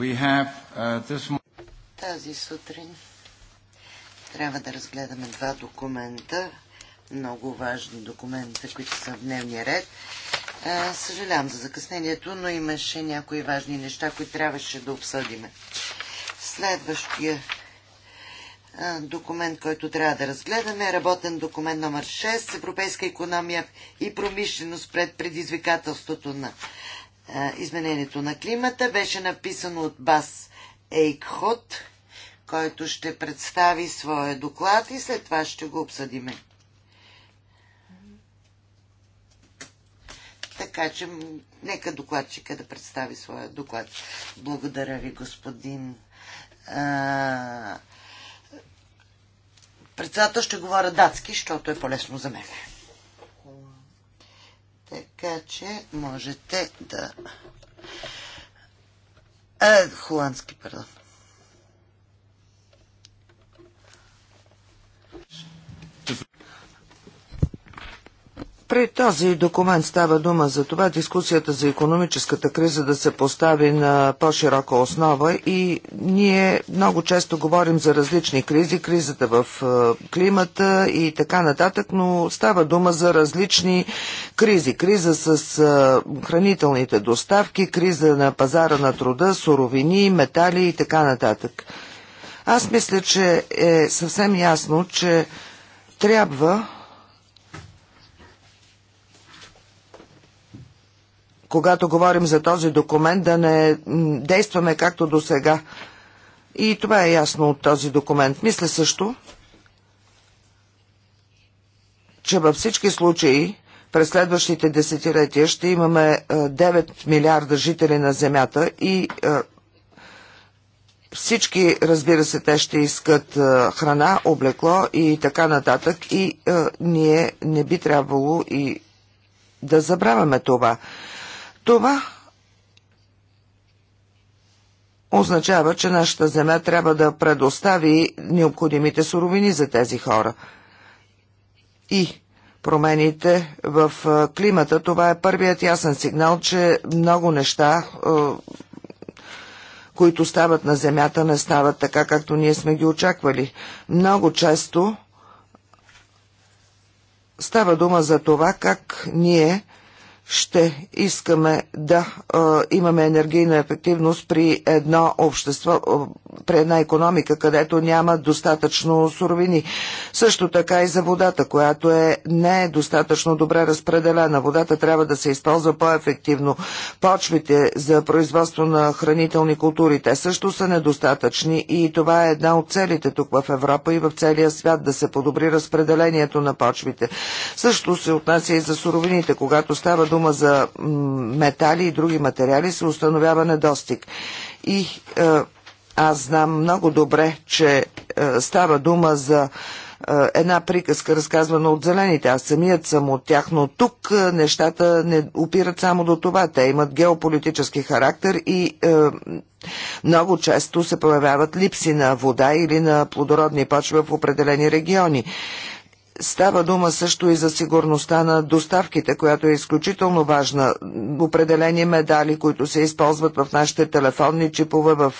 Uh, Тази сутрин трябва да разгледаме два документа, много важни документа, които са в дневния ред. Е, съжалявам за закъснението, но имаше някои важни неща, които трябваше да обсъдиме. Следващия е, документ, който трябва да разгледаме. е Работен документ номер 6. Европейска економия и промишленост пред предизвикателството на изменението на климата беше написано от Бас Ейкхот, който ще представи своя доклад и след това ще го обсъдиме. Така че нека докладчика да представи своя доклад. Благодаря ви, господин председател. Ще говоря датски, защото е по-лесно за мен. Така че можете да... А, холандски, пардон. При този документ става дума за това дискусията за економическата криза да се постави на по-широка основа и ние много често говорим за различни кризи, кризата в е, климата и така нататък, но става дума за различни кризи. Криза с е, хранителните доставки, криза на пазара на труда, суровини, метали и така нататък. Аз мисля, че е съвсем ясно, че трябва когато говорим за този документ, да не действаме както до сега. И това е ясно от този документ. Мисля също, че във всички случаи през следващите десетилетия ще имаме 9 е, милиарда жители на Земята и е, всички, разбира се, те ще искат е, храна, облекло и така нататък и ние не би трябвало и да забравяме това. Това означава, че нашата земя трябва да предостави необходимите суровини за тези хора. И промените в климата, това е първият ясен сигнал, че много неща, които стават на земята, не стават така, както ние сме ги очаквали. Много често става дума за това, как ние ще искаме да а, имаме енергийна ефективност при едно общество, при една економика, където няма достатъчно суровини. Също така и за водата, която е не е достатъчно добре разпределена. Водата трябва да се използва по-ефективно. Почвите за производство на хранителни култури, те също са недостатъчни и това е една от целите тук в Европа и в целия свят да се подобри разпределението на почвите. Също се отнася и за суровините, когато става дума дума за метали и други материали, се установява недостиг. И е, аз знам много добре, че е, става дума за е, една приказка, разказвана от зелените. Аз самият съм от тях, но тук е, нещата не опират само до това. Те имат геополитически характер и е, много често се появяват липси на вода или на плодородни почва в определени региони. Става дума също и за сигурността на доставките, която е изключително важна. Определени медали, които се използват в нашите телефонни чипове, в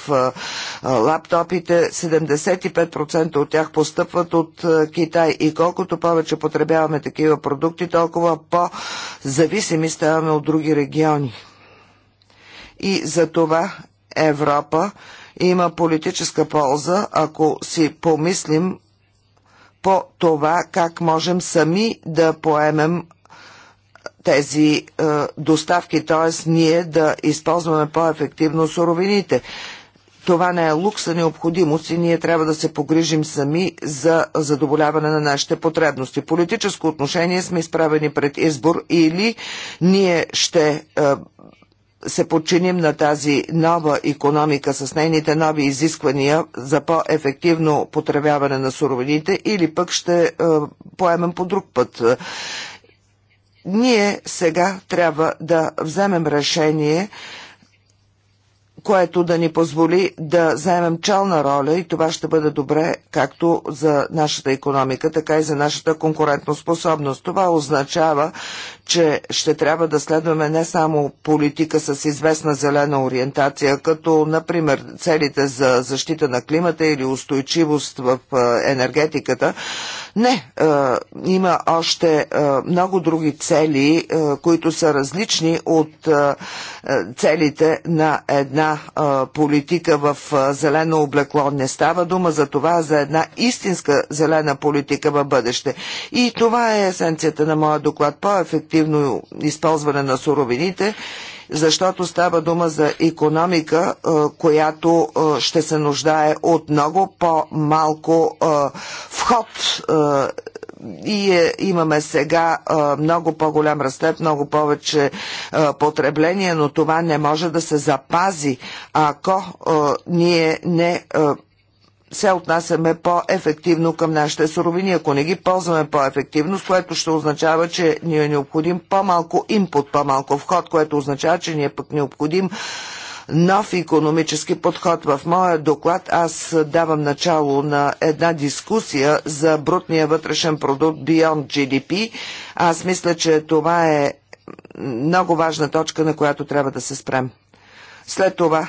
лаптопите, 75% от тях постъпват от Китай. И колкото повече потребяваме такива продукти, толкова по-зависими ставаме от други региони. И за това Европа има политическа полза, ако си помислим по това как можем сами да поемем тези е, доставки, т.е. ние да използваме по-ефективно суровините. Това не е лукс, а необходимост и ние трябва да се погрижим сами за задоволяване на нашите потребности. Политическо отношение сме изправени пред избор или ние ще е, се подчиним на тази нова економика с нейните нови изисквания за по-ефективно потребяване на суровините или пък ще е, поемем по друг път. Ние сега трябва да вземем решение, което да ни позволи да вземем чална роля и това ще бъде добре както за нашата економика, така и за нашата конкурентоспособност. Това означава, че ще трябва да следваме не само политика с известна зелена ориентация, като например целите за защита на климата или устойчивост в енергетиката. Не, е, има още е, много други цели, е, които са различни от целите на една политика в зелено облекло. Не става дума за това, за една истинска зелена политика в бъдеще. И това е есенцията на моя доклад. По-ефективно ефективно използване на суровините, защото става дума за економика, е, която е, ще се нуждае от много по-малко е, вход и е, имаме сега много по-голям растет, много повече а, потребление, но това не може да се запази, ако ние не а, се отнасяме по-ефективно към нашите суровини. Ако не ги ползваме по-ефективно, с което ще означава, че ни е необходим по-малко импут, по-малко вход, което означава, че ни е пък необходим нов економически подход. В моя доклад аз давам начало на една дискусия за брутния вътрешен продукт Beyond GDP. Аз мисля, че това е много важна точка, на която трябва да се спрем. След това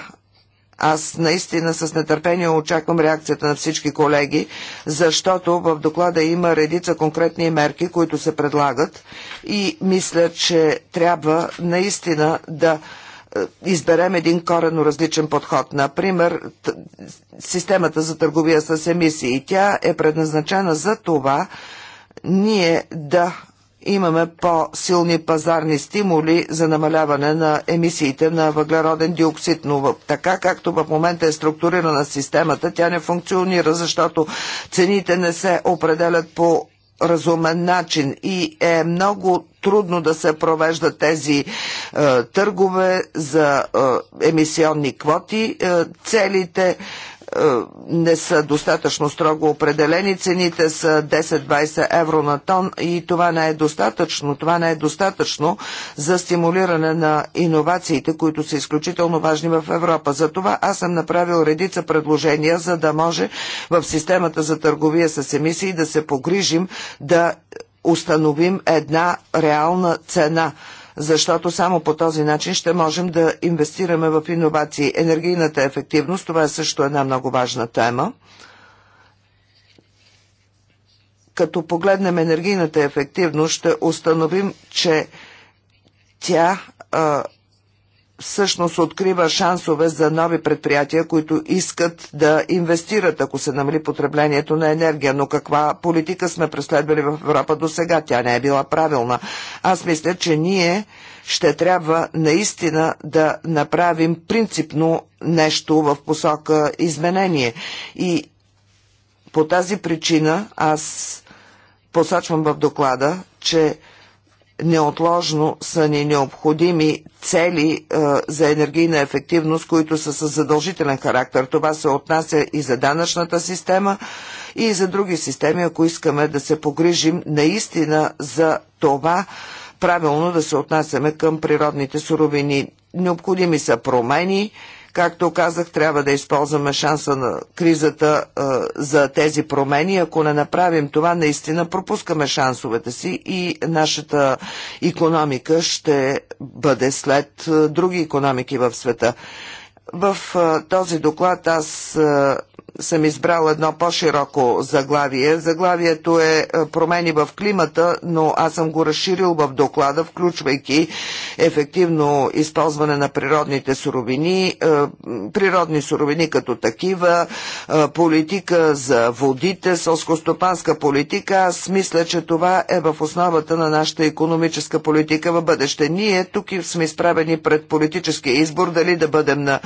аз наистина с нетърпение очаквам реакцията на всички колеги, защото в доклада има редица конкретни мерки, които се предлагат и мисля, че трябва наистина да е, изберем един коренно различен подход. Например, системата за търговия с емисии. Тя е предназначена за това ние да имаме по-силни пазарни стимули за намаляване на емисиите на въглероден диоксид, но така както в момента е структурирана системата, тя не функционира, защото цените не се определят по разумен начин и е много трудно да се провеждат тези е, търгове за е, емисионни квоти. Е, целите е, не са достатъчно строго определени. Цените са 10-20 евро на тон и това не е достатъчно. Това не е достатъчно за стимулиране на иновациите, които са изключително важни в Европа. Затова аз съм направил редица предложения, за да може в системата за търговия с емисии да се погрижим да установим една реална цена – защото само по този начин ще можем да инвестираме в иновации. Енергийната ефективност, това е също една много важна тема. Като погледнем енергийната ефективност, ще установим, че тя а, всъщност открива шансове за нови предприятия, които искат да инвестират, ако се намали потреблението на енергия. Но каква политика сме преследвали в Европа до сега? Тя не е била правилна. Аз мисля, че ние ще трябва наистина да направим принципно нещо в посока изменение. И по тази причина аз посочвам в доклада, че неотложно са ни необходими цели е, за енергийна ефективност, които са с задължителен характер. Това се отнася и за данъчната система, и за други системи, ако искаме да се погрижим наистина за това, правилно да се отнасяме към природните суровини. Необходими са промени, Както казах, трябва да използваме шанса на кризата а, за тези промени. Ако не направим това, наистина пропускаме шансовете си и нашата економика ще бъде след други економики в света. В този доклад аз съм избрал едно по-широко заглавие. Заглавието е промени в климата, но аз съм го разширил в доклада, включвайки ефективно използване на природните суровини, природни суровини като такива, политика за водите, сълскостопанска политика. Аз мисля, че това е в основата на нашата економическа политика в бъдеще. Ние тук сме изправени пред политическия избор дали да бъдем на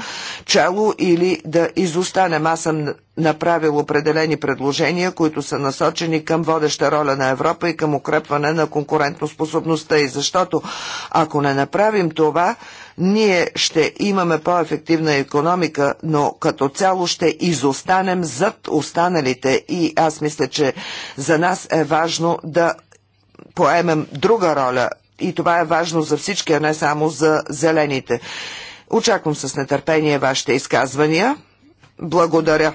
чело или да изостанем. Аз съм направил определени предложения, които са насочени към водеща роля на Европа и към укрепване на конкурентоспособността. И защото ако не направим това, ние ще имаме по-ефективна економика, но като цяло ще изостанем зад останалите. И аз мисля, че за нас е важно да поемем друга роля. И това е важно за всички, а не само за зелените. Очаквам с нетърпение вашите изказвания. Благодаря.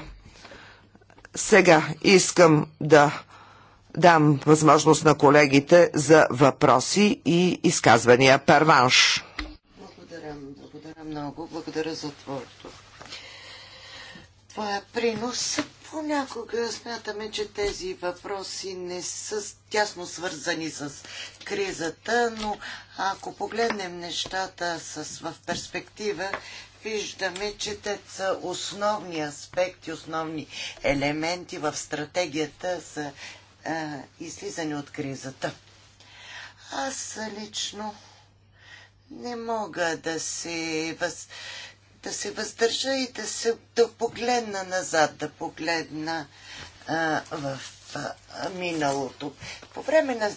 Сега искам да дам възможност на колегите за въпроси и изказвания. Перванш. Благодаря, благодаря много. Благодаря за твоето. Това е принос Понякога смятаме, че тези въпроси не са тясно свързани с кризата, но ако погледнем нещата с, в перспектива, виждаме, че те са основни аспекти, основни елементи в стратегията за а, излизане от кризата. Аз лично не мога да се въз да се въздържа и да, се, да погледна назад, да погледна а, в а, миналото. По време на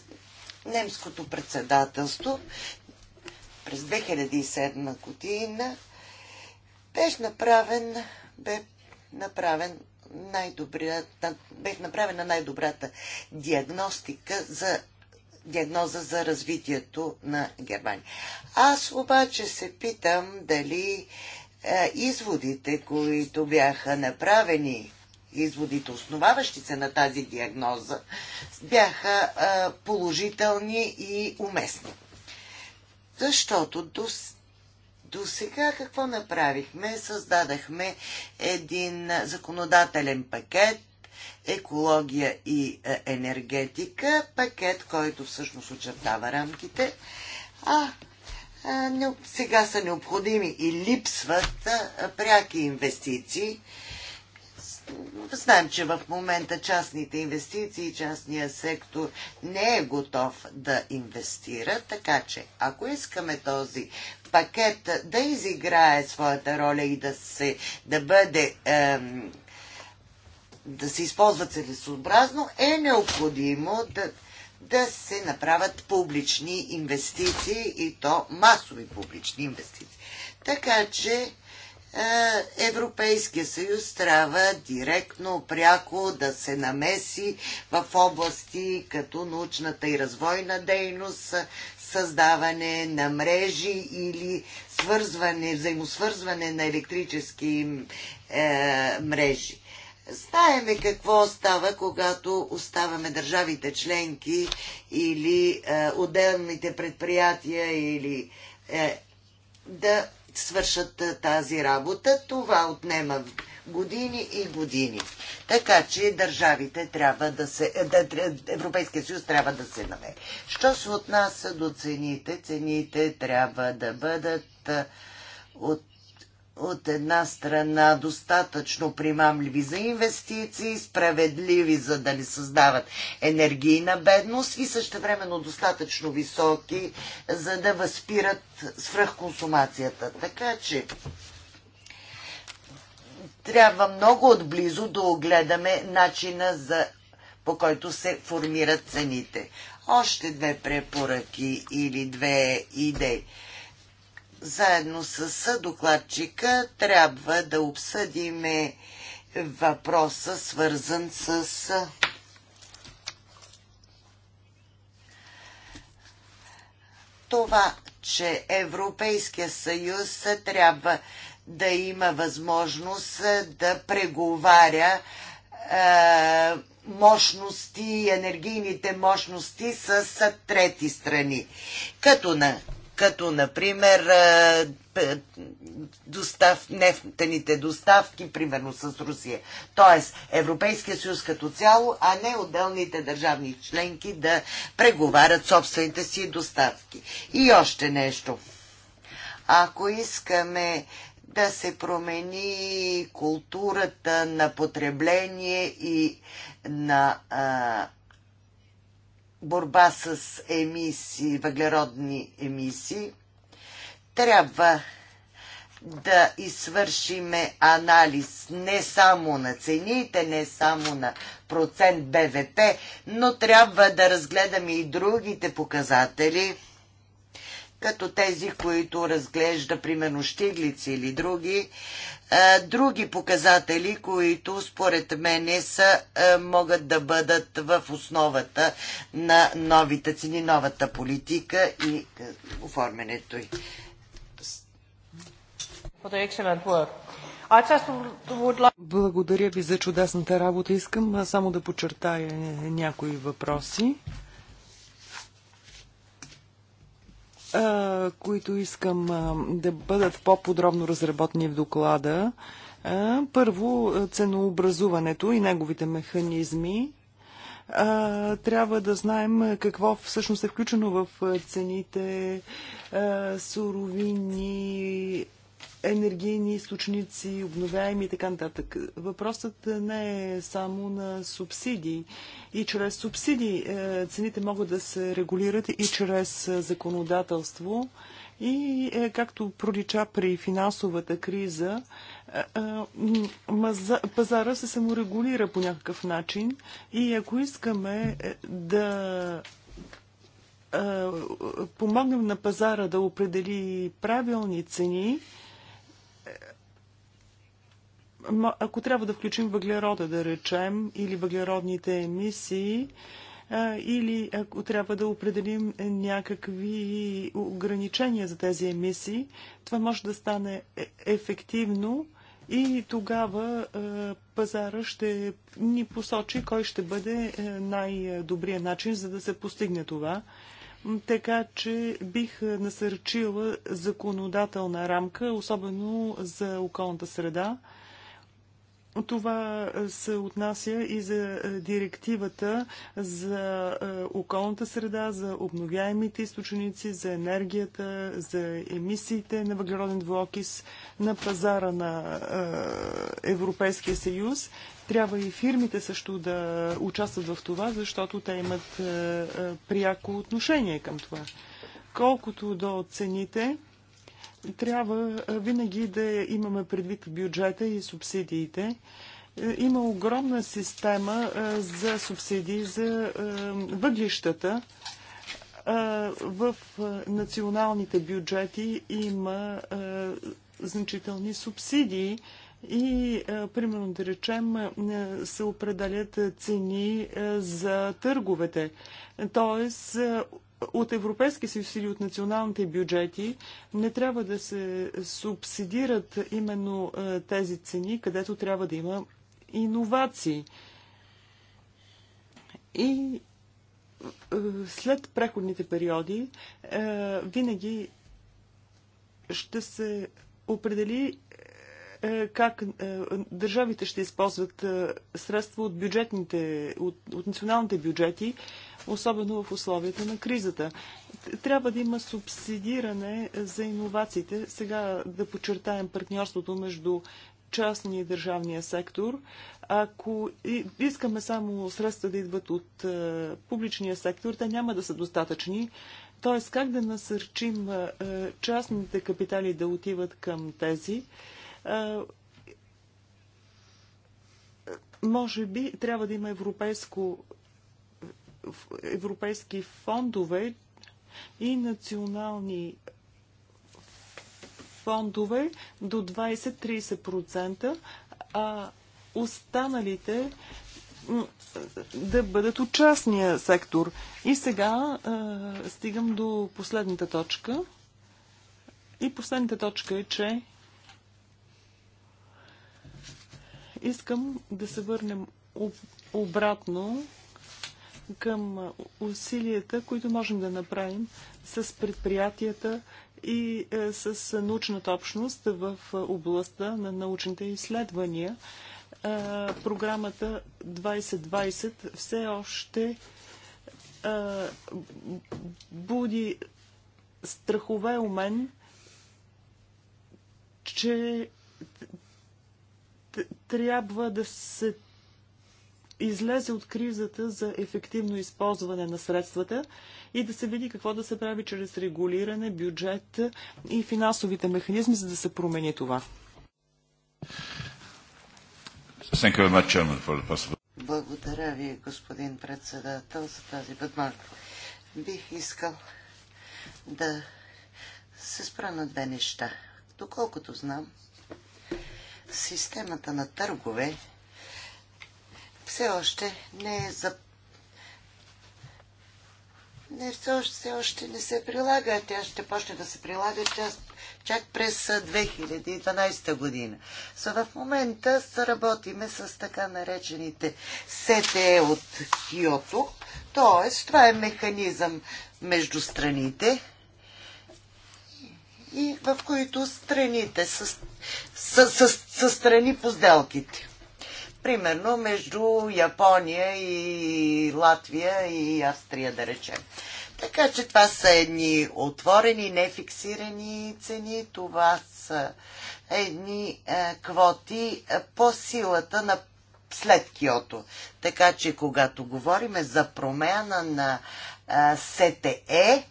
немското председателство през 2007 година беше направен, бе направен най добрата бе направена най-добрата диагностика за диагноза за развитието на Германия. Аз обаче се питам дали е, изводите, които бяха направени, изводите, основаващи се на тази диагноза, бяха е, положителни и уместни. Защото до, до сега какво направихме? Създадахме един законодателен пакет, екология и е, енергетика, пакет, който всъщност очертава рамките, а сега са необходими и липсват пряки инвестиции. Знаем, че в момента частните инвестиции, частния сектор не е готов да инвестира, така че ако искаме този пакет да изиграе своята роля и да, се, да бъде ем, да се използва целесообразно, е необходимо да, да се направят публични инвестиции и то масови публични инвестиции. Така че е, Европейския съюз трябва директно, пряко да се намеси в области като научната и развойна дейност, създаване на мрежи или свързване, взаимосвързване на електрически е, мрежи. Знаеме какво става, когато оставаме държавите членки или е, отделните предприятия или е, да свършат е, тази работа. Това отнема години и години. Така че държавите трябва да се... Е, да, е, Европейския съюз трябва да се намери. Що се отнася до цените? Цените трябва да бъдат е, от от една страна достатъчно примамливи за инвестиции, справедливи за да не създават енергийна бедност и същевременно достатъчно високи, за да възпират свръхконсумацията. Така че трябва много отблизо да огледаме начина за по който се формират цените. Още две препоръки или две идеи заедно с докладчика трябва да обсъдим въпроса, свързан с това, че Европейския съюз трябва да има възможност да преговаря е, мощности, енергийните мощности с трети страни. Като, на, като например достав, нефтените доставки, примерно с Русия. Тоест Европейския съюз като цяло, а не отделните държавни членки да преговарят собствените си доставки. И още нещо. Ако искаме да се промени културата на потребление и на а, борба с емисии, въглеродни емисии, трябва да извършиме анализ не само на цените, не само на процент БВП, но трябва да разгледаме и другите показатели – като тези, които разглежда, примерно, Штиглици или други, други показатели, които според мен са, могат да бъдат в основата на новите цени, новата политика и оформянето й. Благодаря ви за чудесната работа. Искам само да подчертая е, някои въпроси. които искам да бъдат по-подробно разработени в доклада. Първо, ценообразуването и неговите механизми. Трябва да знаем какво всъщност е включено в цените суровини, енергийни източници, обновяеми и така нататък. Въпросът не е само на субсидии. И чрез субсидии е, цените могат да се регулират и чрез е, законодателство. И е, както пролича при финансовата криза, пазара се саморегулира по някакъв начин. И ако искаме да помогнем на пазара да определи правилни цени, ако трябва да включим въглерода, да речем, или въглеродните емисии, или ако трябва да определим някакви ограничения за тези емисии, това може да стане е, ефективно и тогава пазара ще ни посочи кой ще бъде най-добрият начин, за да се постигне това. Така че бих насърчила законодателна рамка, особено за околната среда. Това е, се отнася и за е, директивата за е, околната среда, за обновяемите източници, за енергията, за емисиите на въглероден двуокис на пазара на Европейския съюз. Трябва и фирмите също да участват в това, защото те имат пряко отношение към това. Колкото до цените, трябва винаги да имаме предвид бюджета и субсидиите. Е, има огромна система за субсидии за въглищата. В националните бюджети има значителни субсидии и, примерно да речем, се определят цени за търговете. Тоест, от Европейски съюз или от националните бюджети не трябва да се субсидират именно е, тези цени, където трябва да има иновации. И е, след преходните периоди е, винаги ще се определи как държавите ще използват средства от бюджетните, от, от националните бюджети особено в условията на кризата. Трябва да има субсидиране за иновациите. Сега да подчертаем партньорството между частния и държавния сектор. Ако искаме само средства да идват от е, публичния сектор, те няма да са достатъчни. Тоест, как да насърчим е, частните капитали да отиват към тези? Е, може би трябва да има европейско европейски фондове и национални фондове до 20-30%, а останалите да бъдат от частния сектор. И сега а, стигам до последната точка. И последната точка е, че искам да се върнем обратно към усилията, които можем да направим с предприятията и е, с научната общност в областта на научните изследвания. Е, програмата 2020 все още е, буди страхове у мен, че трябва да се излезе от кризата за ефективно използване на средствата и да се види какво да се прави чрез регулиране, бюджет и финансовите механизми, за да се промени това. Благодаря ви, господин председател, за тази възможност. Бих искал да се спра на две неща. Доколкото знам, системата на търгове все още не е за... Не, все още, все още не се прилага. Тя ще почне да се прилага чак, чак през 2012 година. Са в момента работиме с така наречените СТЕ от Киото. Тоест, това е механизъм между страните, и в които страните са, са, са, са страни по сделките. Примерно между Япония и Латвия и Австрия, да речем. Така че това са едни отворени, нефиксирани цени. Това са едни е, квоти е, по силата на след Киото. Така че когато говорим за промяна на е, СТЕ,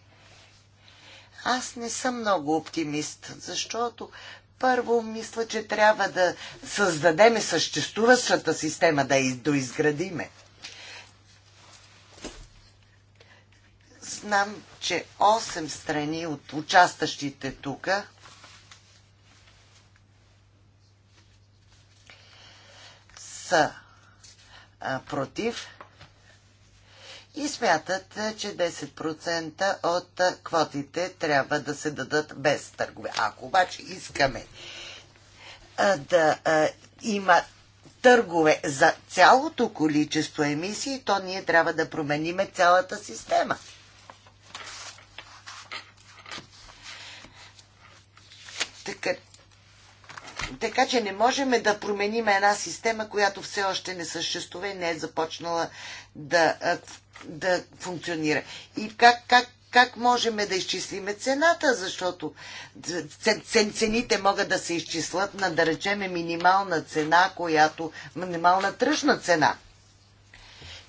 аз не съм много оптимист, защото първо, мисля, че трябва да създадеме съществуващата система, да я доизградиме. Знам, че 8 страни от участващите тук са против и смятат, е, че 10% от е, квотите трябва да се дадат без търгове. Ако обаче искаме е, да има търгове за цялото количество емисии, то ние трябва да промениме цялата система. Така, така че не можем да променим една система, която все още не съществува и не е започнала да да функционира. И как, как, как можем да изчислиме цената, защото цените могат да се изчислят на, да речем минимална цена, която минимална тръжна цена.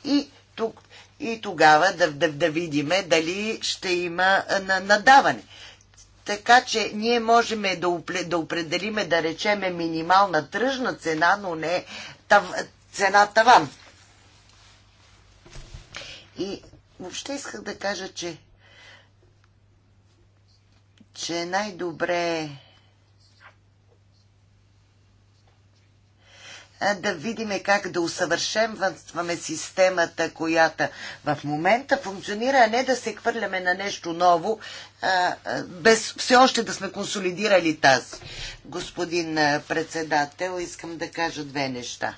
И, тук, и тогава да, да, да видим дали ще има надаване. Така че ние можем да, да определиме, да речеме, минимална тръжна цена, но не тав, цена таван. И въобще исках да кажа, че че е най-добре да видим как да усъвършенстваме системата, която в момента функционира, а не да се хвърляме на нещо ново, без все още да сме консолидирали тази. Господин председател, искам да кажа две неща.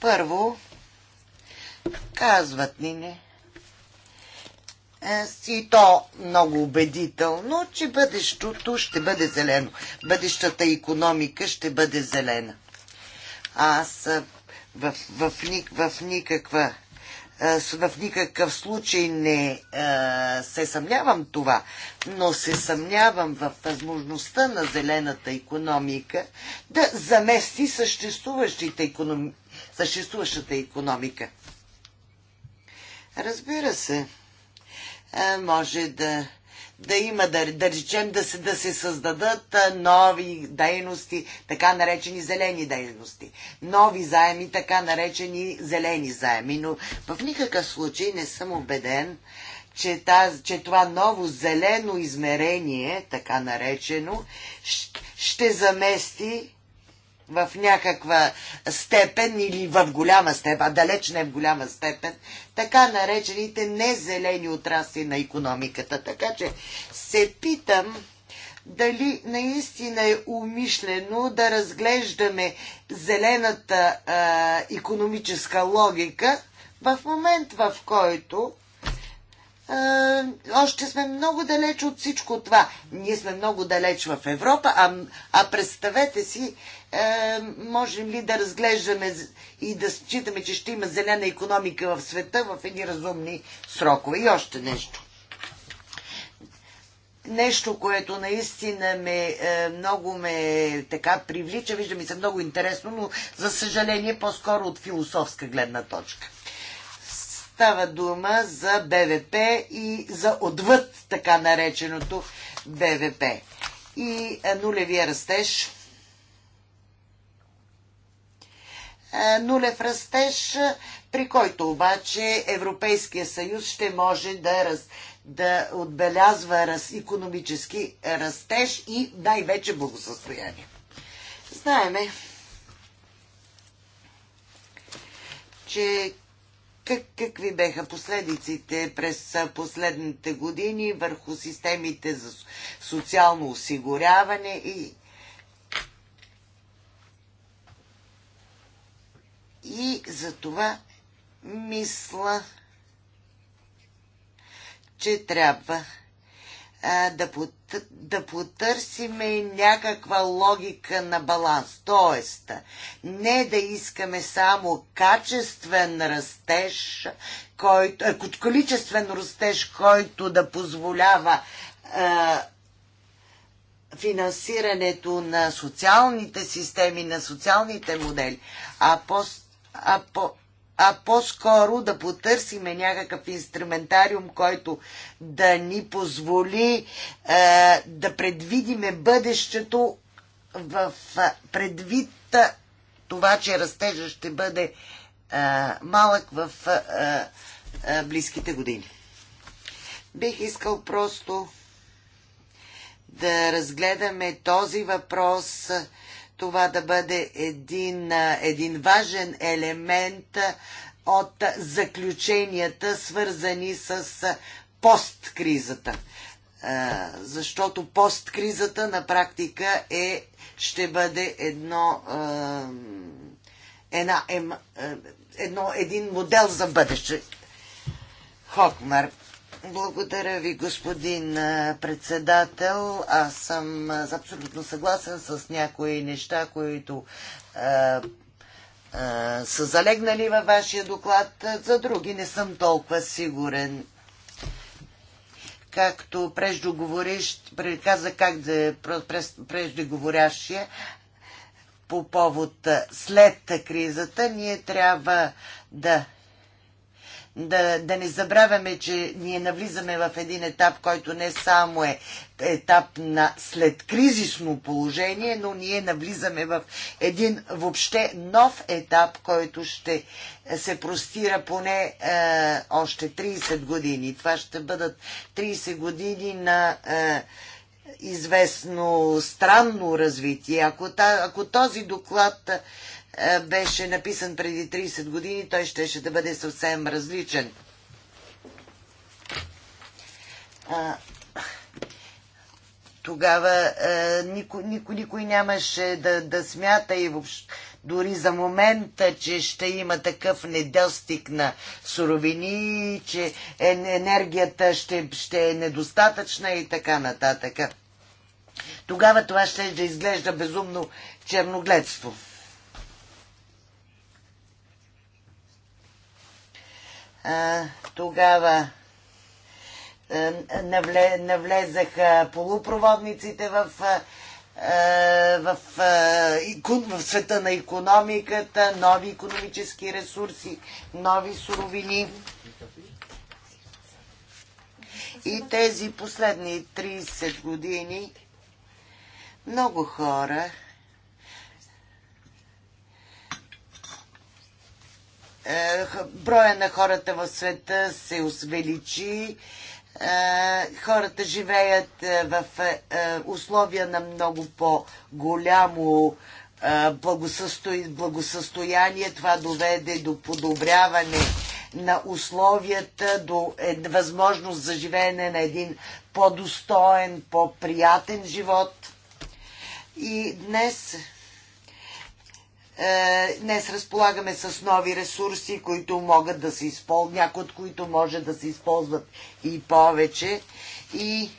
Първо, казват ни не, е, и то много убедително, че бъдещето ще бъде зелено. Бъдещата економика ще бъде зелена. Аз е, в, в, в, в никаква е, в никакъв случай не се съмнявам това, но се съмнявам в възможността на зелената економика да замести съществуващата економика. Разбира се, е, може да да има, да, да речем, да се, да се създадат е, нови дейности, така наречени зелени дейности, нови заеми, така наречени зелени заеми. Но в никакъв случай не съм убеден, че, таз, че това ново зелено измерение, така наречено, ще, ще замести в някаква степен или в голяма степен, а далеч не в голяма степен, така наречените незелени отрасли на економиката. Така че се питам дали наистина е умишлено да разглеждаме зелената а, економическа логика в момент, в който още сме много далеч от всичко това. Ние сме много далеч в Европа, а, а представете си, е, можем ли да разглеждаме и да считаме, че ще има зелена економика в света в едни разумни срокове. И още нещо. Нещо, което наистина ме, е, много ме така привлича, вижда ми се много интересно, но за съжаление по-скоро от философска гледна точка. Става дума за БВП и за отвъд така нареченото БВП. И е, нулевия растеж. Е, нулев растеж, при който обаче Европейския съюз ще може да, раз, да отбелязва раз, економически растеж и най-вече благосъстояние. Знаеме, че как, какви беха последиците през последните години върху системите за социално осигуряване и И за това мисля, че трябва да, пот, да потърсиме някаква логика на баланс. Тоест, не да искаме само качествен растеж, който, е, количествен растеж, който да позволява а, финансирането на социалните системи, на социалните модели, а, по, а, по, а по-скоро да потърсиме някакъв инструментариум, който да ни позволи е, да предвидиме бъдещето в е, предвид е, това, че растежа ще бъде е, малък в е, е, близките години. Бих искал просто да разгледаме този въпрос. Е, това да бъде един, един важен елемент от заключенията, свързани с посткризата. Защото посткризата на практика е, ще бъде едно, една, едно, един модел за бъдеще. Хокмар, благодаря ви, господин председател. Аз съм абсолютно съгласен с някои неща, които а, а, са залегнали във вашия доклад. За други не съм толкова сигурен. Както преждоговорещ, каза как да е преждеговорящия, по повод след кризата, ние трябва да да, да не забравяме, че ние навлизаме в един етап, който не само е етап на следкризисно положение, но ние навлизаме в един въобще нов етап, който ще се простира поне е, още 30 години. Това ще бъдат 30 години на. Е, известно странно развитие. Ако, та, ако този доклад е, беше написан преди 30 години, той щеше да бъде съвсем различен. Тогава никой, е, никой, никой нямаше да, да смята и въобще, дори за момента, че ще има такъв недостиг на суровини, че е, енергията ще, ще е недостатъчна и така нататък. Тогава това ще да изглежда безумно черногледство. тогава навлезаха полупроводниците в, в, в света на економиката, нови економически ресурси, нови суровини. И тези последни 30 години много хора Е, броя на хората в света се увеличи, е, хората живеят е, в условия на много по-голямо благосъстояние. Това доведе до подобряване на условията, до възможност за живеене на един по-достоен, по-приятен живот. И днес е, днес разполагаме с нови ресурси, които могат да се използват, някои от които може да се използват и повече. И...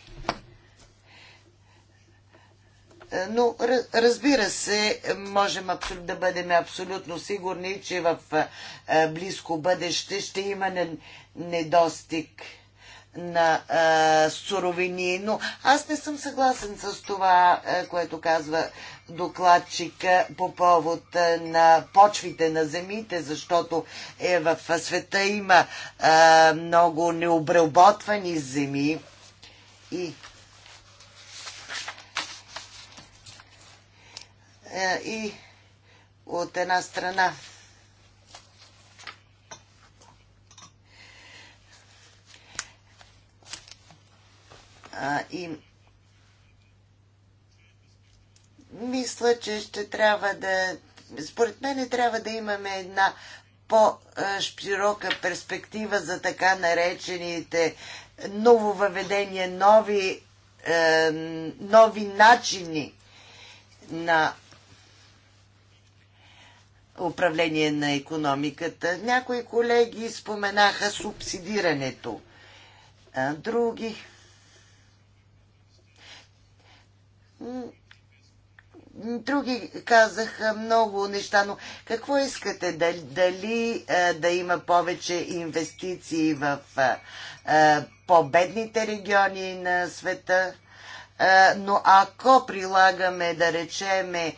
Е, но разбира се, можем да бъдем абсолютно сигурни, че в е, близко бъдеще ще има недостиг на а, суровини. Но аз не съм съгласен с това, а, което казва докладчика по повод на почвите на земите, защото е, в света има а, много необработвани земи и и от една страна а, и мисля, че ще трябва да. Според мен трябва да имаме една по-широка перспектива за така наречените нововъведения, нови, е, нови начини на управление на економиката. Някои колеги споменаха субсидирането, други други казаха много неща, но какво искате? Дали, дали е, да има повече инвестиции в е, е, по-бедните региони на света? Но ако прилагаме, да речеме,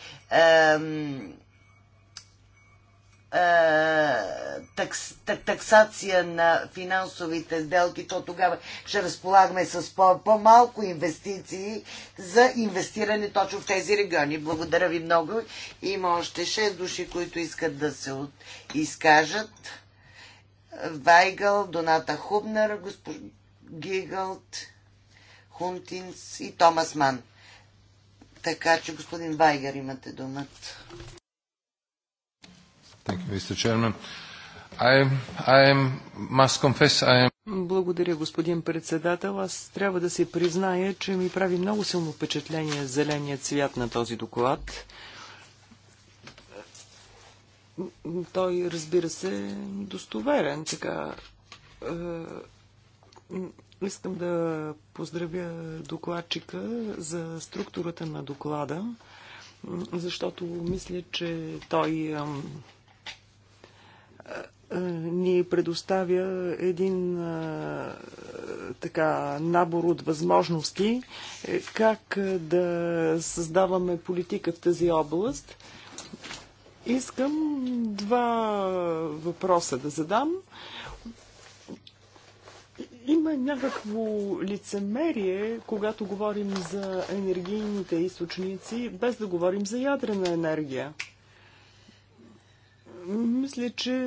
е, такс, так, таксация на финансовите сделки, то тогава ще разполагаме с по, по-малко инвестиции за инвестиране точно в тези региони. Благодаря ви много. Има още 6 души, които искат да се от... изкажат. Вайгъл, Доната Хубнер, госпож... Гигълт, Хунтинс и Томас Ман. Така че, господин Вайгър, имате думата. Thank you, Mr. Chairman. I, I must confess, I am... Благодаря, господин председател. Аз трябва да се призная, че ми прави много силно впечатление зеления цвят на този доклад. Той, разбира се, достоверен. Така, е, искам да поздравя докладчика за структурата на доклада, защото мисля, че той е, е, ни предоставя един а, е, така набор от възможности е, как да създаваме политика в тази област. Искам два въпроса да задам. Има някакво лицемерие, когато говорим за енергийните източници, без да говорим за ядрена енергия. Мисля, че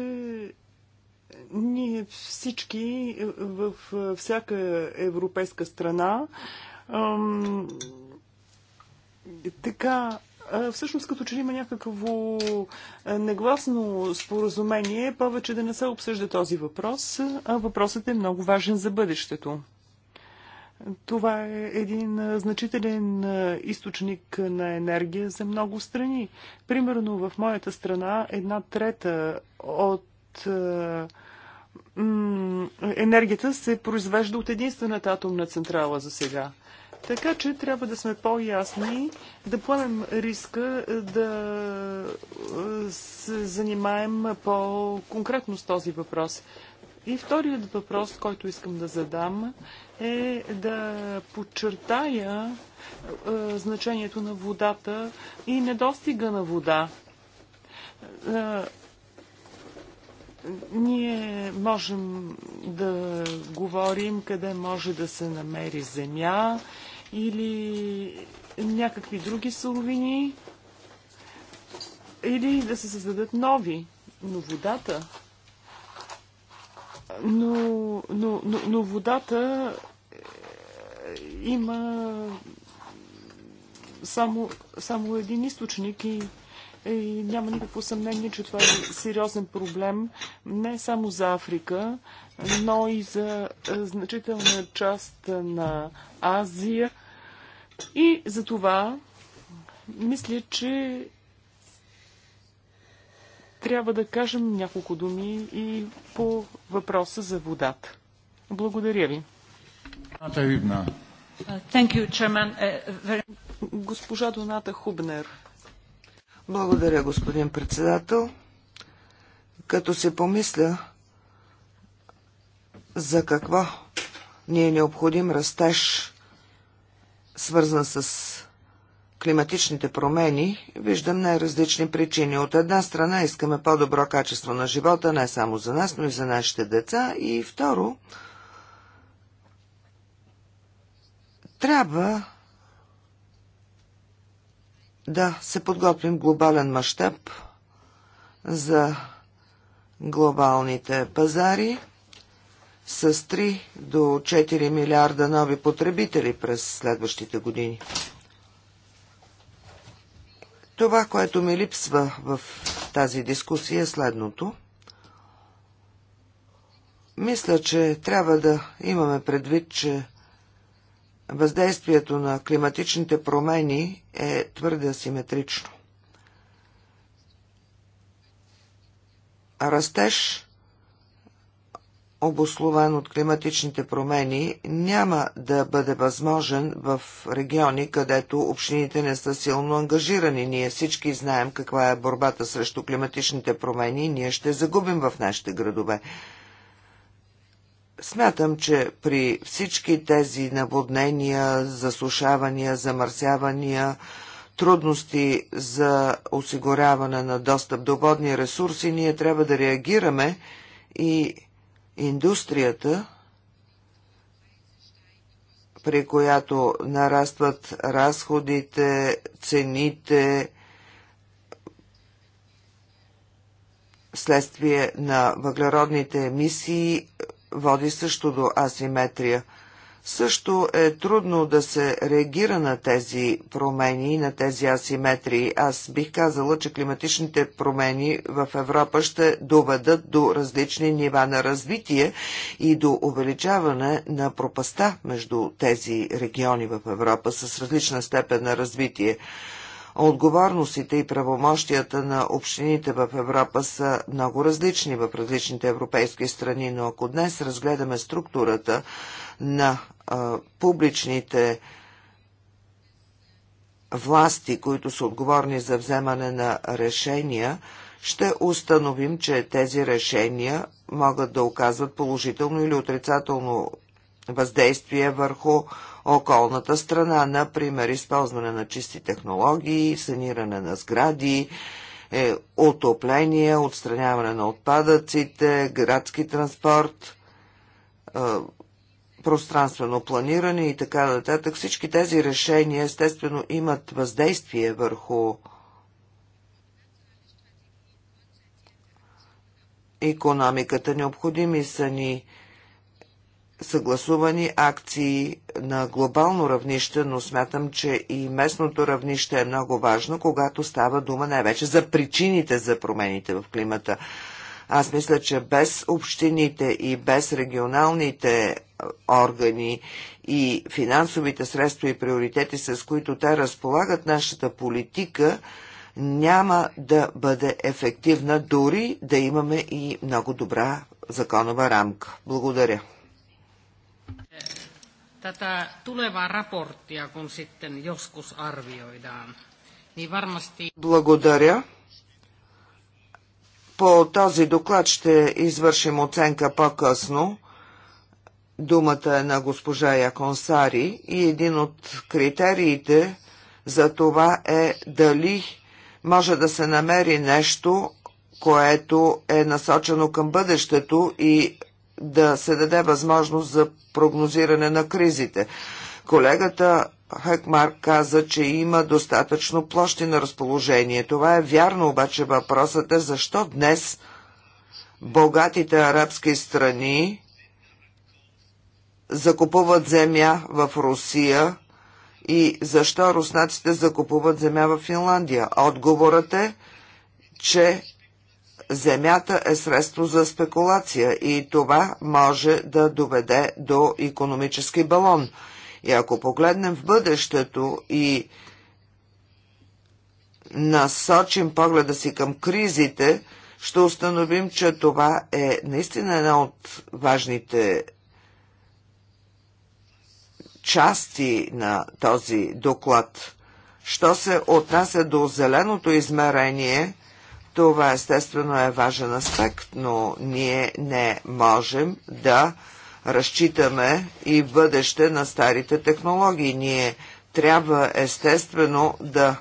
ние всички във всяка европейска страна така всъщност като че има някакво негласно споразумение, повече да не се обсъжда този въпрос, а въпросът е много важен за бъдещето. Това е един значителен източник на енергия за много страни. Примерно в моята страна една трета от енергията се произвежда от единствената атомна централа за сега. Така че трябва да сме по-ясни, да поемем риска да се занимаем по-конкретно с този въпрос. И вторият въпрос, който искам да задам, е да подчертая е, значението на водата и недостига на вода. Е, ние можем да говорим къде може да се намери земя или някакви други суровини или да се създадат нови, но водата но, но, но, но водата има само, само един източник и и няма никакво съмнение, че това е сериозен проблем не само за Африка, но и за е, значителна част на Азия. И за това мисля, че трябва да кажем няколко думи и по въпроса за водата. Благодаря ви. Е е, Госпожа Доната Хубнер. Благодаря, господин председател. Като се помисля за какво ни е необходим растеж, свързан с климатичните промени, виждам най-различни причини. От една страна искаме по-добро качество на живота, не само за нас, но и за нашите деца. И второ, Трябва да се подготвим глобален мащаб за глобалните пазари с 3 до 4 милиарда нови потребители през следващите години. Това, което ми липсва в тази дискусия е следното. Мисля, че трябва да имаме предвид, че въздействието на климатичните промени е твърде асиметрично. Растеж, обословен от климатичните промени, няма да бъде възможен в региони, където общините не са силно ангажирани. Ние всички знаем каква е борбата срещу климатичните промени и ние ще загубим в нашите градове. Смятам, че при всички тези наводнения, засушавания, замърсявания, трудности за осигуряване на достъп до водни ресурси, ние трябва да реагираме и индустрията, при която нарастват разходите, цените, следствие на въглеродните емисии, води също до асиметрия. Също е трудно да се реагира на тези промени, и на тези асиметрии. Аз бих казала, че климатичните промени в Европа ще доведат до различни нива на развитие и до увеличаване на пропаста между тези региони в Европа с различна степен на развитие отговорностите и правомощията на общините в Европа са много различни в различните европейски страни, но ако днес разгледаме структурата на а, публичните власти, които са отговорни за вземане на решения, ще установим, че тези решения могат да оказват положително или отрицателно въздействие върху околната страна, например използване на чисти технологии, саниране на сгради, е, отопление, отстраняване на отпадъците, градски транспорт, е, пространствено планиране и така нататък. Всички тези решения естествено имат въздействие върху економиката. Необходими са ни съгласувани акции на глобално равнище, но смятам, че и местното равнище е много важно, когато става дума най-вече за причините за промените в климата. Аз мисля, че без общините и без регионалните органи и финансовите средства и приоритети, с които те разполагат нашата политика, няма да бъде ефективна, дори да имаме и много добра законова рамка. Благодаря tätä tulevaa raporttia, kun sitten joskus arvioidaan, niin varmasti... Благодаря. По този доклад ще извършим оценка по-късно. Думата е на госпожа Яконсари и един от критериите за това е дали може да се намери нещо, което е насочено към бъдещето и да се даде възможност за прогнозиране на кризите. Колегата Хакмар каза, че има достатъчно площи на разположение. Това е вярно, обаче въпросът е защо днес богатите арабски страни закупуват земя в Русия и защо руснаците закупуват земя в Финландия. Отговорът е, че земята е средство за спекулация и това може да доведе до економически балон. И ако погледнем в бъдещето и насочим погледа си към кризите, ще установим, че това е наистина една от важните части на този доклад. Що се отнася до зеленото измерение, това естествено е важен аспект, но ние не можем да разчитаме и бъдеще на старите технологии. Ние трябва естествено да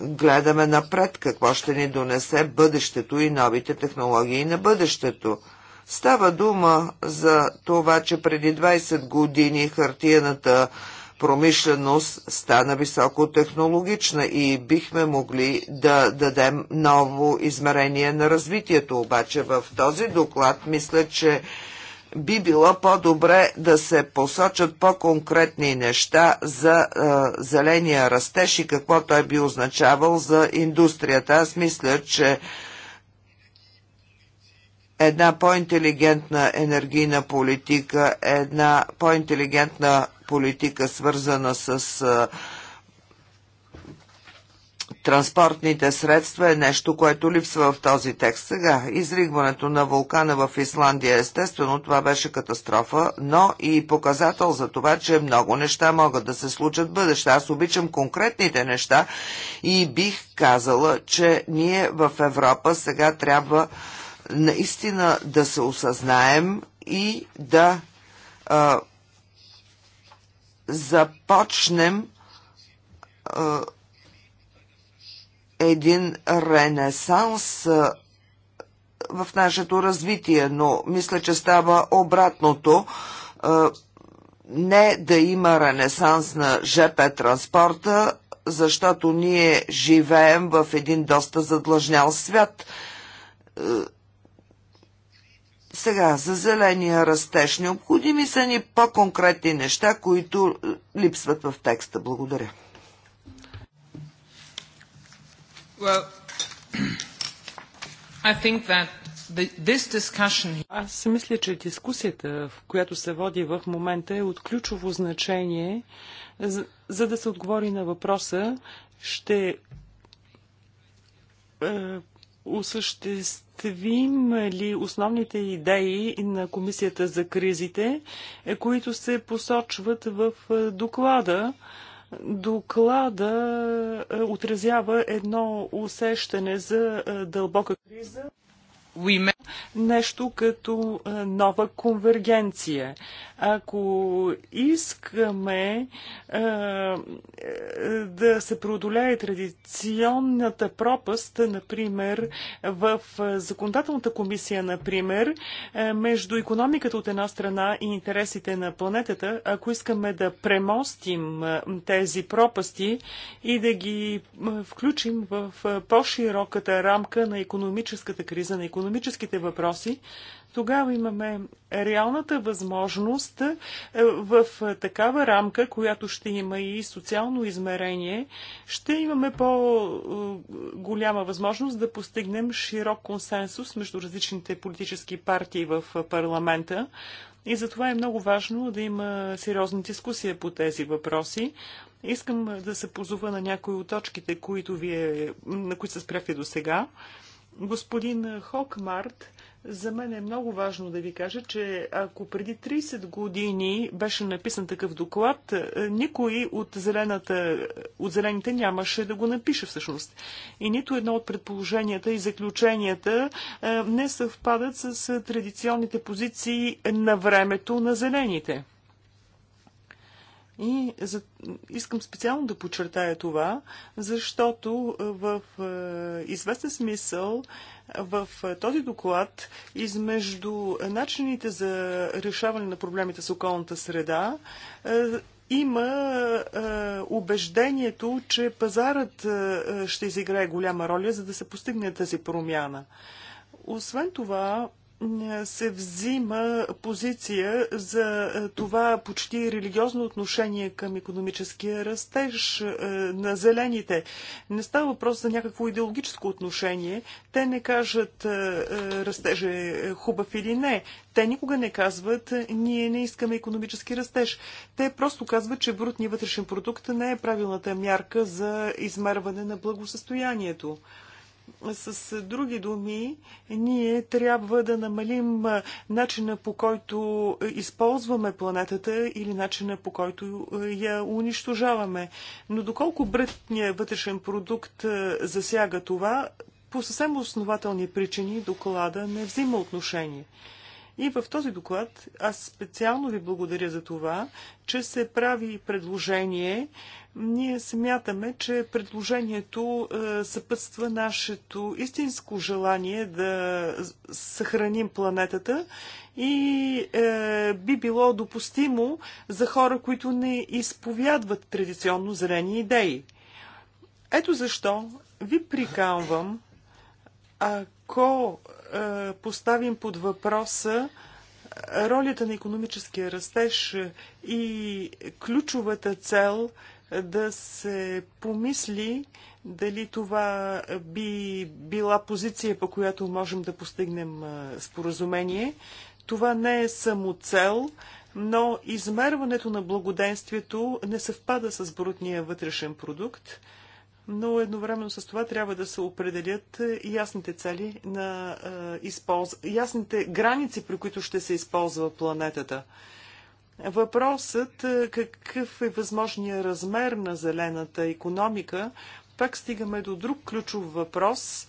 гледаме напред какво ще ни донесе бъдещето и новите технологии на бъдещето. Става дума за това, че преди 20 години хартияната промишленост стана високотехнологична и бихме могли да дадем ново измерение на развитието. Обаче в този доклад мисля, че би било по-добре да се посочат по-конкретни неща за е, зеления растеж и какво той би означавал за индустрията. Аз мисля, че една по-интелигентна енергийна политика, една по-интелигентна политика, свързана с транспортните средства е нещо, което липсва в този текст сега. Изригването на вулкана в Исландия, естествено, това беше катастрофа, но и показател за това, че много неща могат да се случат в бъдеще. Аз обичам конкретните неща и бих казала, че ние в Европа сега трябва наистина да се осъзнаем и да а, започнем един ренесанс в нашето развитие, но мисля, че става обратното. не да има ренесанс на ЖП транспорта, защото ние живеем в един доста задлъжнял свят. Сега, за зеления растеж необходими са ни по-конкретни неща, които е, липсват в текста. Благодаря. Well, I think that Discussion... Аз мисля, че дискусията, в която се води в момента, е от ключово значение, за, за да се отговори на въпроса, ще е, осъществим ли нали, основните идеи на Комисията за кризите, е, които се посочват в е, доклада? Доклада е, отразява едно усещане за дълбока криза нещо като е, нова конвергенция. Ако искаме е, е, да се преодолее традиционната пропаст, например, в законодателната комисия, например, между економиката от една страна и интересите на планетата, ако искаме да премостим тези пропасти и да ги включим в по-широката рамка на економическата криза, на економическите правните въпроси, тогава имаме реалната възможност е, в е, такава рамка, която ще има и социално измерение, ще имаме по-голяма възможност да постигнем широк консенсус между различните политически партии в е, парламента. И затова е много важно да има сериозна дискусия по тези въпроси. Искам да се позова на някои от точките, които вие, на които се спряхте до сега. Господин Хокмарт, за мен е много важно да ви кажа, че ако преди 30 години беше написан такъв доклад, е, никой от, зелената, от зелените нямаше да го напише всъщност. И нито едно от предположенията и заключенията е, не съвпадат с е, традиционните позиции на времето на зелените. И за... искам специално да подчертая това, защото е, в е, известен смисъл в е, този доклад измежду начините за решаване на проблемите с околната среда има е, убеждението, че пазарът е, ще изиграе голяма роля, за да се постигне тази промяна. Освен това, се взима позиция за е, това почти религиозно отношение към економическия растеж е, на зелените. Не става въпрос за някакво идеологическо отношение. Те не кажат е, растеж е хубав или не. Те никога не казват ние не искаме економически растеж. Те просто казват, че брутният вътрешен продукт не е правилната мярка за измерване на благосъстоянието. С други думи, ние трябва да намалим начина по който използваме планетата или начина по който я унищожаваме. Но доколко брътният вътрешен продукт засяга това, по съвсем основателни причини доклада не взима отношение. И в този доклад аз специално ви благодаря за това, че се прави предложение. Ние смятаме, че предложението е, съпътства нашето истинско желание да съхраним планетата и е, би било допустимо за хора, които не изповядват традиционно зелени идеи. Ето защо ви приканвам, ако е, поставим под въпроса е, ролята на економическия растеж и ключовата цел да се помисли дали това би била позиция, по която можем да постигнем е, споразумение. Това не е само цел, но измерването на благоденствието не съвпада с брутния вътрешен продукт но едновременно с това трябва да се определят е, ясните цели на е, използ... ясните граници, при които ще се използва планетата. Въпросът е, какъв е възможният размер на зелената економика, пак стигаме до друг ключов въпрос,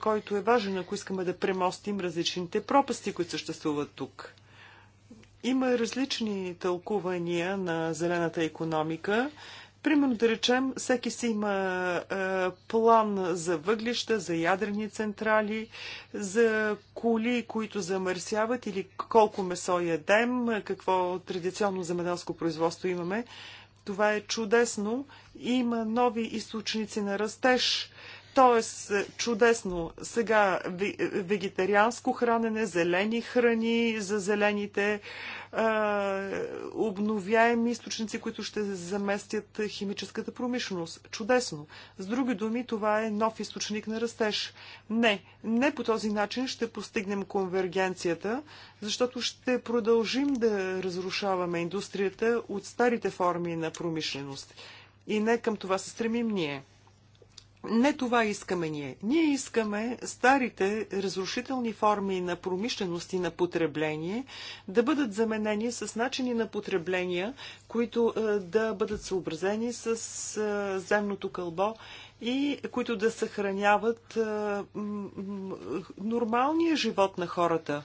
който е важен, ако искаме да премостим различните пропасти, които съществуват тук. Има различни тълкувания на зелената економика. Примерно да речем, всеки си има е, план за въглища, за ядрени централи, за коли, които замърсяват или колко месо ядем, какво традиционно земеделско производство имаме. Това е чудесно. Има нови източници на растеж Тоест, е, чудесно, сега е, вегетарианско хранене, зелени храни за зелените, е, обновяеми източници, които ще заместят химическата промишленост. Чудесно. С други думи, това е нов източник на растеж. Не, не по този начин ще постигнем конвергенцията, защото ще продължим да разрушаваме индустрията от старите форми на промишленост. И не към това се стремим ние. Не това искаме ние. Ние искаме старите разрушителни форми на промишленост и на потребление да бъдат заменени с начини на потребления, които е, да бъдат съобразени с е, земното кълбо и които да съхраняват е, нормалния живот на хората.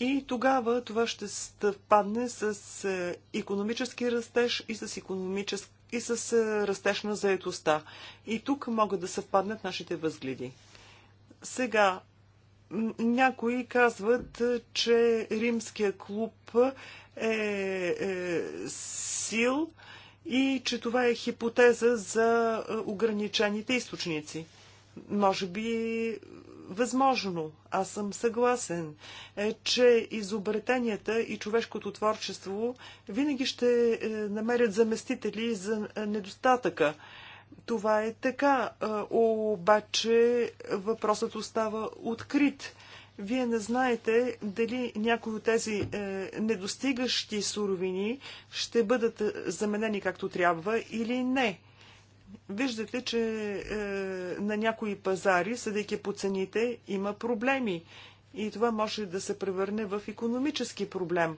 И тогава това ще стъпадне с економически растеж и с економически и с растеж на заетостта. И тук могат да съвпаднат нашите възгледи. Сега, някои казват, че римския клуб е, е сил и че това е хипотеза за ограничените източници. Може би възможно, аз съм съгласен, е, че изобретенията и човешкото творчество винаги ще е, намерят заместители за е, недостатъка. Това е така, е, обаче въпросът остава открит. Вие не знаете дали някои от тези е, недостигащи суровини ще бъдат заменени както трябва или не. Виждате, че е, на някои пазари, съдейки по цените, има проблеми. И това може да се превърне в економически проблем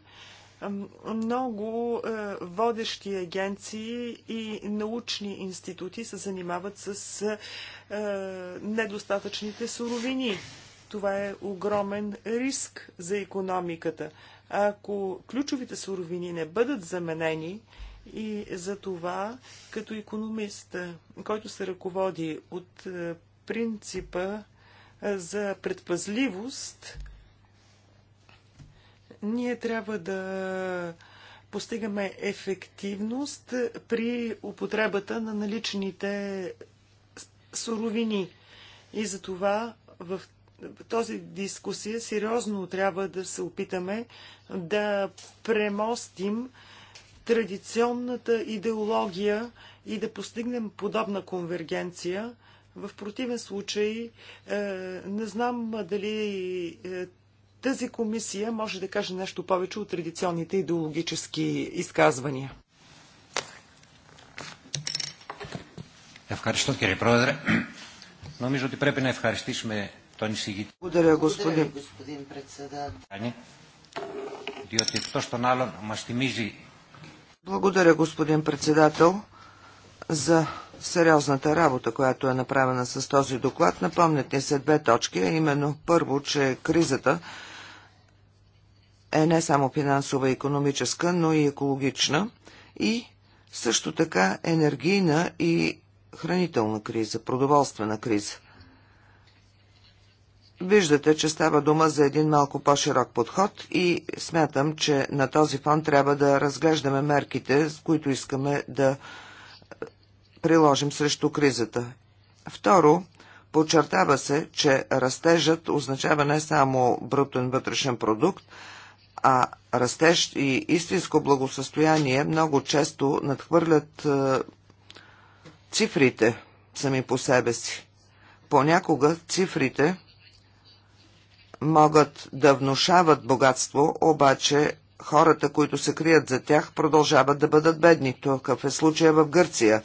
много е, водещи агенции и научни институти се занимават с е, недостатъчните суровини. Това е огромен риск за економиката. Ако ключовите суровини не бъдат заменени и за това, като економист, който се ръководи от е, принципа е, за предпазливост, ние трябва да постигаме ефективност при употребата на наличните суровини. И за това в този дискусия сериозно трябва да се опитаме да премостим традиционната идеология и да постигнем подобна конвергенция. В противен случай е, не знам дали е, тази комисия може да каже нещо повече от традиционните идеологически изказвания. Ευχαριστώ κύριε Πρόεδρε. Νομίζω ότι πρέπει να ευχαριστήσουμε τον εισηγητή. Благодаря господин. Благодаря господин председател. Διότι εκτός των άλλων μας θυμίζει благодаря, господин председател, за сериозната работа, която е направена с този доклад. Напомнят ни се две точки, а именно първо, че кризата е не само финансова и економическа, но и екологична и също така енергийна и хранителна криза, продоволствена криза. Виждате, че става дума за един малко по-широк подход и смятам, че на този фон трябва да разглеждаме мерките, с които искаме да приложим срещу кризата. Второ, подчертава се, че растежът означава не само брутен вътрешен продукт, а растеж и истинско благосъстояние много често надхвърлят е, цифрите сами по себе си. Понякога цифрите могат да внушават богатство, обаче хората, които се крият за тях, продължават да бъдат бедни. Такъв е случая в Гърция.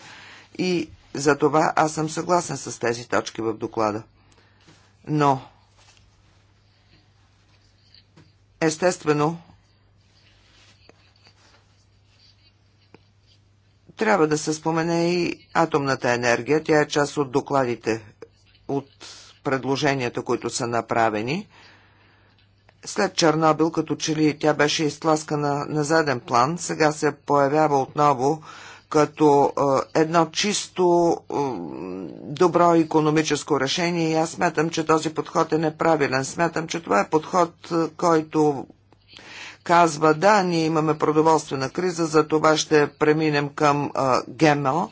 И за това аз съм съгласен с тези точки в доклада. Но, естествено, трябва да се спомене и атомната енергия. Тя е част от докладите, от предложенията, които са направени. След Чернобил, като че ли тя беше изтласкана на заден план, сега се появява отново като е, едно чисто е, добро економическо решение и аз смятам, че този подход е неправилен. Смятам, че това е подход, е, който казва, да, ние имаме продоволствена криза, за това ще преминем към е, ГМО,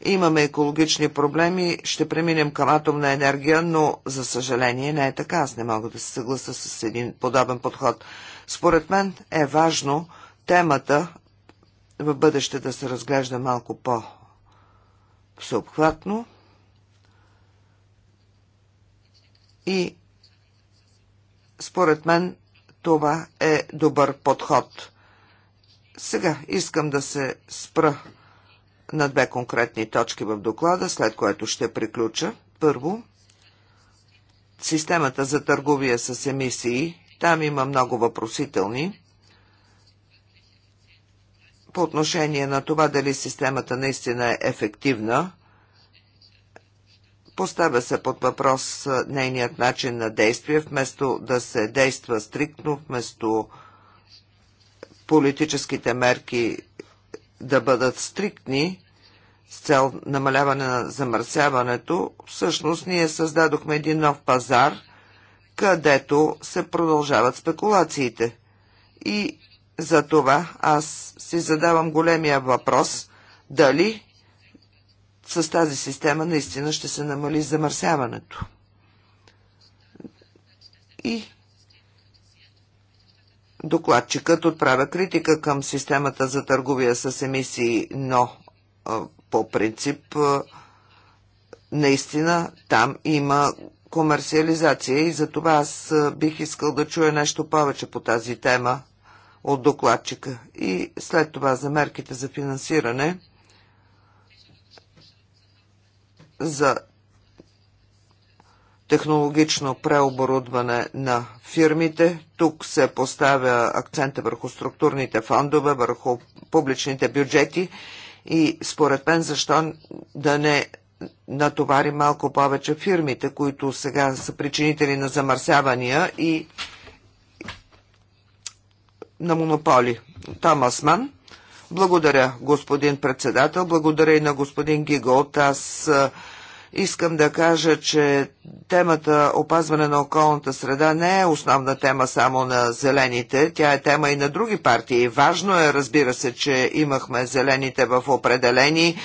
имаме екологични проблеми, ще преминем към атомна енергия, но за съжаление не е така. Аз не мога да се съгласа с един подобен подход. Според мен е важно темата в бъдеще да се разглежда малко по-всеобхватно и според мен това е добър подход. Сега искам да се спра на две конкретни точки в доклада, след което ще приключа. Първо, системата за търговия с емисии. Там има много въпросителни по отношение на това дали системата наистина е ефективна. Поставя се под въпрос нейният начин на действие, вместо да се действа стриктно, вместо политическите мерки да бъдат стриктни с цел намаляване на замърсяването, всъщност ние създадохме един нов пазар, където се продължават спекулациите. И за това аз си задавам големия въпрос дали с тази система наистина ще се намали замърсяването. И Докладчикът отправя критика към системата за търговия с емисии, но по принцип наистина там има комерциализация и за това аз бих искал да чуя нещо повече по тази тема от докладчика. И след това за мерките за финансиране, за технологично преоборудване на фирмите. Тук се поставя акцента върху структурните фондове, върху публичните бюджети и според мен защо да не натовари малко повече фирмите, които сега са причинители на замърсявания и на монополи. Томас Ман. Благодаря, господин председател. Благодаря и на господин Гиголт. Аз Искам да кажа, че темата опазване на околната среда не е основна тема само на зелените, тя е тема и на други партии. Важно е, разбира се, че имахме зелените в определени е,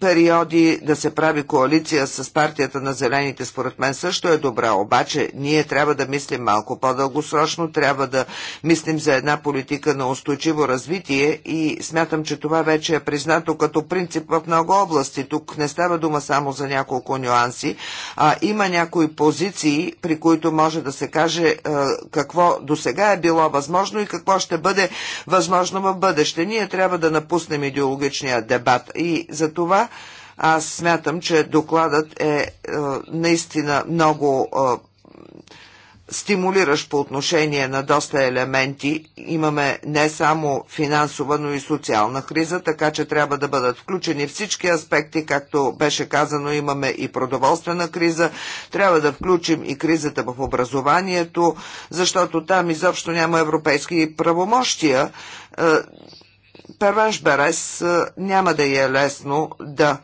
периоди да се прави коалиция с партията на зелените, според мен също е добра, обаче ние трябва да мислим малко по-дългосрочно, трябва да мислим за една политика на устойчиво развитие и смятам, че това вече е признато като принцип в много области. Тук не става дума само за няколко нюанси, а има някои позиции, при които може да се каже какво до сега е било възможно и какво ще бъде възможно в бъдеще. Ние трябва да напуснем идеологичния дебат и за това аз смятам, че докладът е, а, наистина много а, стимулиращ по отношение на доста елементи. Имаме не само финансова, но и социална криза, така че трябва да бъдат включени всички аспекти, както беше казано, имаме и продоволствена криза, трябва да включим и кризата в образованието, защото там изобщо няма европейски правомощия. Е, Перванш Берес е, няма да е лесно да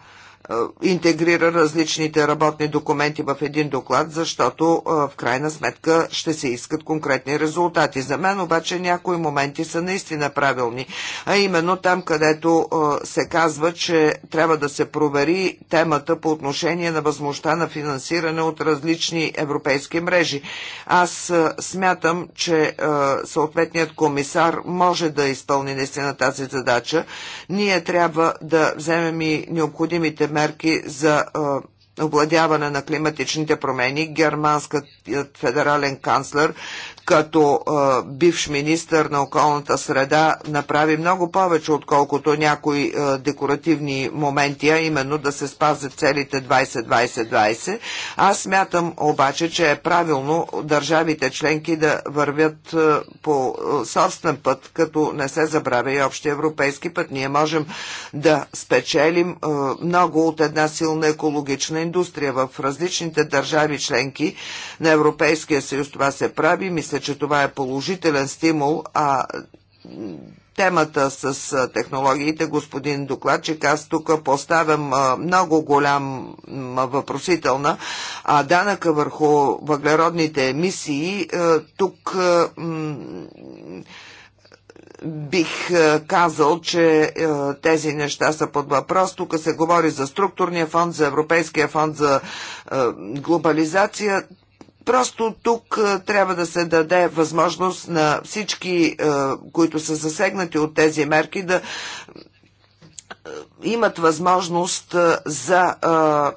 е, интегрира различните работни документи в един доклад, защото е, в крайна сметка ще се искат конкретни резултати. За мен обаче някои моменти са наистина правилни, а именно там, където е, се казва, че трябва да се провери темата по отношение на възможността на финансиране от различни европейски мрежи. Аз смятам, че съответният комисар може да изпълни наистина тази задача. Ние трябва да вземем и необходимите мерки мерки за овладяване на климатичните промени, германският федерален канцлер като а, бивш министър на околната среда направи много повече, отколкото някои а, декоративни моменти, а именно да се спазят целите 20-20-20. Аз смятам обаче, че е правилно държавите членки да вървят а, по а, собствен път, като не се забравя и общия европейски път. Ние можем да спечелим а, много от една силна екологична индустрия в различните държави членки на Европейския съюз. Това се прави. Мисля, мисля, че това е положителен стимул, а темата с технологиите, господин докладчик, аз тук поставям много голям въпросителна, а данъка върху въглеродните емисии тук бих казал, че тези неща са под въпрос. Тук се говори за структурния фонд, за Европейския фонд за глобализация. Просто тук е, трябва да се даде възможност на всички, е, които са засегнати от тези мерки, да имат възможност за а,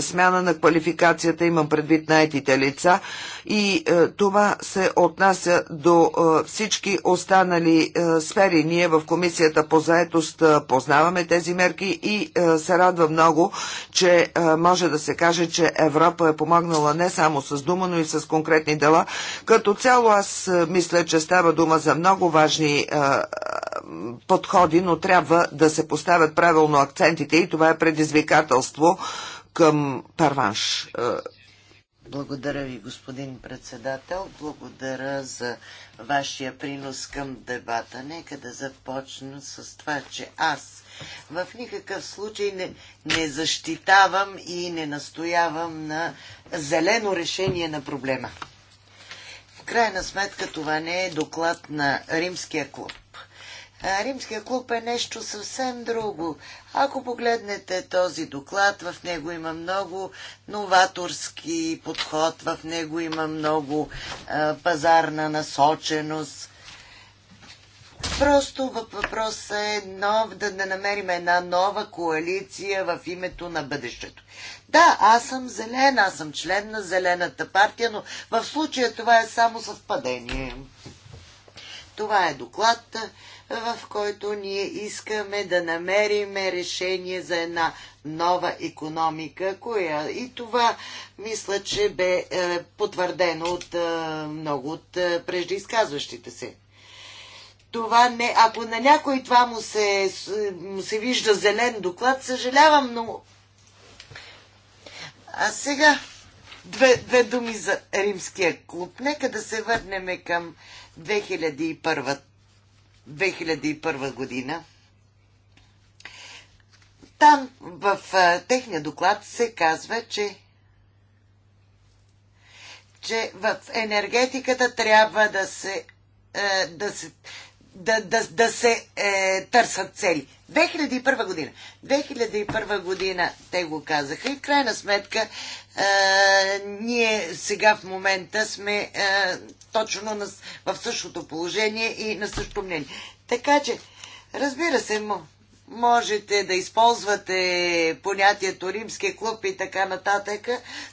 смяна на квалификацията, имам предвид наетите лица и а, това се отнася до а, всички останали а, сфери. Ние в Комисията по заетост а, познаваме тези мерки и а, се радва много, че а, може да се каже, че Европа е помогнала не само с дума, но и с конкретни дела. Като цяло аз а, мисля, че става дума за много важни а, подходи, но трябва да се поставят правилно акцентите и това е предизвикателство към парванш. Е, Благодаря ви, господин председател. Благодаря за вашия принос към дебата. Нека да започна с това, че аз в никакъв случай не, не защитавам и не настоявам на зелено решение на проблема. В крайна сметка това не е доклад на Римския клуб. Римския клуб е нещо съвсем друго. Ако погледнете този доклад, в него има много новаторски подход, в него има много а, пазарна насоченост. Просто въпросът е нов, да, да намерим една нова коалиция в името на бъдещето. Да, аз съм зелена, аз съм член на Зелената партия, но в случая това е само съвпадение. Това е доклад в който ние искаме да намериме решение за една нова економика, коя и това мисля, че бе е, потвърдено от е, много от прежде преждеизказващите се. Това не, ако на някой това му се, му се вижда зелен доклад, съжалявам, но... А сега две, две думи за римския клуб. Нека да се върнем към 2001 2001 година. Там в техния доклад се казва, че че в енергетиката трябва да се, да се да, да, да се е, търсят цели. 2001 година. 2001 година те го казаха и в крайна сметка е, ние сега в момента сме е, точно на, в същото положение и на същото мнение. Така че, разбира се, можете да използвате понятието римски клуб и така нататък,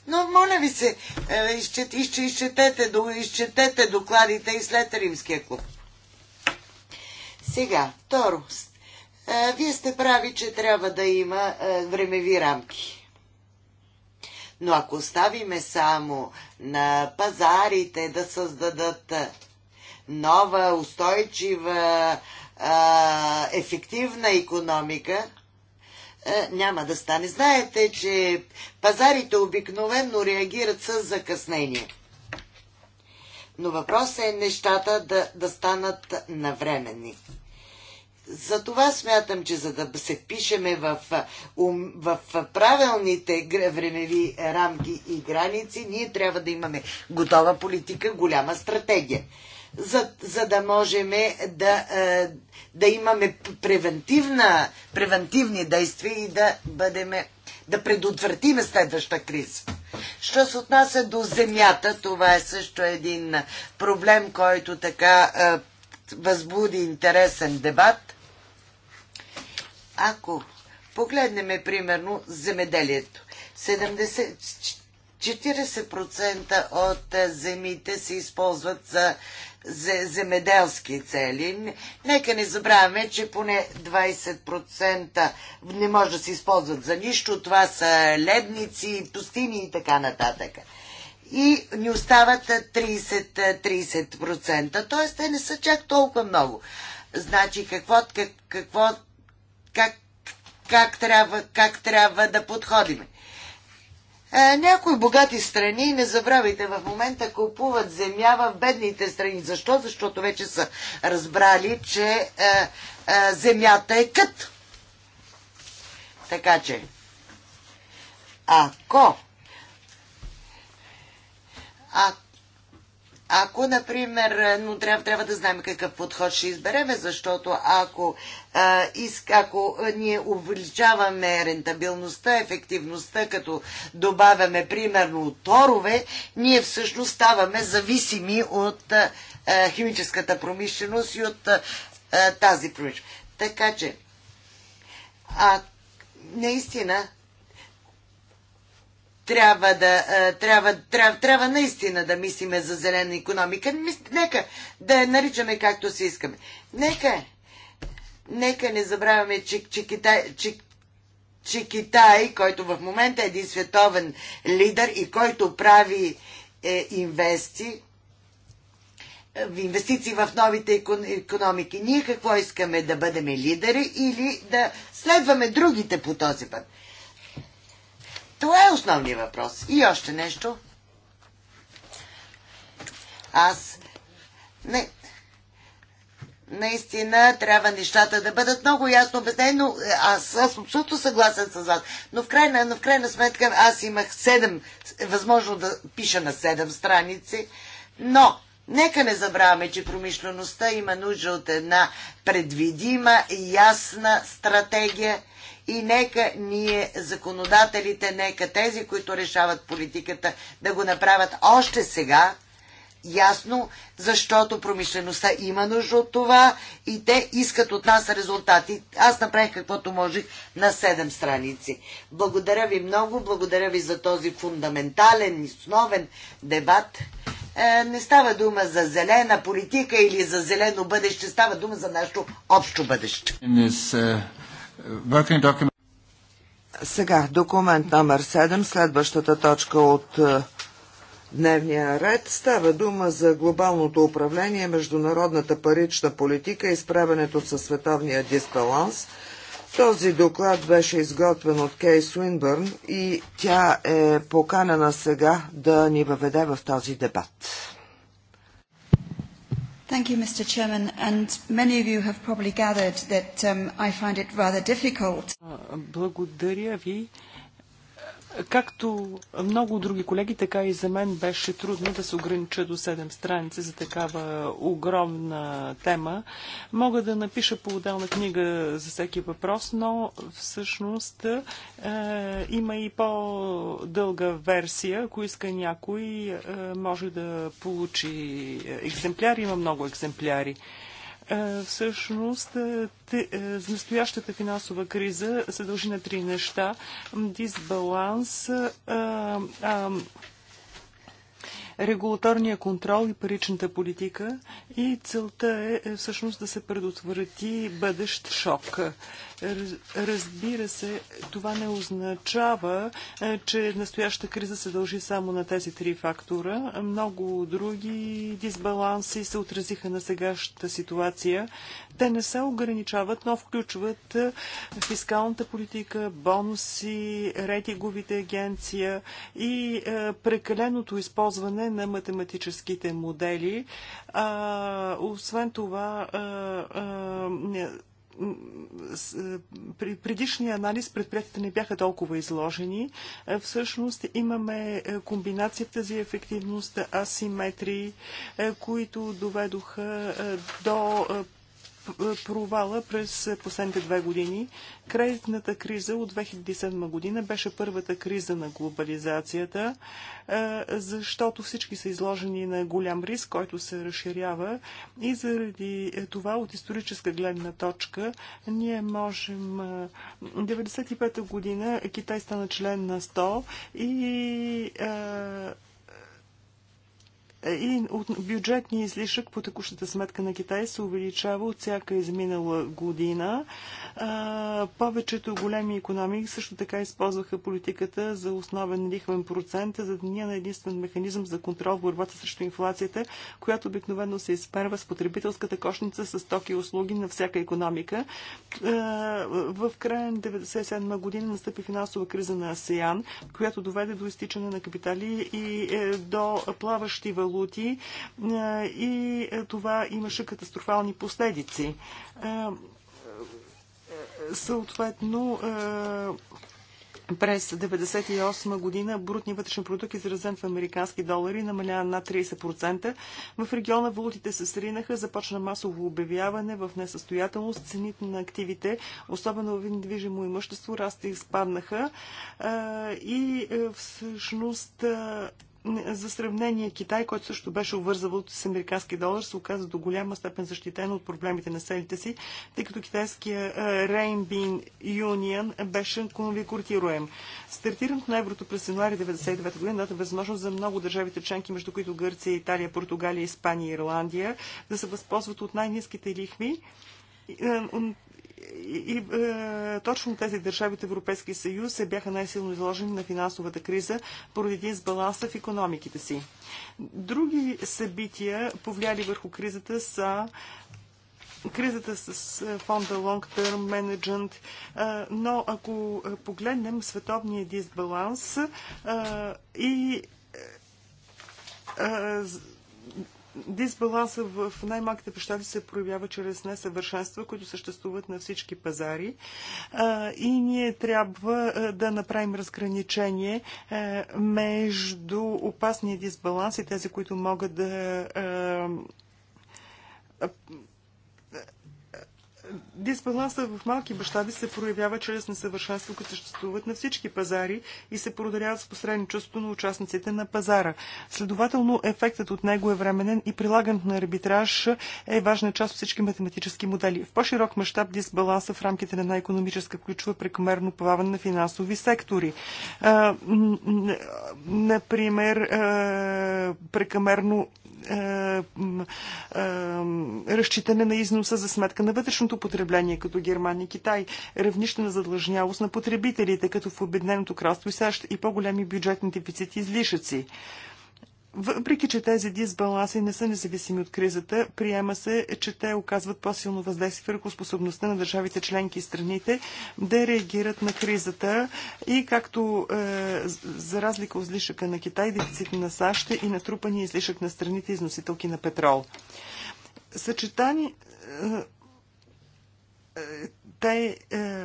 но моля ви се, е, изчет, изчет, изчетете, изчетете докладите и след римския клуб. Сега, второ, е, вие сте прави, че трябва да има е, времеви рамки. Но ако оставиме само на пазарите да създадат е, нова, устойчива, ефективна економика, няма да стане. Знаете, че пазарите обикновенно реагират с закъснение. Но въпросът е нещата да, да станат навременни за това смятам, че за да се впишеме в, в правилните времеви рамки и граници, ние трябва да имаме готова политика, голяма стратегия. За, за да можем да, да имаме превентивна, превентивни действия и да бъдеме да предотвратиме следваща криза. Що се отнася до земята, това е също един проблем, който така възбуди интересен дебат. Ако погледнем примерно земеделието, 70, 40% от земите се използват за земеделски цели. Нека не забравяме, че поне 20% не може да се използват за нищо. Това са ледници, пустини и така нататък и ни остават 30%. 30%. Т.е. те не са чак толкова много. Значи какво, как, какво как, как, трябва, как трябва да подходиме? Е, някои богати страни, не забравяйте, в момента купуват земя в бедните страни. Защо? Защото вече са разбрали, че е, е, земята е кът. Така че, ако а, ако, например, но трябва, трябва да знаем какъв подход ще избереме, защото ако, а, иск, ако ние увеличаваме рентабилността, ефективността, като добавяме, примерно, торове, ние всъщност ставаме зависими от а, химическата промишленост и от а, тази промишленост. Така че, а, наистина, трябва да е, трябва, трябва, трябва наистина да мислиме за зелена економика. Нека да я наричаме както си искаме. Нека, нека не забравяме, че, че, Китай, че, че Китай, който в момента е един световен лидер и който прави е, инвести, инвестиции в новите економики. Ние какво искаме да бъдем лидери или да следваме другите по този път? Това е основният въпрос. И още нещо. Аз не, наистина трябва нещата да бъдат много ясно обяснени, но е, аз, аз абсолютно съгласен с вас. Но в крайна, но в крайна сметка аз имах 7, възможно да пиша на 7 страници, но нека не забравяме, че промишлеността има нужда от една предвидима, ясна стратегия и нека ние, законодателите, нека тези, които решават политиката, да го направят още сега, ясно, защото промишлеността има нужда от това и те искат от нас резултати. Аз направих каквото можех на 7 страници. Благодаря ви много, благодаря ви за този фундаментален, и основен дебат. Е, не става дума за зелена политика или за зелено бъдеще, става дума за нашето общо бъдеще. Е, сега, документ номер 7, следващата точка от е, дневния ред. Става дума за глобалното управление, международната парична политика и справянето със световния дисбаланс. Този доклад беше изготвен от Кей Суинбърн и тя е поканена сега да ни въведе в този дебат. Thank you, Mr. Chairman. And many of you have probably gathered that um, I find it rather difficult. Благодаря ви. Uh, Както много други колеги, така и за мен беше трудно да се огранича до 7 страници за такава огромна тема. Мога да напиша по отделна книга за всеки въпрос, но всъщност е, има и по-дълга версия. Ако иска някой, е, може да получи е, екземпляри. Има много екземпляри. Е, всъщност, е, е, настоящата финансова криза се дължи на три неща. Дисбаланс, регулаторния контрол и паричната политика и целта е всъщност да се предотврати бъдещ шок. Разбира се, това не означава, е, че настоящата криза се дължи само на тези три фактора. Много други дисбаланси се отразиха на сегашната ситуация. Те не се ограничават, но включват е, фискалната политика, бонуси, рейтинговите агенция и е, прекаленото използване на математическите модели. освен това, е, при предишния анализ предприятията не бяха толкова изложени. Е, всъщност имаме е, комбинацията за ефективност, асиметрии, които доведоха до провала през последните две години. Кредитната криза от 2007 година беше първата криза на глобализацията, е, защото всички са изложени на голям риск, който се разширява и заради това от историческа гледна точка ние можем 95 е, година Китай стана член на 100 и е, и бюджетния излишък по текущата сметка на Китай се увеличава от всяка изминала година. Повечето големи економики също така използваха политиката за основен лихвен процент, за да ние на единствен механизъм за контрол в борбата срещу инфлацията, която обикновено се изперва с потребителската кошница с токи и услуги на всяка економика. В края на 1997 година настъпи финансова криза на АСЕАН, която доведе до изтичане на капитали и е, до плаващи валути валути и е, това имаше катастрофални последици. Е, съответно, е, през 1998 година брутният вътрешен продукт, изразен в американски долари, намаля над 30%. В региона валутите се сринаха, започна масово обявяване в несъстоятелност. Цените на активите, особено в недвижимо имущество, расти и спаднаха. И всъщност за сравнение, Китай, който също беше обвързал с американски долар, се оказа до голяма степен защитен от проблемите на селите си, тъй като китайския Рейнбин Юнион беше конвикортируем. Стартирането на еврото през януари 1999 година дата възможност за много държавите членки, между които Гърция, Италия, Португалия, Испания и Ирландия, да се възползват от най-низките лихви е, и е, точно тези държави от Европейския съюз се бяха най-силно изложени на финансовата криза поради дисбаланса в економиките си. Други събития, повлияли върху кризата, са кризата с е, фонда Long Term Management, е, но ако е, погледнем световния дисбаланс и Дисбаланса в най-малките пещари се проявява чрез несъвършенства, които съществуват на всички пазари. И ние трябва да направим разграничение между опасния дисбаланс и тези, които могат да Дисбаланса в малки бащаби се проявява чрез несъвършенство, като съществуват на всички пазари и се продаряват с посредничеството на участниците на пазара. Следователно, ефектът от него е временен и прилагането на арбитраж е важна част от всички математически модели. В по-широк мащаб дисбаланса в рамките на една економическа включва прекомерно плаване на финансови сектори. Например, прекомерно е, е, разчитане на износа за сметка на вътрешното потребление, като Германия и Китай, равнище на задлъжнялост на потребителите, като в Обединеното кралство и САЩ и по-големи бюджетни дефицити излишъци. Въпреки, че тези дисбаланси не са независими от кризата, приема се, че те оказват по-силно въздействие върху способността на държавите членки и страните да реагират на кризата и както е, за разлика от излишъка на Китай, дефицит на САЩ и натрупания излишък на страните износителки на петрол. Съчетани е, е, те, е,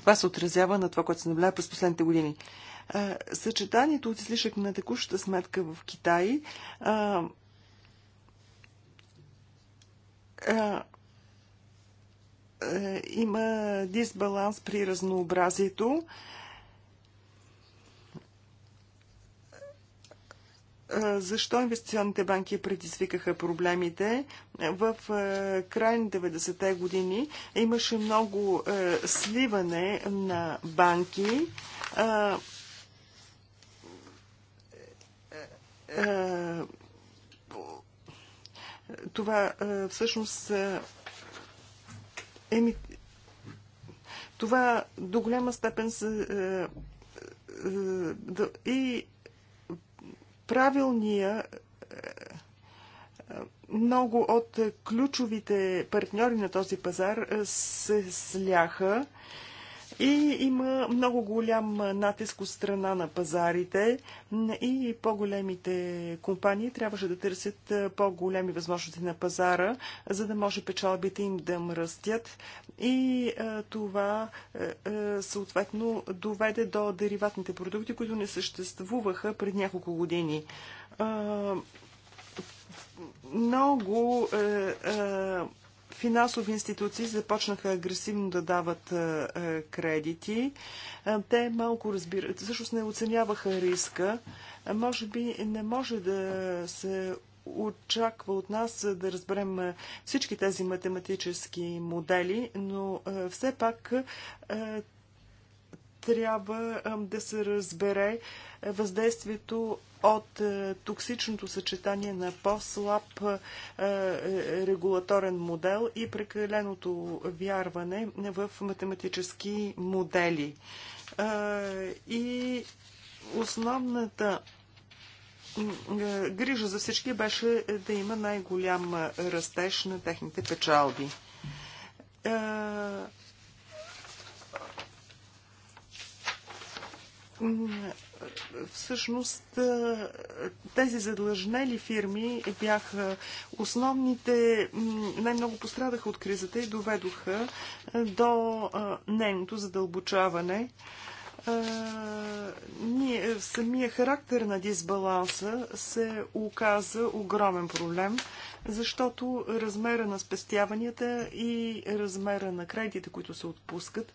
това се отразява на това, което се наблюдава през последните години. Е, Съчетанието от излишък на текущата сметка в Китай е, има дисбаланс при разнообразието. Защо инвестиционните банки предизвикаха проблемите? В край на 90-те години имаше много сливане на банки Е, това е, всъщност е, еми, това до голяма степен се и правилния много от ключовите партньори на този пазар се сляха и има много голям натиск от страна на пазарите и по-големите компании трябваше да търсят по-големи възможности на пазара, за да може печалбите им да мръстят. И това съответно доведе до дериватните продукти, които не съществуваха пред няколко години много А, е, а, е, финансови институции започнаха агресивно да дават е, е, кредити. Е, те малко разбират, всъщност не оценяваха риска. Може би не може да се очаква от нас да разберем всички тези математически модели, но все пак трябва да се разбере е, въздействието от е, токсичното съчетание на по-слаб е, регулаторен модел и прекаленото вярване в математически модели. И основната грижа за всички беше да има най-голям растеж на техните печалби всъщност тези задлъжнели фирми бяха основните, най-много пострадаха от кризата и доведоха до нейното задълбочаване ние, самия характер на дисбаланса се оказа огромен проблем, защото размера на спестяванията и размера на кредитите, които се отпускат,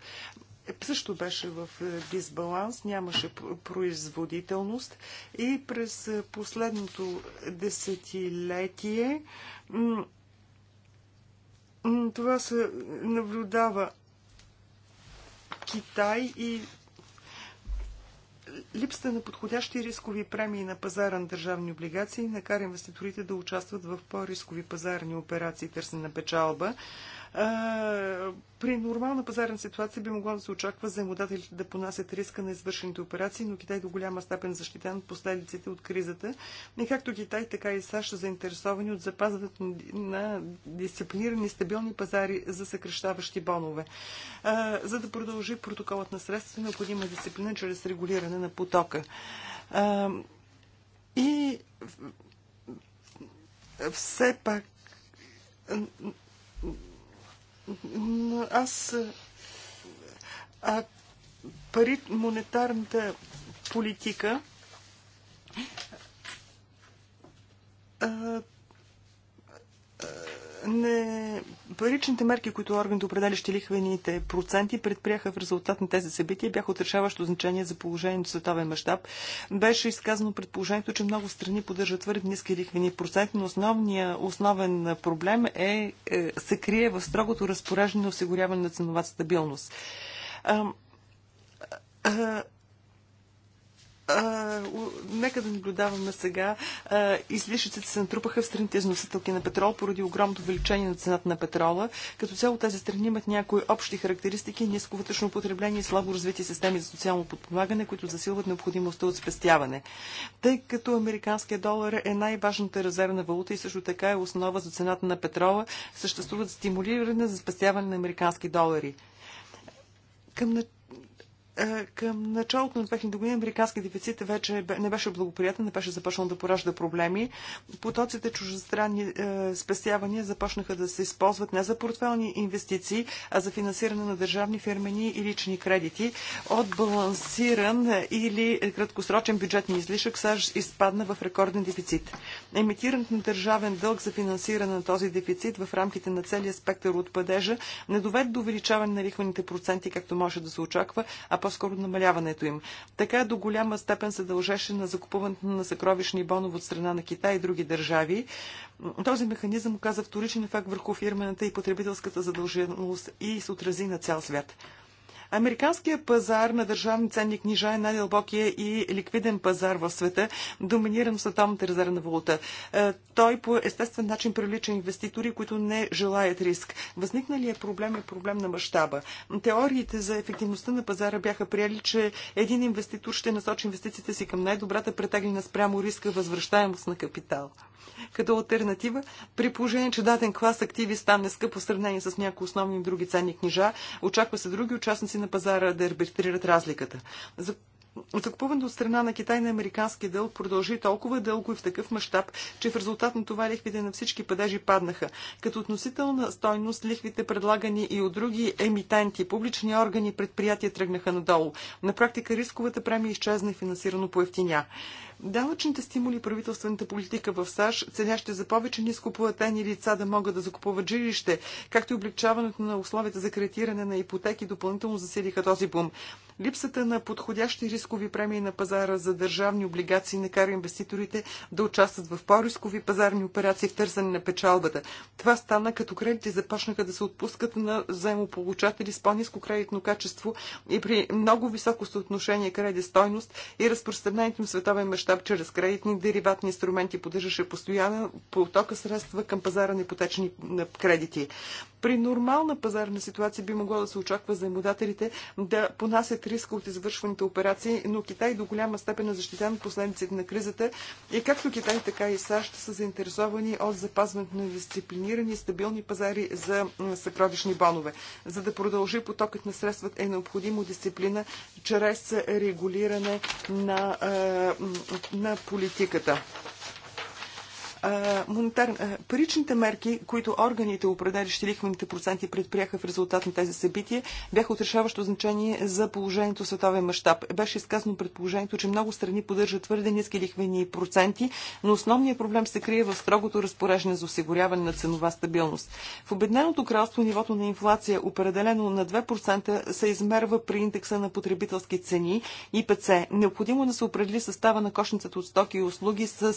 също беше в е, дисбаланс, нямаше производителност и през е, последното десетилетие това се наблюдава Китай и липсата на подходящи рискови премии на пазара на държавни облигации накара инвеститорите да участват в по-рискови пазарни операции, търсене на печалба. При нормална пазарна ситуация би могло да се очаква заемодателите да понасят риска на извършените операции, но Китай до голяма степен защитен от последиците от кризата. И както Китай, така и САЩ са заинтересовани от запазването на дисциплинирани стабилни пазари за съкрещаващи бонове. За да продължи протоколът на средства, необходима е дисциплина чрез регулиране на потока. И все пак аз а, пари, монетарната политика а, а, не, паричните мерки, които органите определящи лихвените проценти предприеха в резултат на тези събития, бяха отрешаващо значение за положението в световен мащаб. Беше изказано предположението, че много страни поддържат твърде ниски лихвени проценти, но основния, основен проблем е, е, се крие в строгото разпореждане на осигуряване на ценовата стабилност. А, а, а, нека да наблюдаваме сега. А, излишъците се натрупаха в страните износителки на петрол поради огромното увеличение на цената на петрола. Като цяло тези страни имат някои общи характеристики, ниско вътрешно потребление и слабо развити системи за социално подпомагане, които засилват необходимостта от спестяване. Тъй като американският долар е най-важната резервна валута и също така е основа за цената на петрола, съществуват стимулиране за спестяване на американски долари. Към началото е, към началото на 2000 година американски дефицит вече не беше благоприятен, не беше започнал да поражда проблеми. Потоците чуждестранни е, спестявания започнаха да се използват не за портфелни инвестиции, а за финансиране на държавни, фирмени и лични кредити. От балансиран или краткосрочен бюджетни излишък САЩ изпадна в рекорден дефицит. Емитирането на държавен дълг за финансиране на този дефицит в рамките на целия спектър от падежа не доведе до увеличаване на лихвените проценти, както може да се очаква, а по-скоро намаляването им. Така до голяма степен се дължеше на закупуването на съкровищни бонове от страна на Китай и други държави. Този механизъм оказа вторичен ефект върху фирмената и потребителската задълженост и се отрази на цял свят. Американският пазар на държавни ценни книжа е най-дълбокия и ликвиден пазар в света, доминиран в световната резервна валута. Е, той по естествен начин привлича инвеститори, които не желаят риск. Възникналият проблем е проблем на мащаба. Теориите за ефективността на пазара бяха приели, че един инвеститор ще насочи инвестициите си към най-добрата претеглена спрямо риска възвръщаемост на капитал като альтернатива, при положение, че даден клас активи стане скъп в сравнение с някои основни други ценни книжа, очаква се други участници на пазара да арбитрират разликата. За Закупуването от страна на Китай на американски дълг продължи толкова дълго и в такъв мащаб, че в резултат на това лихвите на всички падежи паднаха. Като относителна стойност лихвите предлагани и от други емитенти, публични органи, предприятия тръгнаха надолу. На практика рисковата премия изчезна и финансирано по ефтиня. Данъчните стимули правителствената политика в САЩ, ценящи за повече нископлатени лица да могат да закупуват жилище, както и облегчаването на условията за кредитиране на ипотеки, допълнително засилиха този бум. Липсата на подходящи рискови премии на пазара за държавни облигации не кара инвеститорите да участват в по-рискови пазарни операции в търсене на печалбата. Това стана като кредити започнаха да се отпускат на заемополучатели с по-низко кредитно качество и при много високо съотношение кредит-стойност и разпространението им световен мащаб чрез кредитни дериватни инструменти поддържаше постоянен потока средства към пазара на ипотечни кредити. При нормална пазарна ситуация би могло да се очаква заемодателите да понасят риска от извършваните операции, но Китай до голяма степен е защитен последиците на кризата и както Китай, така и САЩ са заинтересовани от запазването на дисциплинирани и стабилни пазари за съкровищни бонове. За да продължи потокът на средствата е необходимо дисциплина чрез регулиране на, е, на политиката монетар... паричните мерки, които органите, определящи лихвените проценти, предприяха в резултат на тези събития, бяха отрешаващо значение за положението в световен мащаб. Беше изказано предположението, че много страни поддържат твърде ниски лихвени проценти, но основният проблем се крие в строгото разпореждане за осигуряване на ценова стабилност. В обедненото кралство нивото на инфлация, определено на 2%, се измерва при индекса на потребителски цени и ПЦ. Необходимо е да се определи състава на кошницата от стоки и услуги с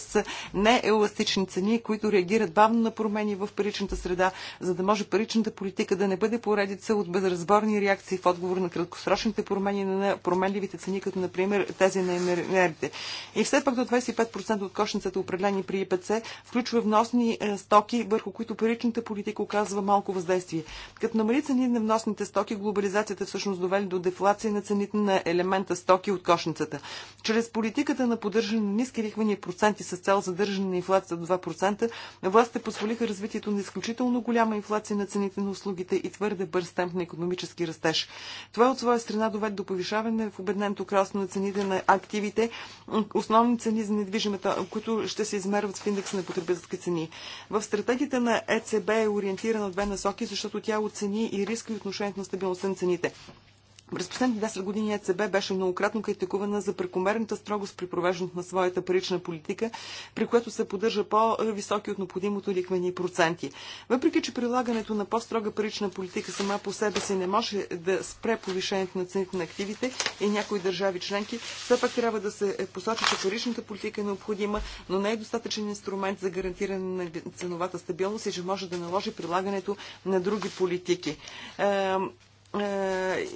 нееластични парични цени, които реагират бавно на промени в паричната среда, за да може паричната политика да не бъде поредица от безразборни реакции в отговор на краткосрочните промени на променливите цени, като например тези на енергите. И все пак до 25% от кошницата, определени при ИПЦ, включва вносни е, стоки, върху които паричната политика оказва малко въздействие. Като намали цени на вносните стоки, глобализацията всъщност довели до дефлация на цените на елемента стоки от кошницата. Чрез политиката на поддържане на ниски лихвени проценти с цел задържане на инфлацията 2%, властите позволиха развитието на изключително голяма инфлация на цените на услугите и твърде бърз темп на економически растеж. Това от своя страна доведе до повишаване в обедненото кралство на цените на активите, основни цени за недвижимата, които ще се измерват в индекса на потребителски цени. В стратегията на ЕЦБ е ориентирана две насоки, защото тя оцени и риска и отношението на стабилността на цените. През последните 10 години ЕЦБ беше многократно критикувана за прекомерната строгост при провеждането на своята парична политика, при което се поддържа по-високи от необходимото ликвени проценти. Въпреки, че прилагането на по-строга парична политика сама по себе си не може да спре повишението на цените на активите и някои държави членки, все пак трябва да се посочи, че паричната политика е необходима, но не е достатъчен инструмент за гарантиране на ценовата стабилност и че може да наложи прилагането на други политики. Е,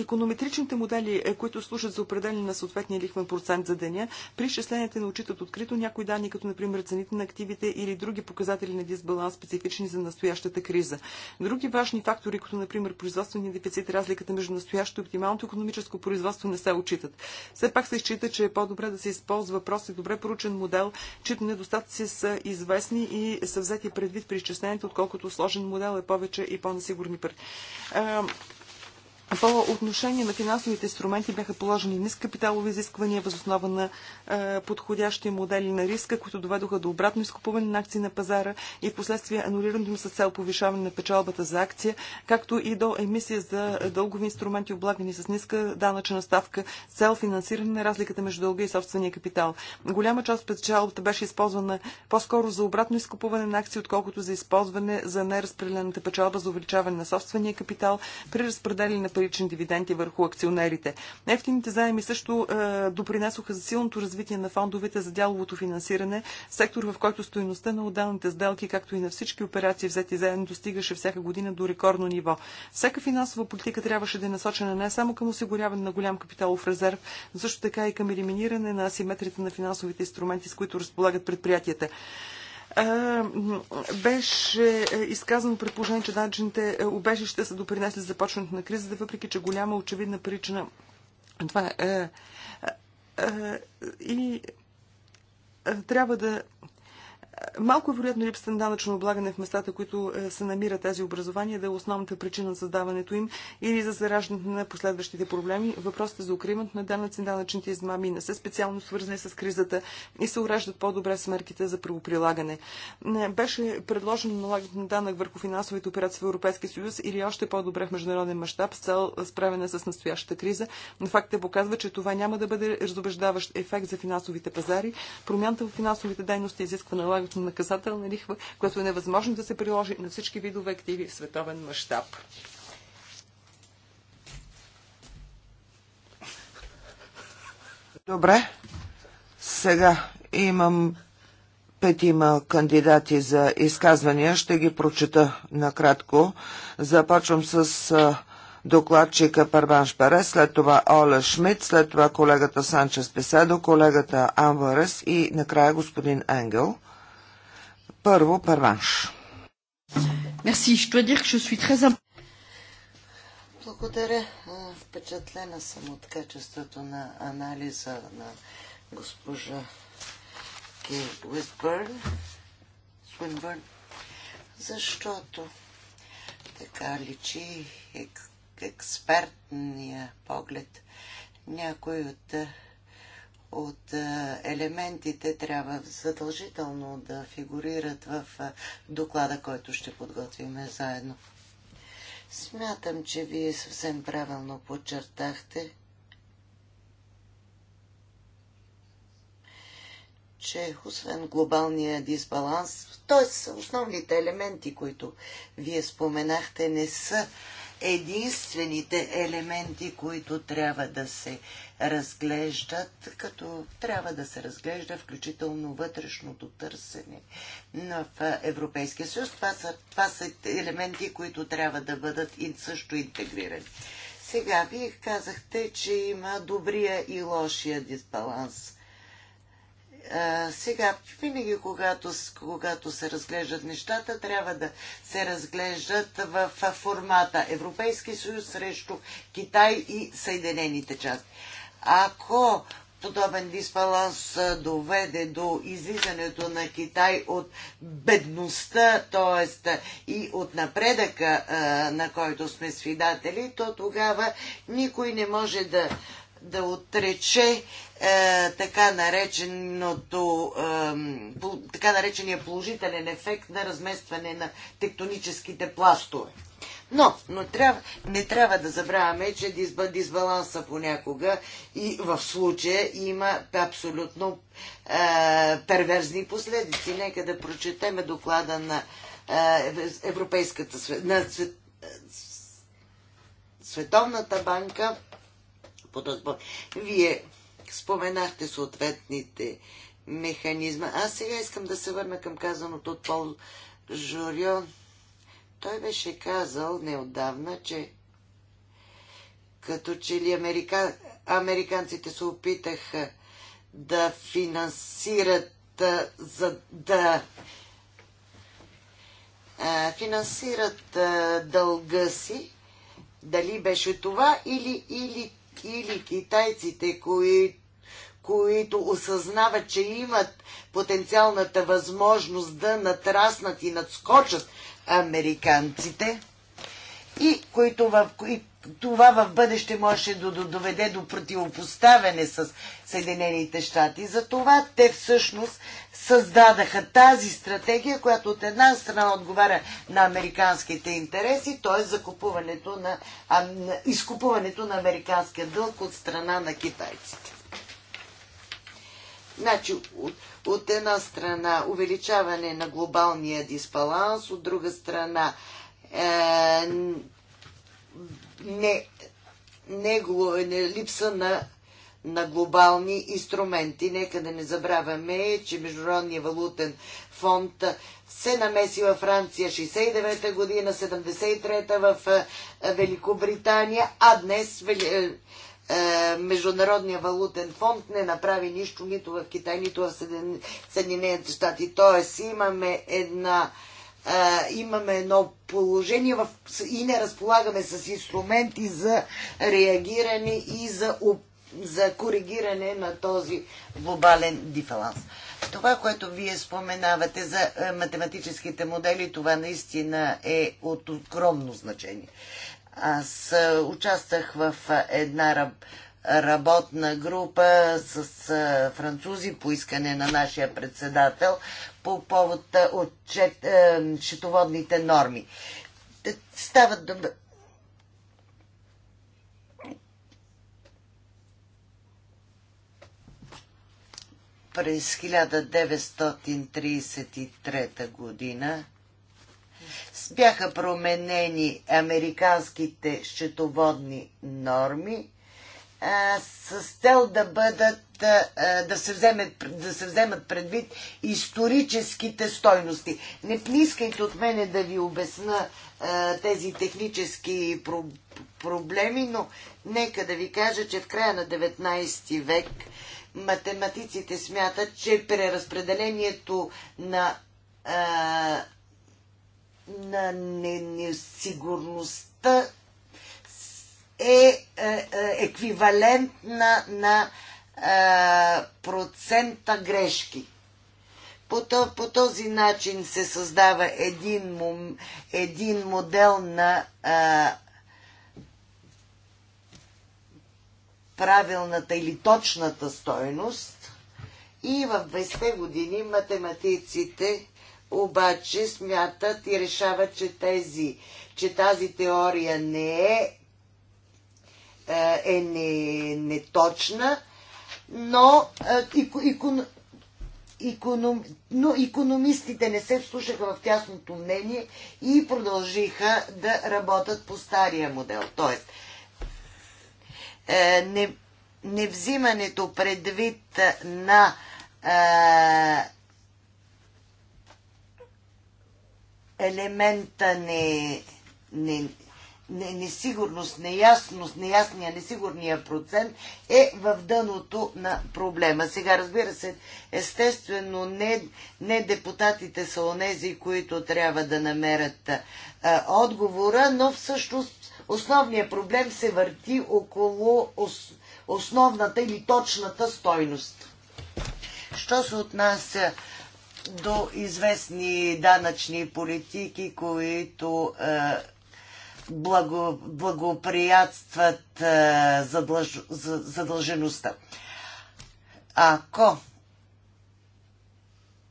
економетричните модели, е, които служат за определение на съответния лихвен процент за деня, при изчисленията не отчитат открито някои данни, като например цените на активите или други показатели на дисбаланс, специфични за настоящата криза. Други важни фактори, като например производствения дефицит, разликата между настоящото и оптималното економическо производство не се отчитат. Все пак се счита, че е по-добре да се използва прост и добре поручен модел, чието недостатъци са известни и са взети предвид при изчисленията, отколкото сложен модел е повече и по-несигурни. пари. Е, Um, по отношение на финансовите инструменти бяха положени ниски капиталови изисквания възоснова на е, подходящи модели на риска, които доведоха до обратно изкупуване на акции на пазара и в последствие анулирането им с цел повишаване на печалбата за акция, както и до емисия за дългови инструменти, облагани с ниска данъчна ставка, с цел финансиране на разликата между дълга и собствения капитал. Голяма част от печалбата беше използвана по-скоро за обратно изкупуване на акции, отколкото за използване за неразпределената печалба за увеличаване на собствения капитал при разпределение на парични дивиденти върху акционерите. Ефтините заеми също е, допринесоха за силното развитие на фондовете за дяловото финансиране, сектор в който стоеността на отделните сделки, както и на всички операции взети заедно, достигаше всяка година до рекордно ниво. Всяка финансова политика трябваше да е насочена не само към осигуряване на голям капиталов резерв, но също така и към елиминиране на асиметрията на финансовите инструменти, с които разполагат предприятията беше е, изказано предположение, че данъчните е, убежища са допринесли за започването на кризата, въпреки че голяма очевидна причина това е. е и трябва да Малко е вероятно липсата на данъчно облагане в местата, които е, се намират тези образования, да е основната причина за създаването им или за зараждането на последващите проблеми. Въпросите за укриването на данъци и данъчните измами не са специално свързани с кризата и се уреждат по-добре с мерките за правоприлагане. Беше предложено налагането на данък върху финансовите операции в Европейския съюз или още по-добре в международен мащаб с цел справяне с настоящата криза. Но фактите показва, че това няма да бъде разобеждаващ ефект за финансовите пазари. Промяната в финансовите дейности изисква налагане правото на наказателна лихва, което е невъзможно да се приложи на всички видове активи в световен мащаб. Добре. Сега имам петима кандидати за изказвания. Ще ги прочета накратко. Започвам с докладчика Парбан Перес, след това Оля Шмидт, след това колегата Санчес Песедо, колегата Анварес и накрая господин Енгел. Първо, първанш. Мерси, ще dois dire че je suis Благодаря. Впечатлена съм от качеството на анализа на госпожа Кейт Уитбърн, Уитбърн. защото така личи ек, експертния поглед. някой от от е, елементите трябва задължително да фигурират в е, доклада, който ще подготвим заедно. Смятам, че вие съвсем правилно подчертахте, че освен глобалния дисбаланс, т.е. основните елементи, които вие споменахте, не са единствените елементи, които трябва да се разглеждат, като трябва да се разглежда включително вътрешното търсене в Европейския съюз. Това са, това са елементи, които трябва да бъдат и също интегрирани. Сега вие казахте, че има добрия и лошия дисбаланс а, сега, винаги когато, когато се разглеждат нещата, трябва да се разглеждат в формата Европейски съюз срещу Китай и Съединените части. Ако подобен дисбаланс доведе до излизането на Китай от бедността, т.е. и от напредъка, на който сме свидатели, то тогава никой не може да, да отрече е, така, нареченото, е, така наречения положителен ефект на разместване на тектоническите пластове. Но, но трябва, не трябва да забравяме, че дисбаланса понякога и в случая има абсолютно е, перверзни последици. Нека да прочетеме доклада на е, Европейската на Световната банка по този Вие Споменахте съответните механизма. Аз сега искам да се върна към казаното от Пол Жорион. Той беше казал неодавна, че като че ли америка... американците се опитаха да финансират, за да финансират дълга си, дали беше това или, или или китайците, които които осъзнават, че имат потенциалната възможност да натраснат и надскочат американците, и които в, и това в бъдеще може да доведе до противопоставяне с Съединените щати. За това те всъщност създадаха тази стратегия, която от една страна отговаря на американските интереси, т.е. закупуването на, а, изкупуването на американския дълг от страна на китайците. Значи, от, от една страна увеличаване на глобалния дисбаланс, от друга страна е, не, не, е, не, липса на, на глобални инструменти. Нека да не забравяме, че Международния валутен фонд се намеси във Франция 69-та година, 73-та в е, Великобритания, а днес Международния валутен фонд не направи нищо нито в Китай, нито в Съединените щати. Тоест имаме една а, имаме едно положение в, и не разполагаме с инструменти за реагиране и за, за коригиране на този глобален дифаланс. Това, което вие споменавате за е, математическите модели, това наистина е от огромно значение. Аз е, участвах в е, една работна група с французи по искане на нашия председател, по повод от е, счетоводните норми. Стават да. през 1933 година бяха променени американските счетоводни норми а, с цел да бъдат е, да се, вземе, да се вземат предвид историческите стойности. Не искайте от мене да ви обясна а, е, тези технически про, проблеми, но нека да ви кажа, че в края на 19 век математиците смятат, че преразпределението на, а, е, на несигурността е, е, е еквивалентна на, на е, процента грешки. По, по този начин се създава един, един модел на а, е, правилната или точната стойност. И в 20-те години математиците обаче смятат и решават, че, тези, че тази теория не е, е не, неточна, но, икон, иконом, но економистите не се вслушаха в тясното мнение и продължиха да работят по стария модел. Тоест, е, не, невзимането предвид на е, елемента не, не, несигурност, неясност, неясния, несигурния процент е в дъното на проблема. Сега, разбира се, естествено, не, не депутатите са онези, които трябва да намерят а, отговора, но всъщност основният проблем се върти около ос, основната или точната стойност. Що се отнася до известни данъчни политики, които а, благо, благоприятстват а, задлъж, задължеността. Ако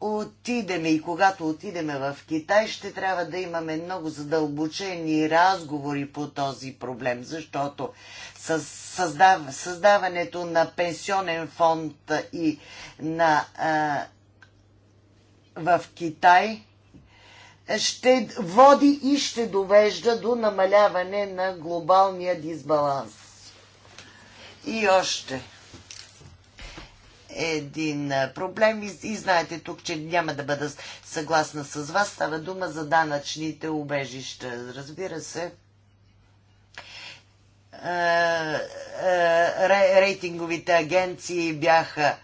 отидеме и когато отидеме в Китай, ще трябва да имаме много задълбочени разговори по този проблем, защото създав, създаването на пенсионен фонд и на, а, в Китай ще води и ще довежда до намаляване на глобалния дисбаланс. И още един проблем и, и знаете тук, че няма да бъда съгласна с вас. Става дума за данъчните убежища. Разбира се, рейтинговите агенции бяха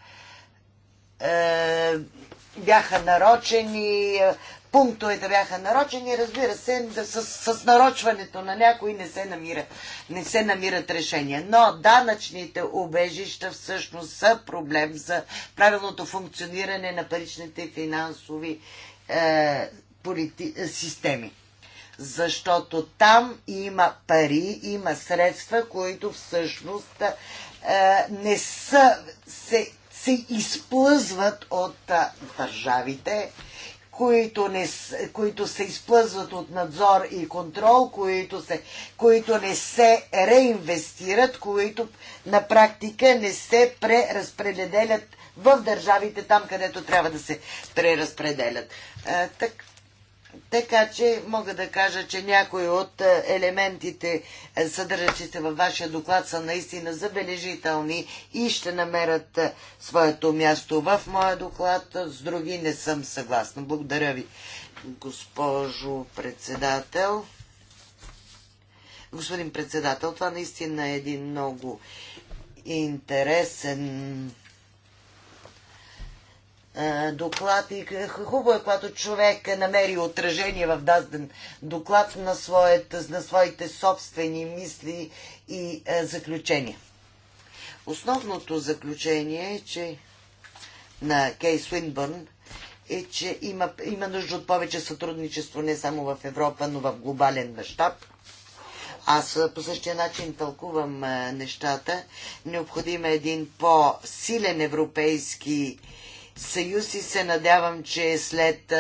бяха нарочени, пунктовете бяха нарочени. Разбира се, с, с нарочването на някои не се, намира, не се намират решения. Но данъчните убежища всъщност са проблем за правилното функциониране на паричните финансови е, полити, е, системи. Защото там има пари, има средства, които всъщност е, не са, се, се изплъзват от е, държавите които, не, които се изплъзват от надзор и контрол, които, се, които не се реинвестират, които на практика не се преразпределят в държавите там, където трябва да се преразпределят. А, е, так, така че мога да кажа, че някои от е, елементите, е, съдържащи се във вашия доклад, са наистина забележителни и ще намерят е, своето място в моя доклад. С други не съм съгласна. Благодаря ви, госпожо председател. Господин председател, това наистина е един много интересен е, доклад и хубаво е, когато човек намери отражение в даден доклад на, своят, на своите собствени мисли и е, заключения. Основното заключение е, че на Кей Суинбърн, е, че има, има нужда от повече сътрудничество не само в Европа, но в глобален мащаб. Аз е, по същия начин тълкувам нещата. Необходим е един по-силен европейски съюз и се надявам, че след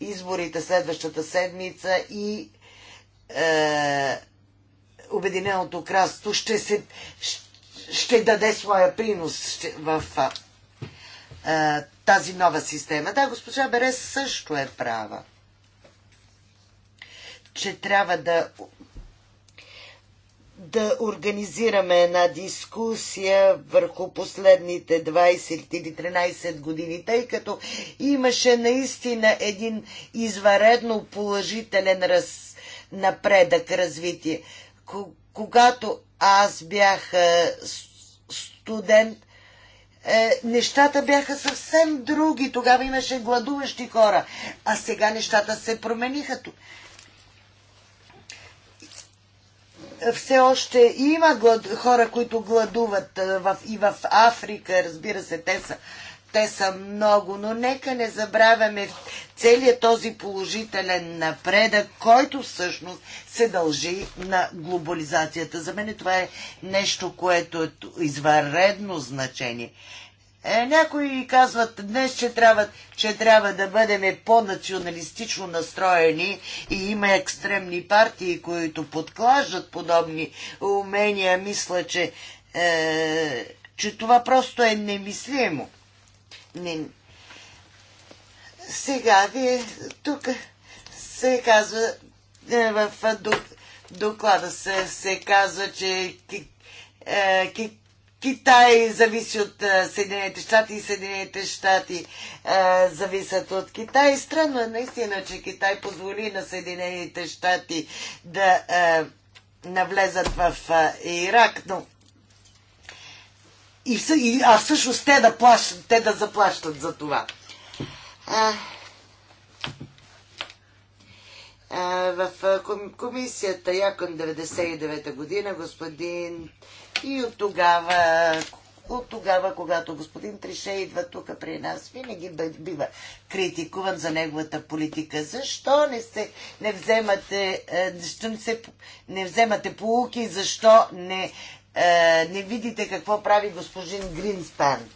изборите следващата седмица и е, Обединеното кралство ще, се, ще даде своя принос в е, тази нова система. Да, госпожа Берес също е права, че трябва да да организираме една дискусия върху последните 20 или 13 години, тъй като имаше наистина един изваредно положителен раз, напредък, развитие. Когато аз бях студент, е, нещата бяха съвсем други. Тогава имаше гладуващи хора, а сега нещата се промениха. все още има глад, хора, които гладуват в, и в Африка, разбира се, те са, те са много, но нека не забравяме целият този положителен напредък, който всъщност се дължи на глобализацията. За мен това е нещо, което е извънредно значение. Е, някои казват днес, че трябва, че трябва да бъдем по-националистично настроени и има екстремни партии, които подклаждат подобни умения. Мисля, че, е, че това просто е немислимо. Не... Сега вие тук се казва е, в доклада се, се казва, че е, Китай зависи от Съединените щати и Съединените щати е, зависят от Китай. Странно е наистина, че Китай позволи на Съединените щати да е, навлезат в е, Ирак, но и, и, а всъщност те да, те да заплащат за това. А, а, в комисията Якон 99 година господин и от тогава, от тогава, когато господин Трише идва тук при нас, винаги бива критикуван за неговата политика. Защо не, се, не, вземате, е, защо не, се, не вземате полуки, защо не, е, не видите какво прави господин Гринспан?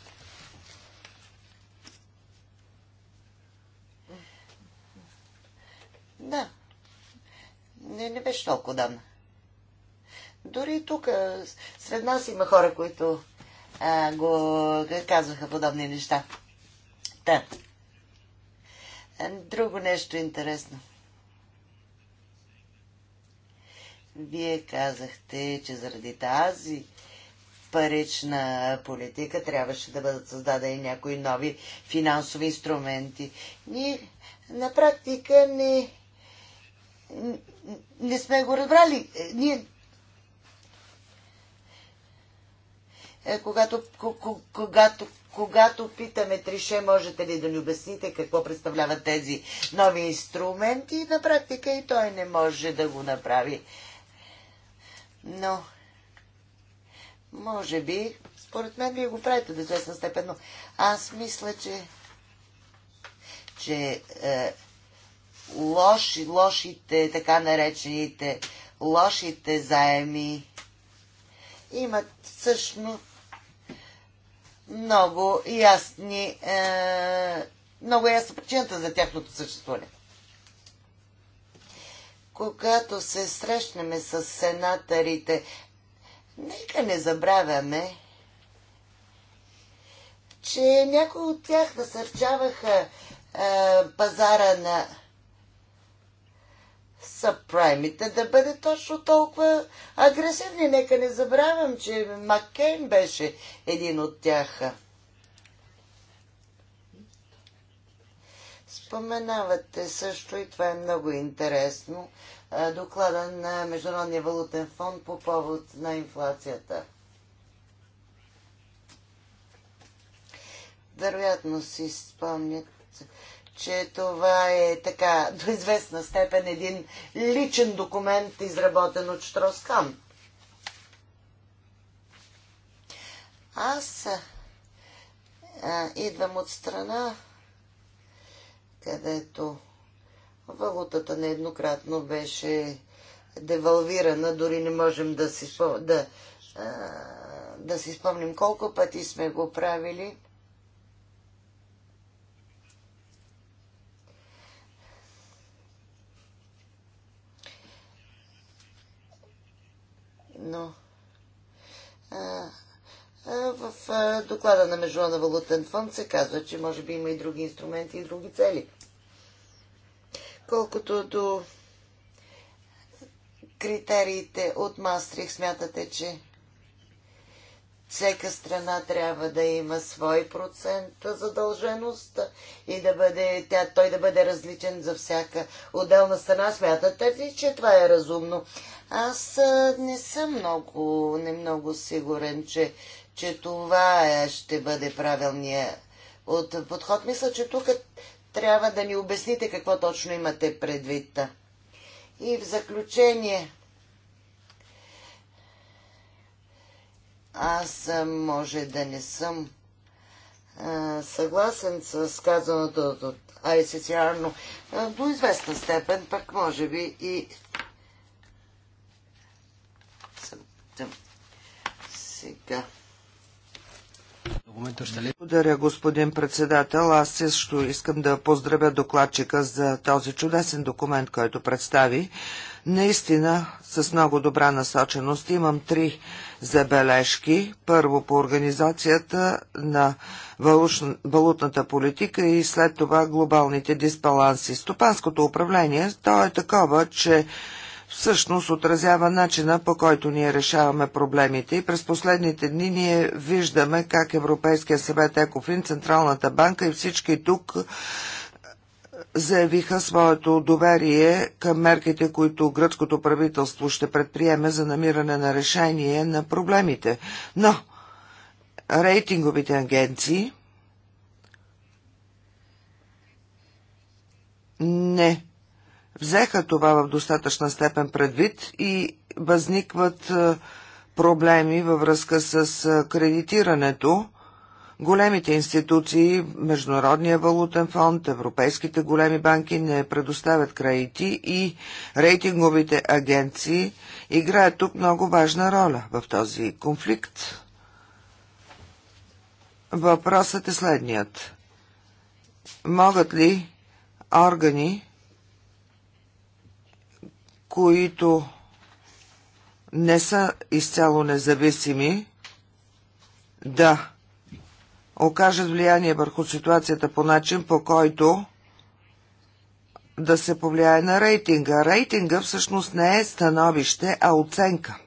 Да. Не, не беше толкова давна. Дори тук сред нас има хора, които а, го казваха подобни неща. Та. Друго нещо интересно. Вие казахте, че заради тази парична политика трябваше да бъдат създадени някои нови финансови инструменти. Ние на практика не, не сме го разбрали. Ние Е, когато, когато, когато питаме Трише, можете ли да ни обясните какво представляват тези нови инструменти? На практика и той не може да го направи. Но, може би, според мен вие го правите до известна степен, но аз мисля, че, че е, лоши, лошите, така наречените, лошите заеми имат всъщност много ясни, е, много ясна причината за тяхното съществуване. Когато се срещнем с сенаторите, нека не забравяме, че някои от тях насърчаваха е, пазара на съпраймите да бъде точно толкова агресивни. Нека не забравям, че Маккейн беше един от тях. Споменавате също, и това е много интересно, доклада на Международния валутен фонд по повод на инфлацията. Вероятно си спомнят, че това е така до известна степен един личен документ, изработен от Штроскан. Аз а, идвам от страна, където валутата нееднократно беше девалвирана, дори не можем да си, да, а, да си спомним колко пъти сме го правили. но а, а, в а, доклада на Международна валутен фонд се казва, че може би има и други инструменти и други цели. Колкото до критериите от Мастрих, смятате, че всяка страна трябва да има свой процент задълженост и да бъде, тя, той да бъде различен за всяка отделна страна. Смятате ли, че това е разумно? Аз не съм много, не много сигурен, че, че това е, ще бъде правилният от подход. Мисля, че тук трябва да ни обясните какво точно имате предвид. И в заключение, аз може да не съм а, съгласен с казаното от ICCR, но до известна степен пък може би и Сега. Благодаря, господин председател. Аз също искам да поздравя докладчика за този чудесен документ, който представи. Наистина, с много добра насоченост имам три забележки. Първо по организацията на валутната политика и след това глобалните дисбаланси. Стопанското управление, то е такова, че всъщност отразява начина по който ние решаваме проблемите и през последните дни ние виждаме как Европейския съвет Екофин, Централната банка и всички тук е, заявиха своето доверие към мерките, които гръцкото правителство ще предприеме за намиране на решение на проблемите. Но рейтинговите агенции не взеха това в достатъчна степен предвид и възникват е, проблеми във връзка с е, кредитирането. Големите институции, Международния валутен фонд, европейските големи банки не предоставят кредити и рейтинговите агенции играят тук много важна роля в този конфликт. Въпросът е следният. Могат ли органи които не са изцяло независими, да окажат влияние върху ситуацията по начин, по който да се повлияе на рейтинга. Рейтинга всъщност не е становище, а оценка.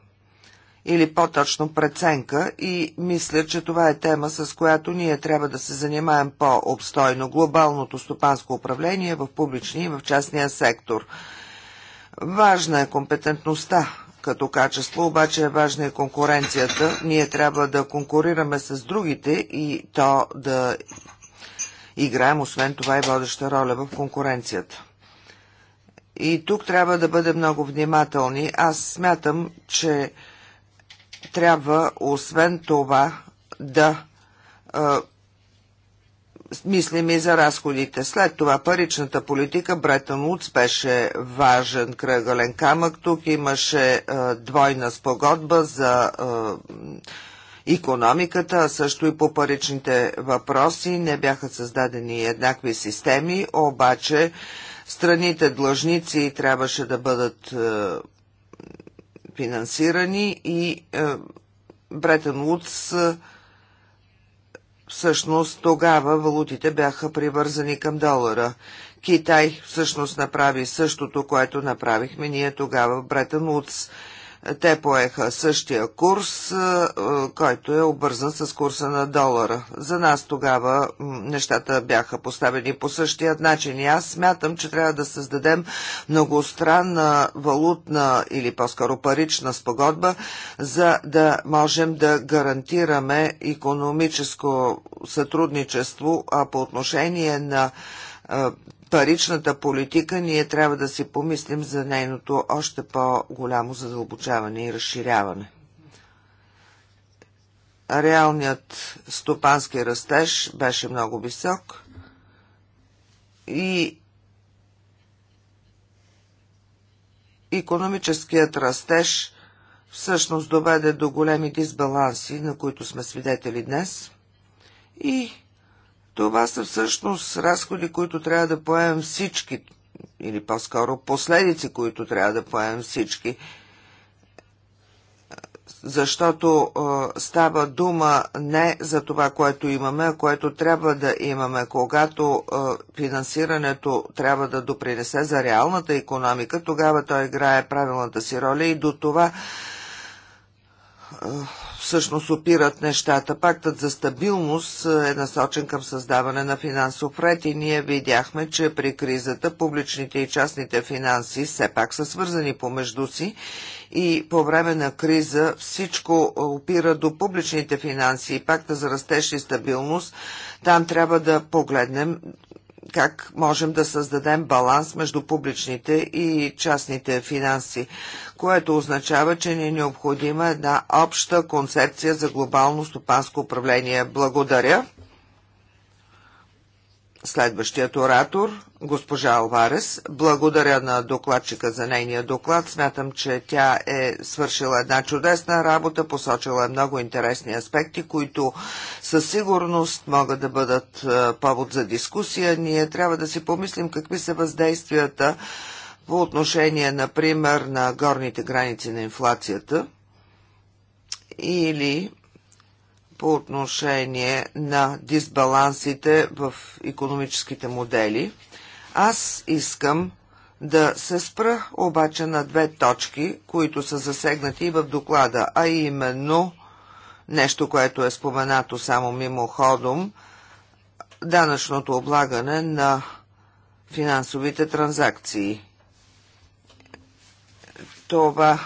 Или по-точно преценка и мисля, че това е тема, с която ние трябва да се занимаем по-обстойно. Глобалното стопанско управление в публичния и в частния сектор – Важна е компетентността като качество, обаче е важна и конкуренцията. Ние трябва да конкурираме с другите и то да играем, освен това и водеща роля в конкуренцията. И тук трябва да бъдем много внимателни. Аз смятам, че трябва, освен това, да е, мислим и за разходите. След това паричната политика Бретън Уудс беше важен кръгален камък. Тук имаше е, двойна спогодба за е, економиката, а също и по паричните въпроси. Не бяха създадени еднакви системи, обаче страните длъжници трябваше да бъдат е, финансирани и Бретън Уудс е, Всъщност тогава валутите бяха привързани към долара. Китай всъщност направи същото, което направихме ние тогава в Бретън Утс. Те поеха същия курс, е, който е обързан с курса на долара. За нас тогава нещата бяха поставени по същия начин и аз смятам, че трябва да създадем многостранна валутна или по-скоро парична спогодба, за да можем да гарантираме економическо сътрудничество, а по отношение на е, паричната политика, ние трябва да си помислим за нейното още по-голямо задълбочаване и разширяване. Реалният стопански растеж беше много висок и економическият растеж всъщност доведе до големи дисбаланси, на които сме свидетели днес и това са всъщност разходи, които трябва да поемем всички, или по-скоро последици, които трябва да поемем всички защото е, става дума не за това, което имаме, а което трябва да имаме. Когато е, финансирането трябва да допринесе за реалната економика, тогава той играе правилната си роля и до това е, всъщност опират нещата. Пактът за стабилност е, е насочен към създаване на финансов ред и ние видяхме, че при кризата публичните и частните финанси все пак са свързани помежду си и по време на криза всичко е, опира до публичните финанси и пакта за растеж и стабилност. Там трябва да погледнем как можем да създадем баланс между публичните и частните финанси което означава, че ни е необходима една обща концепция за глобално стопанско управление. Благодаря. Следващият оратор, госпожа Алварес, благодаря на докладчика за нейния доклад. Смятам, че тя е свършила една чудесна работа, посочила много интересни аспекти, които със сигурност могат да бъдат е, повод за дискусия. Ние трябва да си помислим какви са въздействията по отношение, например, на горните граници на инфлацията или по отношение на дисбалансите в економическите модели. Аз искам да се спра обаче на две точки, които са засегнати и в доклада, а именно нещо, което е споменато само мимоходом – данъчното облагане на финансовите транзакции това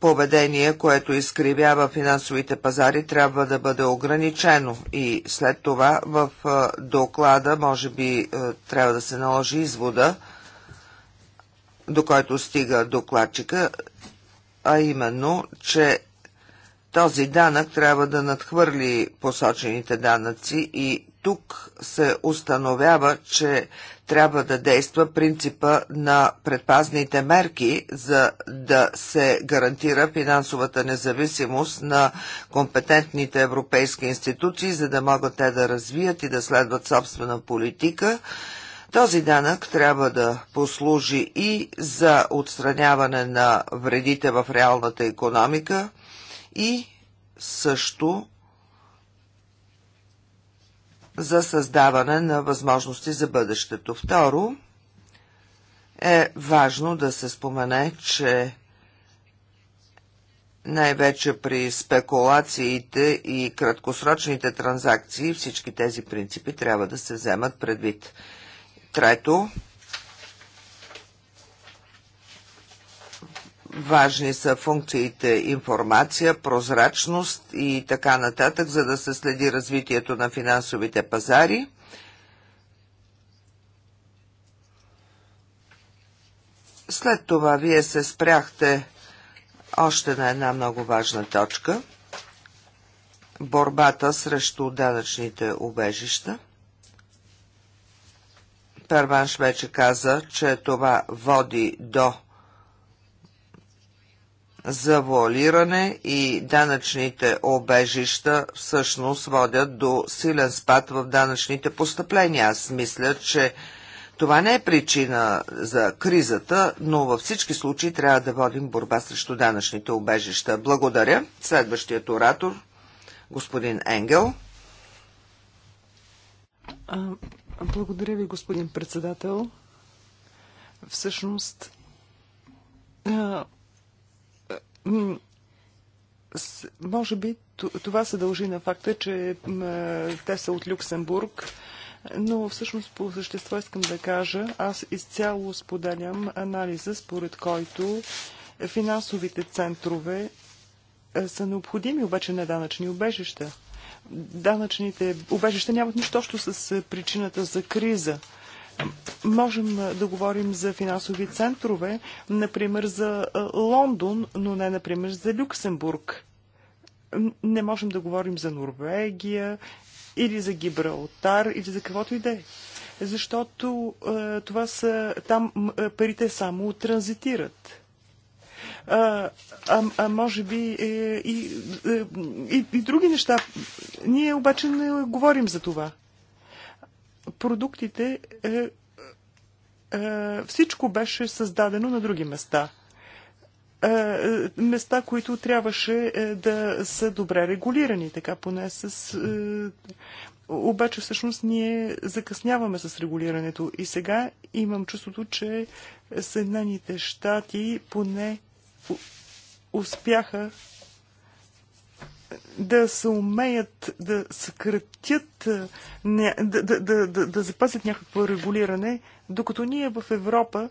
поведение, което изкривява финансовите пазари, трябва да бъде ограничено и след това в доклада може би трябва да се наложи извода, до който стига докладчика, а именно, че този данък трябва да надхвърли посочените данъци и тук се установява, че трябва да действа принципа на предпазните мерки, за да се гарантира финансовата независимост на компетентните европейски институции, за да могат те да развият и да следват собствена политика. Този данък трябва да послужи и за отстраняване на вредите в реалната економика и също за създаване на възможности за бъдещето. Второ, е важно да се спомене, че най-вече при спекулациите и краткосрочните транзакции всички тези принципи трябва да се вземат предвид. Трето, Важни са функциите информация, прозрачност и така нататък, за да се следи развитието на финансовите пазари. След това вие се спряхте още на една много важна точка – борбата срещу данъчните убежища. Перванш вече каза, че това води до завуалиране и данъчните обежища всъщност водят до силен спад в данъчните постъпления. Аз мисля, че това не е причина за кризата, но във всички случаи трябва да водим борба срещу данъчните обежища. Благодаря. Следващият оратор, господин Енгел. Благодаря ви, господин председател. Всъщност, може би това се дължи на факта, че те са от Люксембург. Но всъщност по същество искам да кажа, аз изцяло споделям анализа, според който финансовите центрове е, са необходими, обаче не данъчни убежища. Данъчните убежища нямат нищо общо с е, причината за криза. Можем да говорим за финансови центрове, например за Лондон, но не например за Люксембург. Не можем да говорим за Норвегия или за Гибралтар или за каквото и да е. Защото това са, там парите само транзитират а, а, а може би е, и, и, е, и, и други неща. Ние обаче не говорим за това продуктите, е, е, е, всичко беше създадено на други места. места, които трябваше да са добре регулирани, така поне с... Обаче всъщност ние закъсняваме с регулирането и сега имам чувството, че Съединените щати поне успяха да се умеят да съкратят, да, да, да, да, да запазят някакво регулиране, докато ние в Европа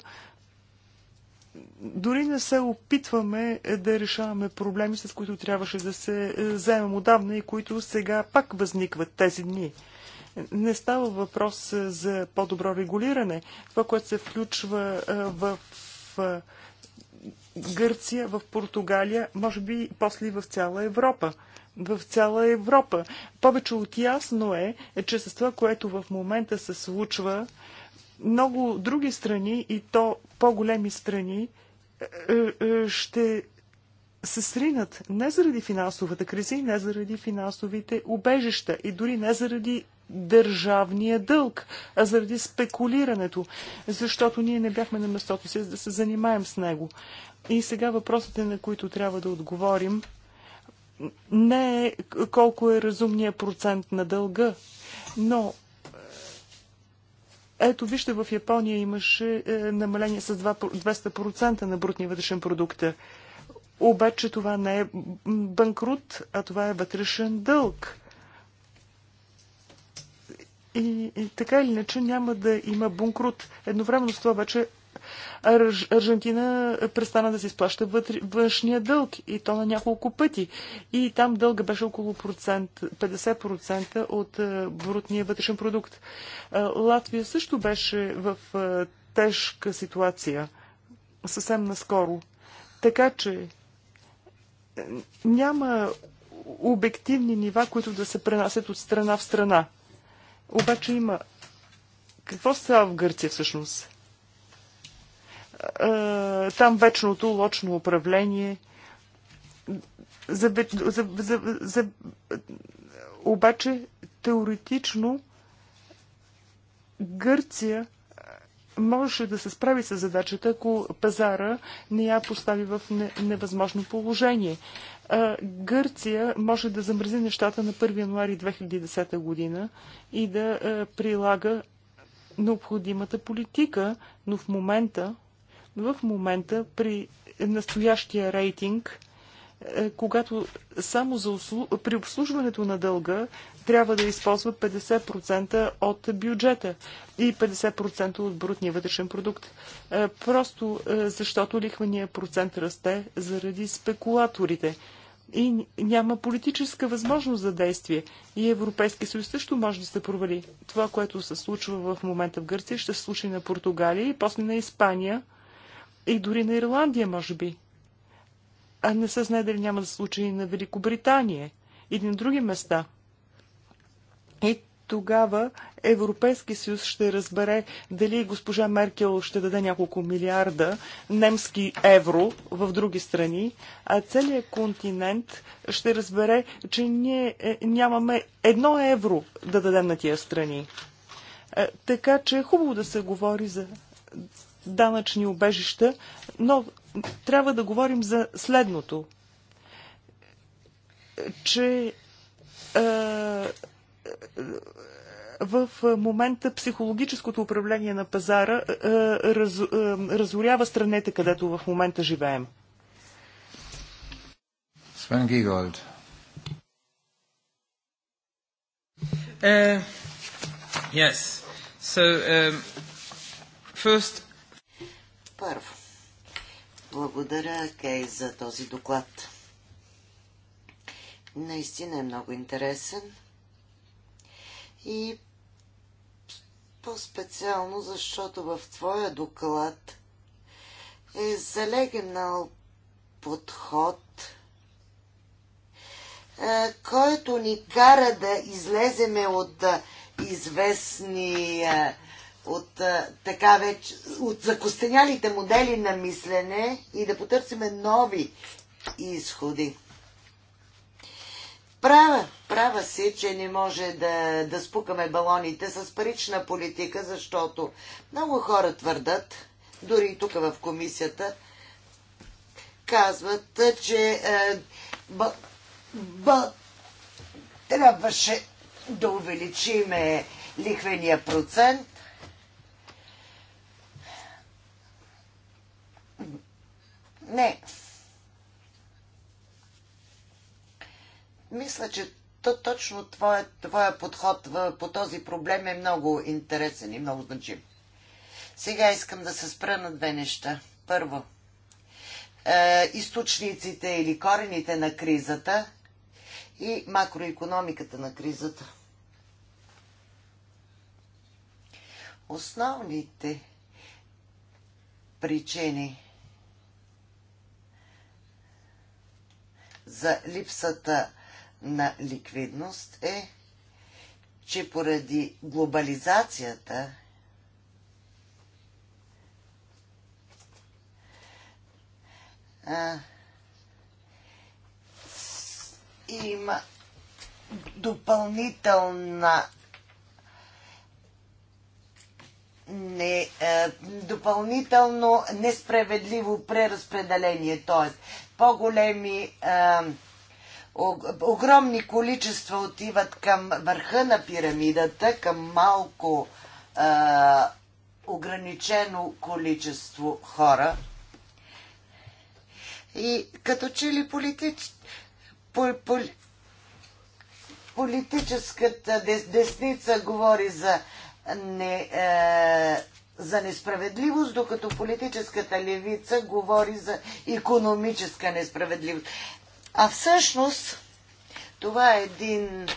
дори не се опитваме е, да решаваме проблеми, с които трябваше да се е, заемем отдавна и които сега пак възникват тези дни. Не става въпрос е, за по-добро регулиране. Това, което се включва в Гърция, в Португалия, може би после и в цяла Европа в цяла Европа. Повече от ясно е, че с това, което в момента се случва, много други страни и то по-големи страни е, е, ще се сринат не заради финансовата криза и не заради финансовите убежища и дори не заради държавния дълг, а заради спекулирането, защото ние не бяхме на местото си да се занимаем с него. И сега въпросите, на които трябва да отговорим, не е колко е разумният процент на дълга, но е, ето, вижте, в Япония имаше е, намаление с 200% на брутния вътрешен продукт. Обаче това не е банкрут, а това е вътрешен дълг. И, и така или иначе няма да има бункрут. Едновременно с това обаче Аржентина престана да се изплаща външния дълг и то на няколко пъти. И там дълга беше около процент, 50% от брутния вътрешен продукт. Латвия също беше в тежка ситуация съвсем наскоро. Така че е, няма обективни нива, които да се пренасят от страна в страна. Обаче има. Какво става в Гърция всъщност? Е, там вечното лочно управление. За, за, за, за, обаче теоретично Гърция можеше да се справи с задачата, ако пазара не я постави в невъзможно положение. Е, Гърция може да замрази нещата на 1 януари 2010 година и да е, прилага необходимата политика, но в момента в момента при настоящия рейтинг е, когато само за услу... при обслужването на дълга трябва да използва 50% от бюджета и 50% от брутния вътрешен продукт. Е, просто е, защото лихвения процент расте заради спекулаторите и няма политическа възможност за действие. И Европейския съюз също може да се провали. Това, което се случва в момента в Гърция, ще се случи на Португалия и после на Испания – и дори на Ирландия, може би. А не се знае дали няма да случаи на Великобритания или на други места. И тогава Европейски съюз ще разбере дали госпожа Меркел ще даде няколко милиарда немски евро в други страни, а целият континент ще разбере, че ние е, нямаме едно евро да дадем на тия страни. Е, така че е хубаво да се говори за данъчни обежища, но трябва да говорим за следното, че е, в момента психологическото управление на пазара е, раз, е, разорява страните, където в момента живеем. Свен Гиголд. Uh, yes. So, um, first, първо, благодаря, Кей, за този доклад. Наистина е много интересен и по-специално, защото в твоя доклад е залегнал подход, е, който ни кара да излеземе от известни е, от, така вече, от закостенялите модели на мислене и да потърсиме нови изходи. Права, права си, че не може да, да спукаме балоните с парична политика, защото много хора твърдат, дори и тук в комисията, казват, че е, ба, ба, трябваше да увеличиме лихвения процент, Не. Мисля, че то, точно твоя, твоя подход по този проблем е много интересен и много значим. Сега искам да се спра на две неща. Първо, е, източниците или корените на кризата и макроекономиката на кризата. Основните причини за липсата на ликвидност е, че поради глобализацията а, има допълнителна не, допълнително несправедливо преразпределение. Т.е по-големи огромни количества отиват към върха на пирамидата, към малко а, ограничено количество хора. И като че ли политич... Пол, пол... политическата дес, десница говори за не, за несправедливост, докато политическата левица говори за економическа несправедливост. А всъщност това е един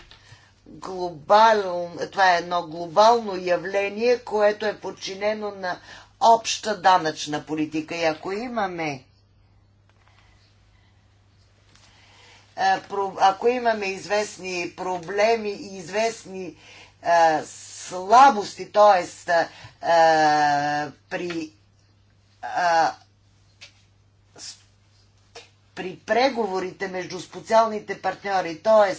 глобален, това е едно глобално явление, което е подчинено на обща данъчна политика. И ако имаме е, ако имаме известни проблеми и известни е, слабости, т.е при а, при преговорите между специалните партньори, т.е.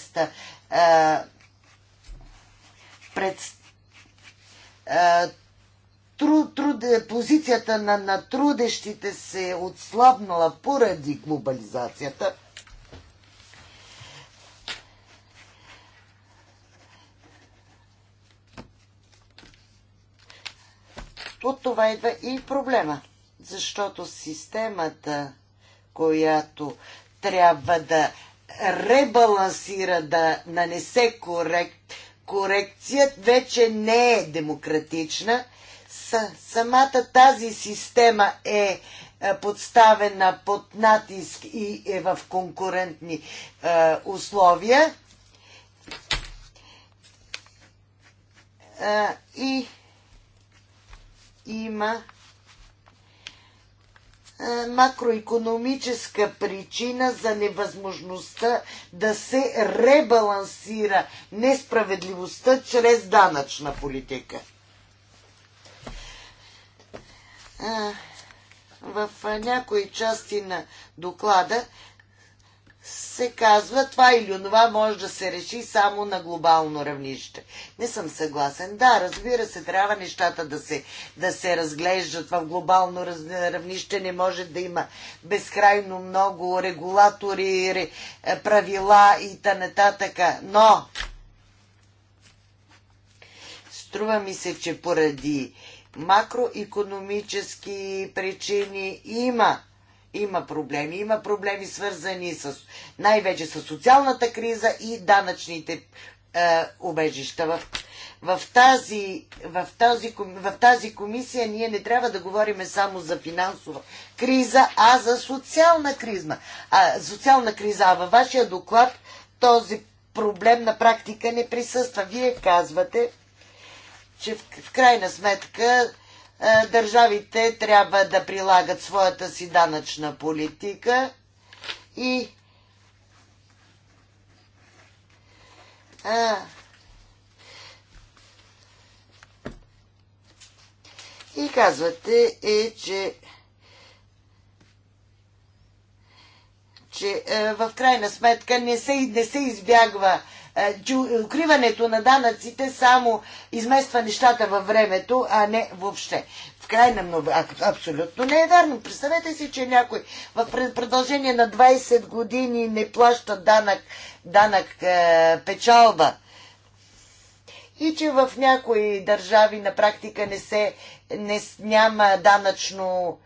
пред Тру, труд, позицията на, на трудещите се е отслабнала поради глобализацията, От това идва и проблема, защото системата, която трябва да ребалансира, да нанесе корект, корекция, вече не е демократична. С, самата тази система е, е подставена под натиск и е в конкурентни е, условия. Е, и има е, макроекономическа причина за невъзможността да се ребалансира несправедливостта чрез данъчна политика. Е, в някои части на доклада се казва това или онова може да се реши само на глобално равнище. Не съм съгласен. Да, разбира се, трябва нещата да се, да се разглеждат в глобално равнище. Не може да има безкрайно много регулатори, правила и т.н. Но струва ми се, че поради макроекономически причини има има проблеми. Има проблеми свързани с, най-вече с социалната криза и данъчните е, убежища. В, в, тази, в, тази, в тази комисия ние не трябва да говорим само за финансова криза, а за социална криза. А, социална криза. А във вашия доклад този проблем на практика не присъства. Вие казвате, че в, в крайна сметка е, държавите трябва да прилагат своята си данъчна политика и и казвате е, че че е, в крайна сметка не се, не се избягва е, укриването на данъците само измества нещата във времето, а не въобще. В крайна много... Абсолютно не е вярно. Представете си, че някой в продължение на 20 години не плаща данък, данък е, печалба и че в някои държави на практика не се, не, няма данъчно,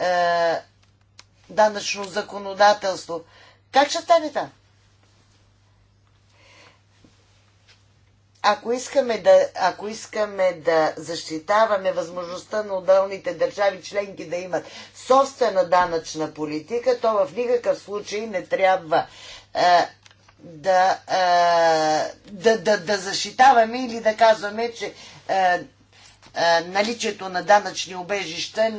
е, данъчно законодателство. Как ще стане там? ако искаме да, ако искаме да защитаваме възможността на отделните държави членки да имат собствена данъчна политика, то в никакъв случай не трябва а, е, да, а, е, да, да, да защитаваме или да казваме, че а, е, а, наличието на данъчни обежища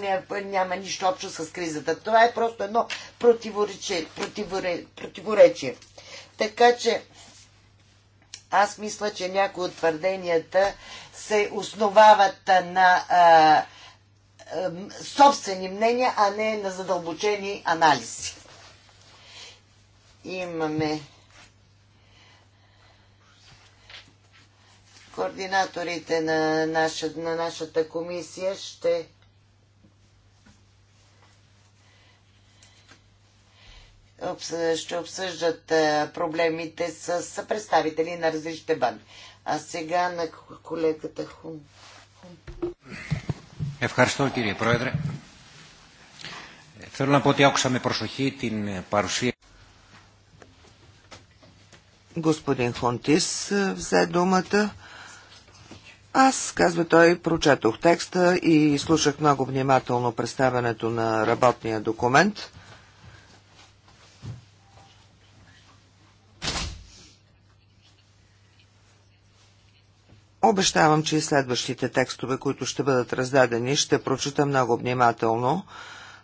няма нищо общо с кризата. Това е просто едно противоречие. противоречие. Така че аз мисля, че някои от твърденията се основават на а, а, собствени мнения, а не на задълбочени анализи. Имаме координаторите на, наша, на нашата комисия ще ще обсъждат е, проблемите с представители на различните банди. А сега на колегата Хун. Ευχαριστώ κύριε Πρόεδρε. Θέλω να πω ότι άκουσα με προσοχή την παρουσία. Господин Хунтис е, взе думата. Аз, казва той, прочетох текста и слушах много внимателно представянето на работния документ. Обещавам, че и следващите текстове, които ще бъдат раздадени, ще прочита много внимателно.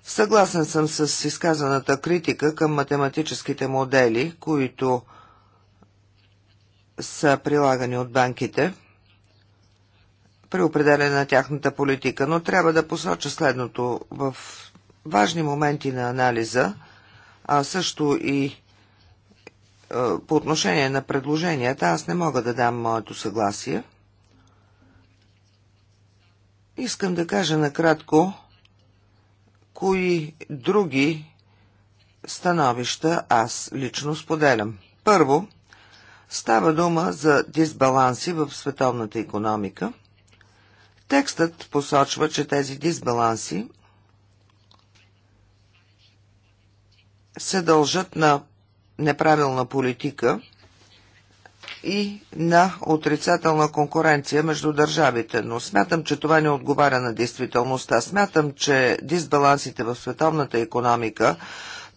Съгласен съм с изказаната критика към математическите модели, които са прилагани от банките при определене на тяхната политика, но трябва да посоча следното. В важни моменти на анализа, а също и е, по отношение на предложенията, аз не мога да дам моето съгласие. Искам да кажа накратко, кои други становища аз лично споделям. Първо, става дума за дисбаланси в световната економика. Текстът посочва, че тези дисбаланси се дължат на неправилна политика – и на отрицателна конкуренция между държавите, но смятам, че това не отговаря на действителността. Смятам, че дисбалансите в световната економика,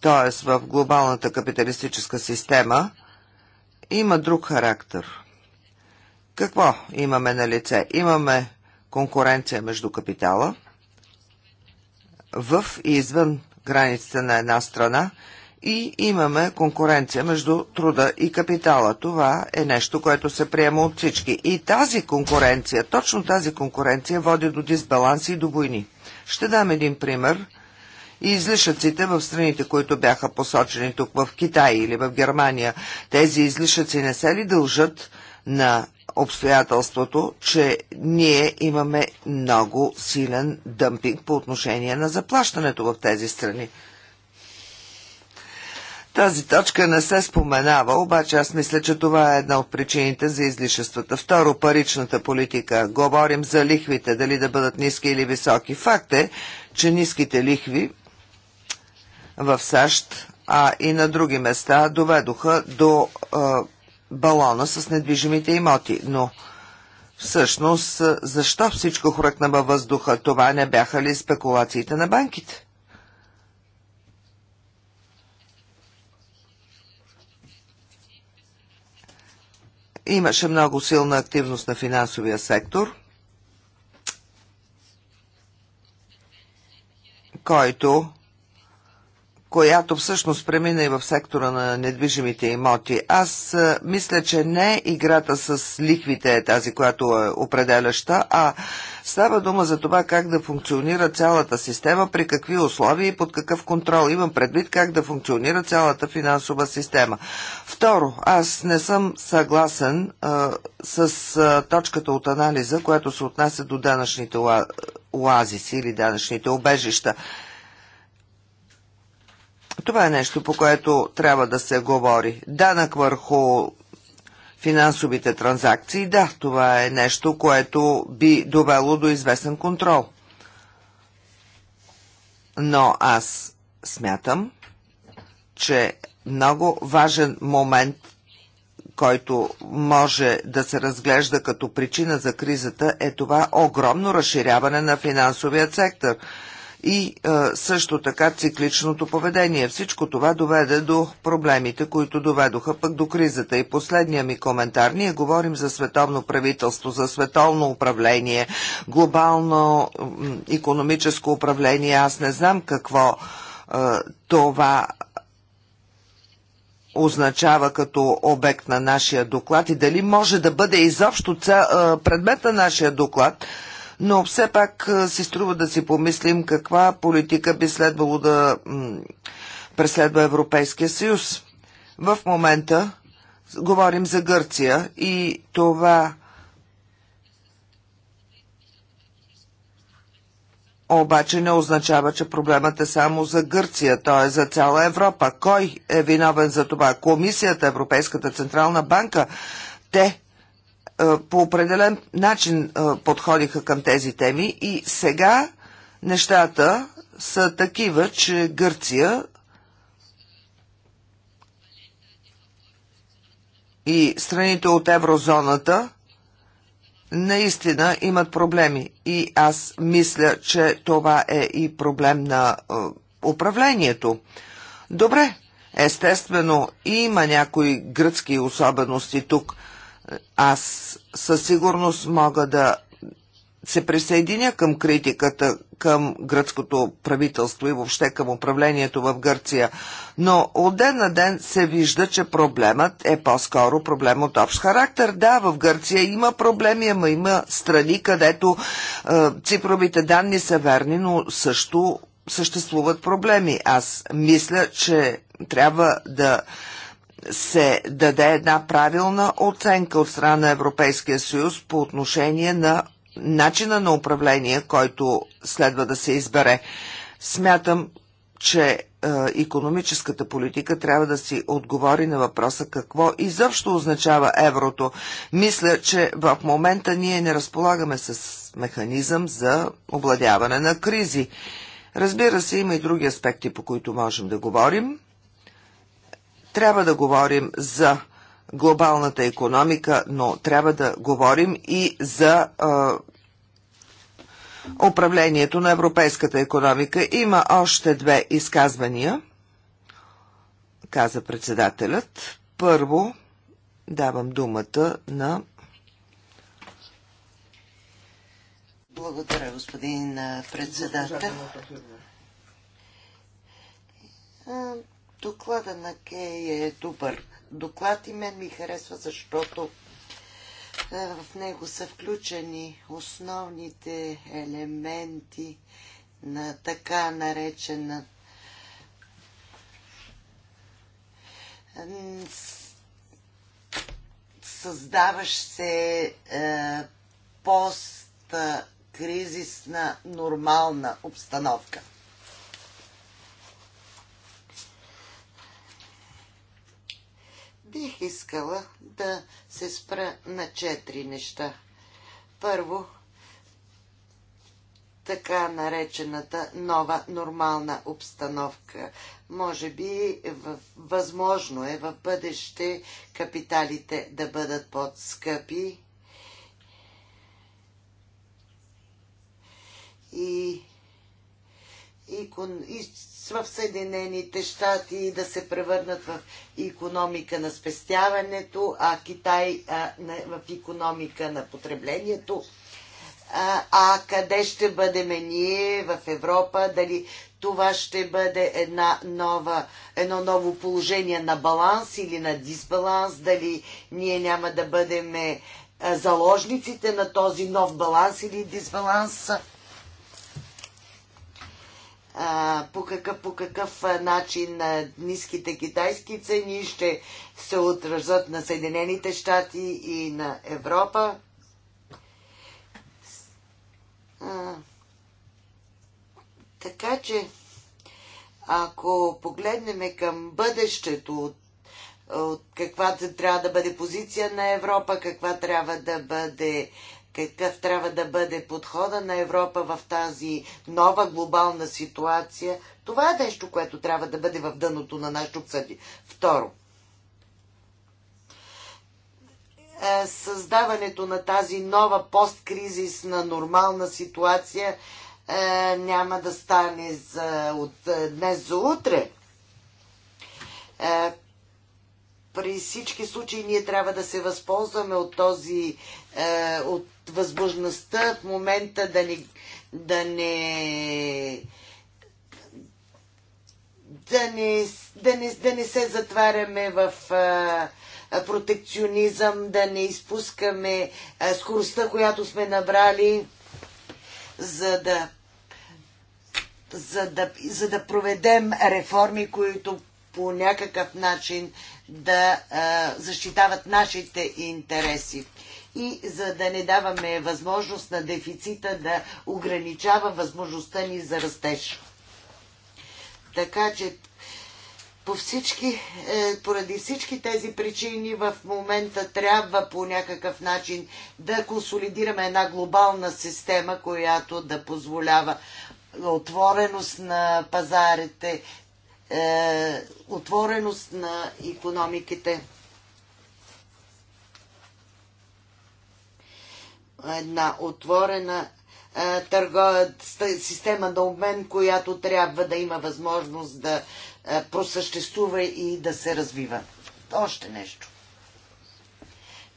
т.е. в глобалната капиталистическа система, има друг характер. Какво имаме на лице? Имаме конкуренция между капитала в и извън границите на една страна и имаме конкуренция между труда и капитала. Това е нещо, което се приема от всички. И тази конкуренция, точно тази конкуренция води до дисбаланси и до войни. Ще дам един пример. И излишъците в страните, които бяха посочени тук в Китай или в Германия, тези излишъци не се ли дължат на обстоятелството, че ние имаме много силен дъмпинг по отношение на заплащането в тези страни? Тази точка не се споменава, обаче аз мисля, че това е една от причините за излишествата. Второ, паричната политика. Говорим за лихвите, дали да бъдат ниски или високи. Факт е, че ниските лихви в САЩ, а и на други места доведоха до е, балона с недвижимите имоти. Но всъщност, защо всичко хръкна във въздуха? Това не бяха ли спекулациите на банките? Имаше много силна активност на финансовия сектор, който която всъщност премина и в сектора на недвижимите имоти. Аз а, мисля, че не играта с лихвите е тази, която е определяща, а става дума за това как да функционира цялата система, при какви условия и под какъв контрол. Имам предвид как да функционира цялата финансова система. Второ, аз не съм съгласен а, с а, точката от анализа, която се отнася до данъчните оазиси или данъчните обежища. Това е нещо, по което трябва да се говори. Данък върху финансовите транзакции, да, това е нещо, което би довело до известен контрол. Но аз смятам, че много важен момент, който може да се разглежда като причина за кризата, е това огромно разширяване на финансовия сектор – и също така цикличното поведение. Всичко това доведе до проблемите, които доведоха пък до кризата. И последния ми коментар. Ние говорим за световно правителство, за световно управление, глобално економическо управление. Аз не знам какво това означава като обект на нашия доклад и дали може да бъде изобщо предмет на нашия доклад но все пак си струва да си помислим каква политика би следвало да преследва Европейския съюз. В момента говорим за Гърция и това обаче не означава, че проблемът е само за Гърция, той е за цяла Европа. Кой е виновен за това? Комисията, Европейската Централна банка. Те по определен начин подходиха към тези теми и сега нещата са такива, че Гърция и страните от еврозоната наистина имат проблеми. И аз мисля, че това е и проблем на управлението. Добре, естествено има някои гръцки особености тук – аз със сигурност мога да се присъединя към критиката към гръцкото правителство и въобще към управлението в Гърция, но от ден на ден се вижда, че проблемът е по-скоро проблем от общ характер. Да, в Гърция има проблеми, ама има страни, където е, цифровите данни са верни, но също съществуват проблеми. Аз мисля, че трябва да е, се даде една правилна оценка от страна на Европейския съюз по отношение на начина на управление, който следва да се избере. Смятам, че е, економическата политика трябва да си отговори на въпроса какво изобщо означава еврото. Мисля, че в момента ние не разполагаме с механизъм за обладяване на кризи. Разбира се, има и други аспекти, по които можем да говорим. Трябва да говорим за глобалната економика, но трябва да говорим и за управлението на европейската економика. Има още две изказвания, каза председателят. Първо давам думата на Благодаря, господин председател. Доклада на Кей е добър доклад и мен ми харесва, защото е, в него са включени основните елементи на така наречена създаващ се е, пост кризисна нормална обстановка. Бих искала да се спра на четири неща. Първо, така наречената нова нормална обстановка. Може би възможно е в бъдеще капиталите да бъдат по-скъпи и, и, и в Съединените щати и да се превърнат в економика на спестяването, а Китай а, не, в економика на потреблението. А, а къде ще бъдем ние в Европа? Дали това ще бъде една нова, едно ново положение на баланс или на дисбаланс? Дали ние няма да бъдем заложниците на този нов баланс или дисбаланс? по какъв, по какъв начин ниските китайски цени ще се отразят на Съединените щати и на Европа. А, така че, ако погледнем към бъдещето от от каква трябва да бъде позиция на Европа, каква трябва да бъде какъв трябва да бъде подхода на Европа в тази нова глобална ситуация. Това е нещо, което трябва да бъде в дъното на нашето обсъдие. Второ, е, създаването на тази нова посткризисна нормална ситуация е, няма да стане за, от е, днес за утре. При всички случаи ние трябва да се възползваме от този, от възможността в момента да не, да не да не, да не, да не се затваряме в а, протекционизъм, да не изпускаме а, скоростта, която сме набрали, за да, за да, за да проведем реформи, които по някакъв начин да а, защитават нашите интереси и за да не даваме възможност на дефицита да ограничава възможността ни за растеж. Така че по всички, е, поради всички тези причини в момента трябва по някакъв начин да консолидираме една глобална система, която да позволява отвореност на пазарите, е, отвореност на економиките. една отворена е, система на обмен, която трябва да има възможност да е, просъществува и да се развива. Още нещо.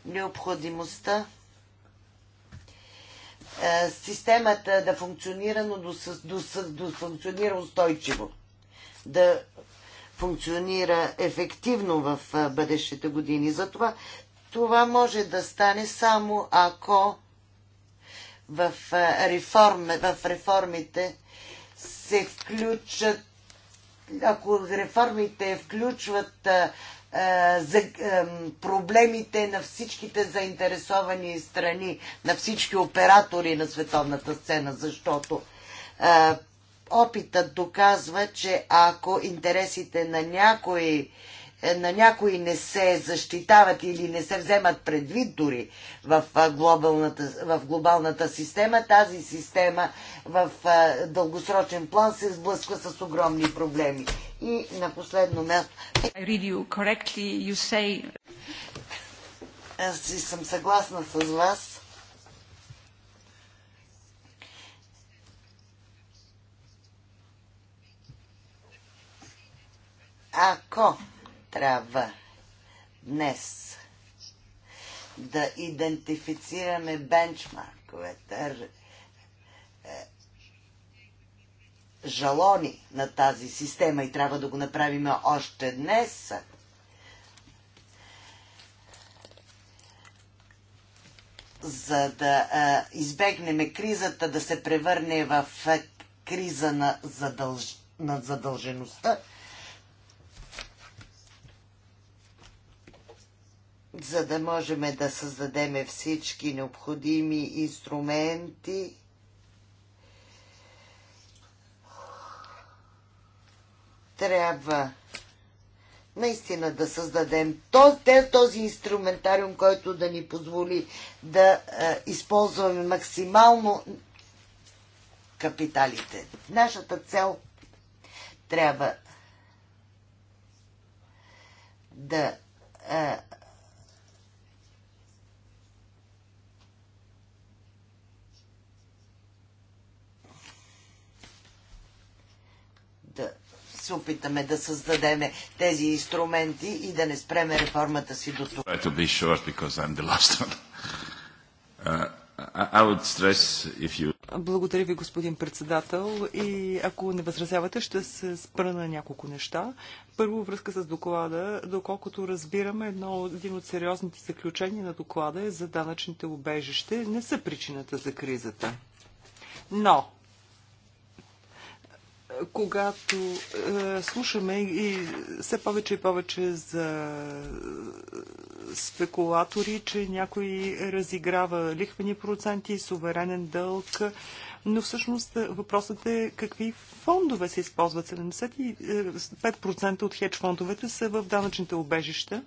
Необходимостта е, системата да функционира, но да функционира устойчиво. Да функционира ефективно в бъдещите години. Затова това може да стане само ако в, реформи, в реформите се включат, ако реформите включват а, за, а, проблемите на всичките заинтересовани страни, на всички оператори на световната сцена, защото а, опитът доказва, че ако интересите на някои е, на някои не се защитават или не се вземат предвид дори в глобалната, в глобалната система, тази система в дългосрочен план се сблъсква с огромни проблеми. И на последно място... I read you correctly, you say... Аз съм съгласна с вас. Ако трябва днес да идентифицираме бенчмарковете, е, жалони на тази система и трябва да го направим още днес. За да а, е, избегнем кризата да се превърне в криза на, задълж... на задължеността за да можем да създадем всички необходими инструменти, трябва наистина да създадем този, инструментариум, който да ни позволи да е, използваме максимално капиталите. Нашата цел трябва да е, да се опитаме да създадеме тези инструменти и да не спреме реформата си до тук. You... Благодаря ви, господин председател. И ако не възразявате, ще се спра на няколко неща. Първо, връзка с доклада. Доколкото разбираме, едно, един от сериозните заключения на доклада е за данъчните убежище. Не са причината за кризата. Но когато е, слушаме и все повече и повече за спекулатори, че някой разиграва лихвени проценти, суверенен дълг, но всъщност въпросът е какви фондове се използват. 75% от хедж фондовете са в данъчните обежища.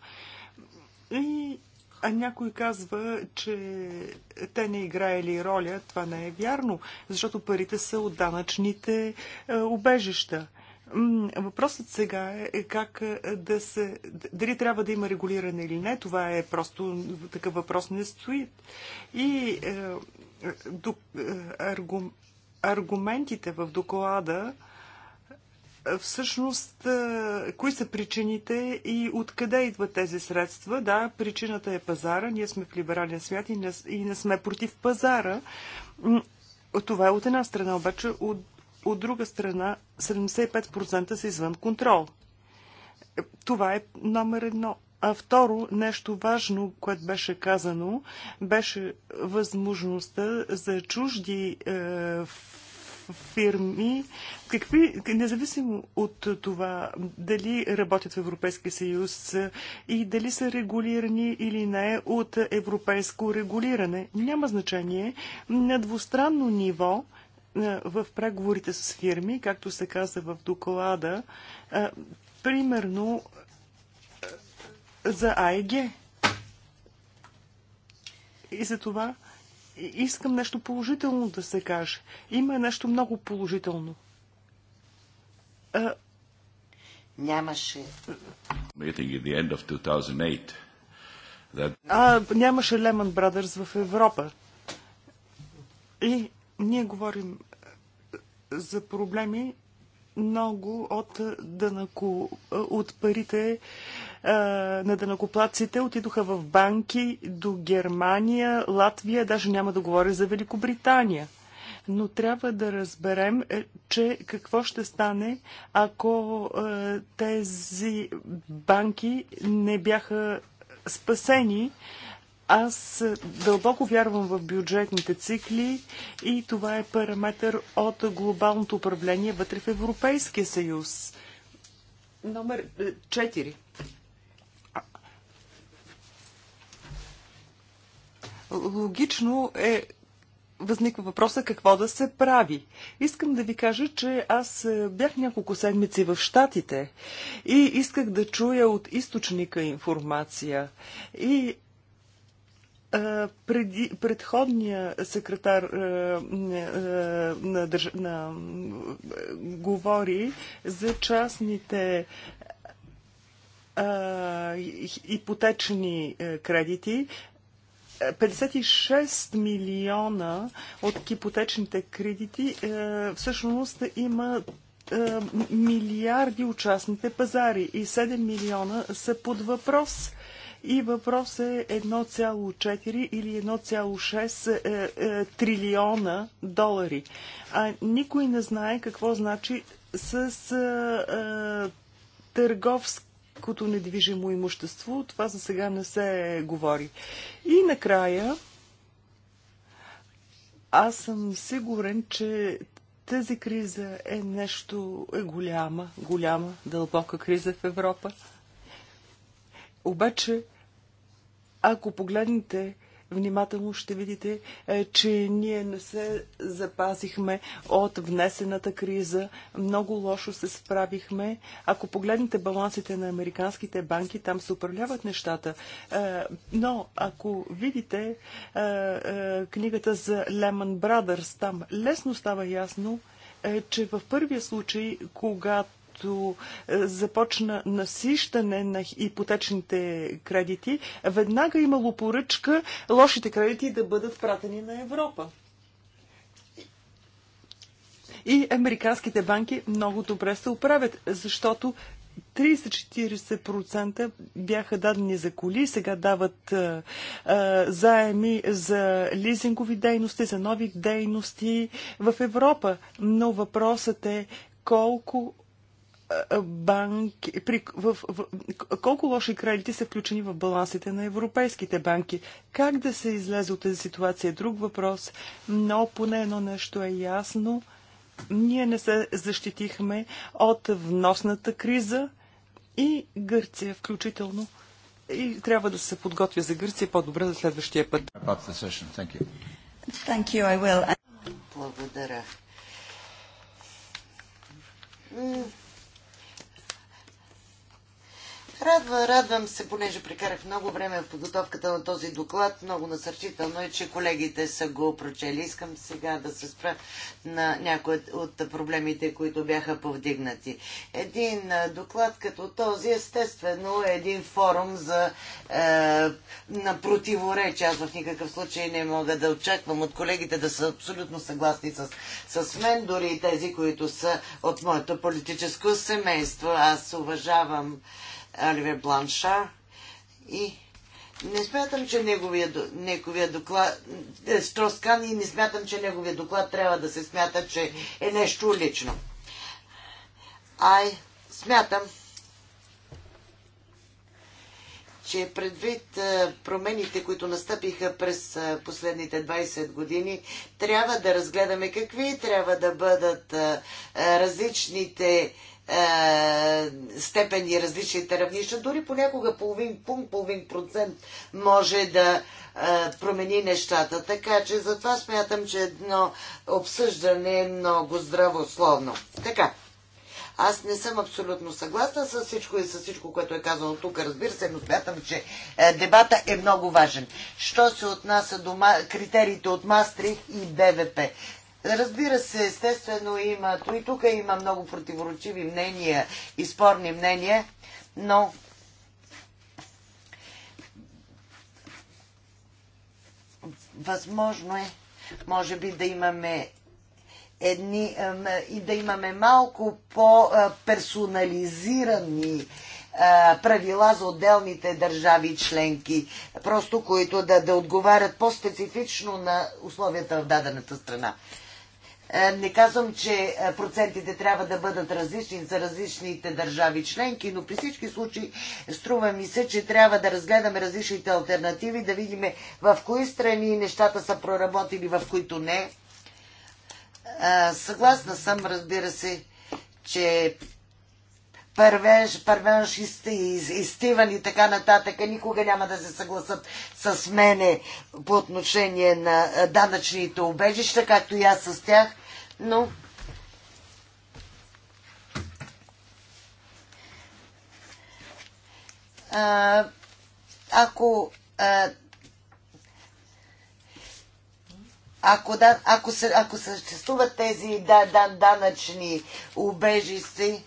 И а някой казва, че те не играели роля. Това не е вярно, защото парите са от данъчните е, убежища. Въпросът сега е как е, да се... Дали трябва да има регулиране или не, това е просто... Такъв въпрос не стои. И е, е до, аргум, аргументите в доклада всъщност кои са причините и откъде идват тези средства. Да, причината е пазара. Ние сме в либерален свят и не, и не сме против пазара. Това е от една страна, обаче от, от друга страна 75% са извън контрол. Това е номер едно. А второ, нещо важно, което беше казано, беше възможността за чужди е, фирми, какви, независимо от това дали работят в Европейския съюз и дали са регулирани или не от европейско регулиране, няма значение. На двустранно ниво в преговорите с фирми, както се каза в доклада, примерно за АЕГ. И за това искам нещо положително да се каже. Има нещо много положително. А... Нямаше. That... А, нямаше Lehman Brothers в Европа. И ние говорим за проблеми, много от, е, дънако, е, от парите а, е, на дънакоплаците отидоха в банки до Германия, Латвия, даже няма да говоря за Великобритания. Но трябва да разберем, че какво ще стане, ако а, тези банки не бяха спасени. А, аз дълбоко вярвам в бюджетните цикли и това е параметър от глобалното управление вътре в Европейския съюз. Номер 4. Е, Логично е възниква въпроса какво да се прави. Искам да ви кажа, че аз е, бях няколко седмици в Штатите и исках да чуя от източника информация. И преди, предходния секретар на, държ... на, говори за частните ипотечни е, кредити. 56 е, милиона от ипотечните кредити е, всъщност има милиарди участните пазари и 7 милиона са под въпрос и въпрос е 1,4 или 1,6 е, е, трилиона долари. А никой не знае какво значи с е, търговски като недвижимо имущество. Това за сега не се говори. И накрая, аз съм сигурен, че тази криза е нещо е голяма, голяма, дълбока криза в Европа. Обаче ако погледнете внимателно ще видите, е, че ние не се запазихме от внесената криза. Много лошо се справихме. Ако погледнете балансите на американските банки, там се управляват нещата. Е, но ако видите е, книгата за Lehman Brothers, там лесно става ясно, че в първия случай, когато когато е, започна насищане на ипотечните кредити, веднага имало поръчка лошите кредити да бъдат пратени на Европа. И американските банки много добре се оправят, защото 30-40% бяха дадени за коли, сега дават а, е, а, е, заеми за лизингови дейности, за нови дейности в Европа. Но въпросът е колко банки, при, в, в, колко лоши кредити са включени в балансите на европейските банки. Как да се излезе от тази ситуация е друг въпрос, но поне едно нещо е ясно. Ние не се защитихме от вносната криза и Гърция включително. И трябва да се подготвя за Гърция по-добре за следващия път. Благодаря. Радва, радвам се, понеже прекарах много време в подготовката на този доклад. Много насърчително е, че колегите са го прочели. Искам сега да се спра на някои от проблемите, които бяха повдигнати. Един доклад като този, естествено, е един форум за е, на противоречия. Аз в никакъв случай не мога да очаквам от колегите да са абсолютно съгласни с, с мен, дори и тези, които са от моето политическо семейство. Аз уважавам Оливер Бланша и не смятам, че неговия, неговия доклад е, Строскан и не смятам, че неговия доклад трябва да се смята, че е нещо лично. Ай, смятам, че предвид е, промените, които настъпиха през е, последните 20 години, трябва да разгледаме какви трябва да бъдат различните е, степени, различните равнища, дори понякога половин пункт, половин процент може да е, промени нещата. Така че затова смятам, че едно обсъждане е много здравословно. Така. Аз не съм абсолютно съгласна с всичко и с всичко, което е казано тук, разбира се, но смятам, че е, дебата е много важен. Що се отнася до критериите от Мастрих и БВП? Разбира се, естествено има, то и тук има много противоречиви мнения и спорни мнения, но възможно е, може би да имаме едни, и да имаме малко по-персонализирани правила за отделните държави членки, просто които да, да отговарят по-специфично на условията в дадената страна. Е, не казвам, че е, процентите трябва да бъдат различни за различните държави членки, но при всички случаи струва ми се, че трябва да разгледаме различните альтернативи, да видим в кои страни нещата са проработили, в които не. Е, съгласна съм, разбира се, че първенш, и, Стивън и така нататък никога няма да се съгласат с мене по отношение на данъчните убежища, както и аз с тях но а, ако ако, да, ако, се, ако съществуват тези да, да, данъчни убежисти,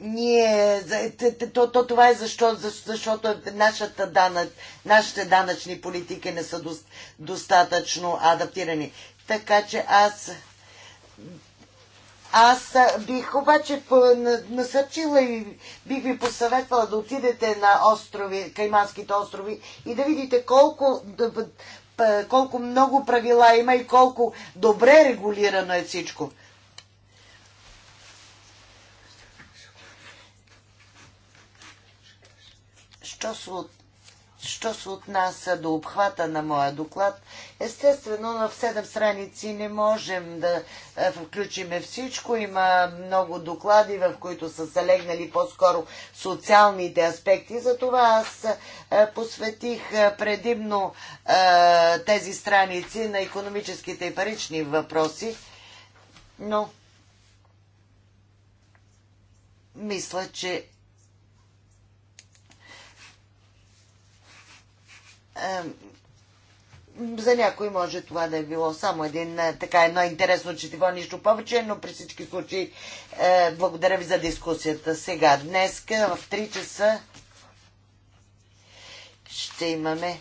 ние, то, то, това е защо, защото нашата данък, нашите данъчни политики не са достатъчно адаптирани. Така че аз аз бих обаче насърчила и бих ви посъветвала да отидете на острови, Кайманските острови и да видите колко, колко много правила има и колко добре регулирано е всичко. Що се, от... Що се отнася до обхвата на моя доклад, естествено в 7 страници не можем да е, включиме всичко. Има много доклади, в които са залегнали по-скоро социалните аспекти. Затова аз е, посветих е, предимно тези страници на економическите и парични въпроси. Но мисля, че за някой може това да е било само един, е, така едно интересно четиво, нищо повече, но при всички случаи е, благодаря ви за дискусията. Сега, днес, в 3 часа ще имаме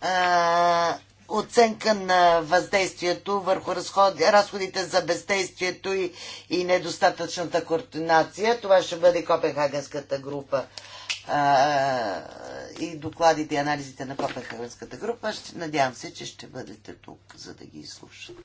а, е, оценка на въздействието върху разход, разходите за бездействието и, и недостатъчната координация. Това ще бъде Копенхагенската група а, и докладите и анализите на Копенхагенската група. Ще, надявам се, че ще бъдете тук, за да ги изслушате.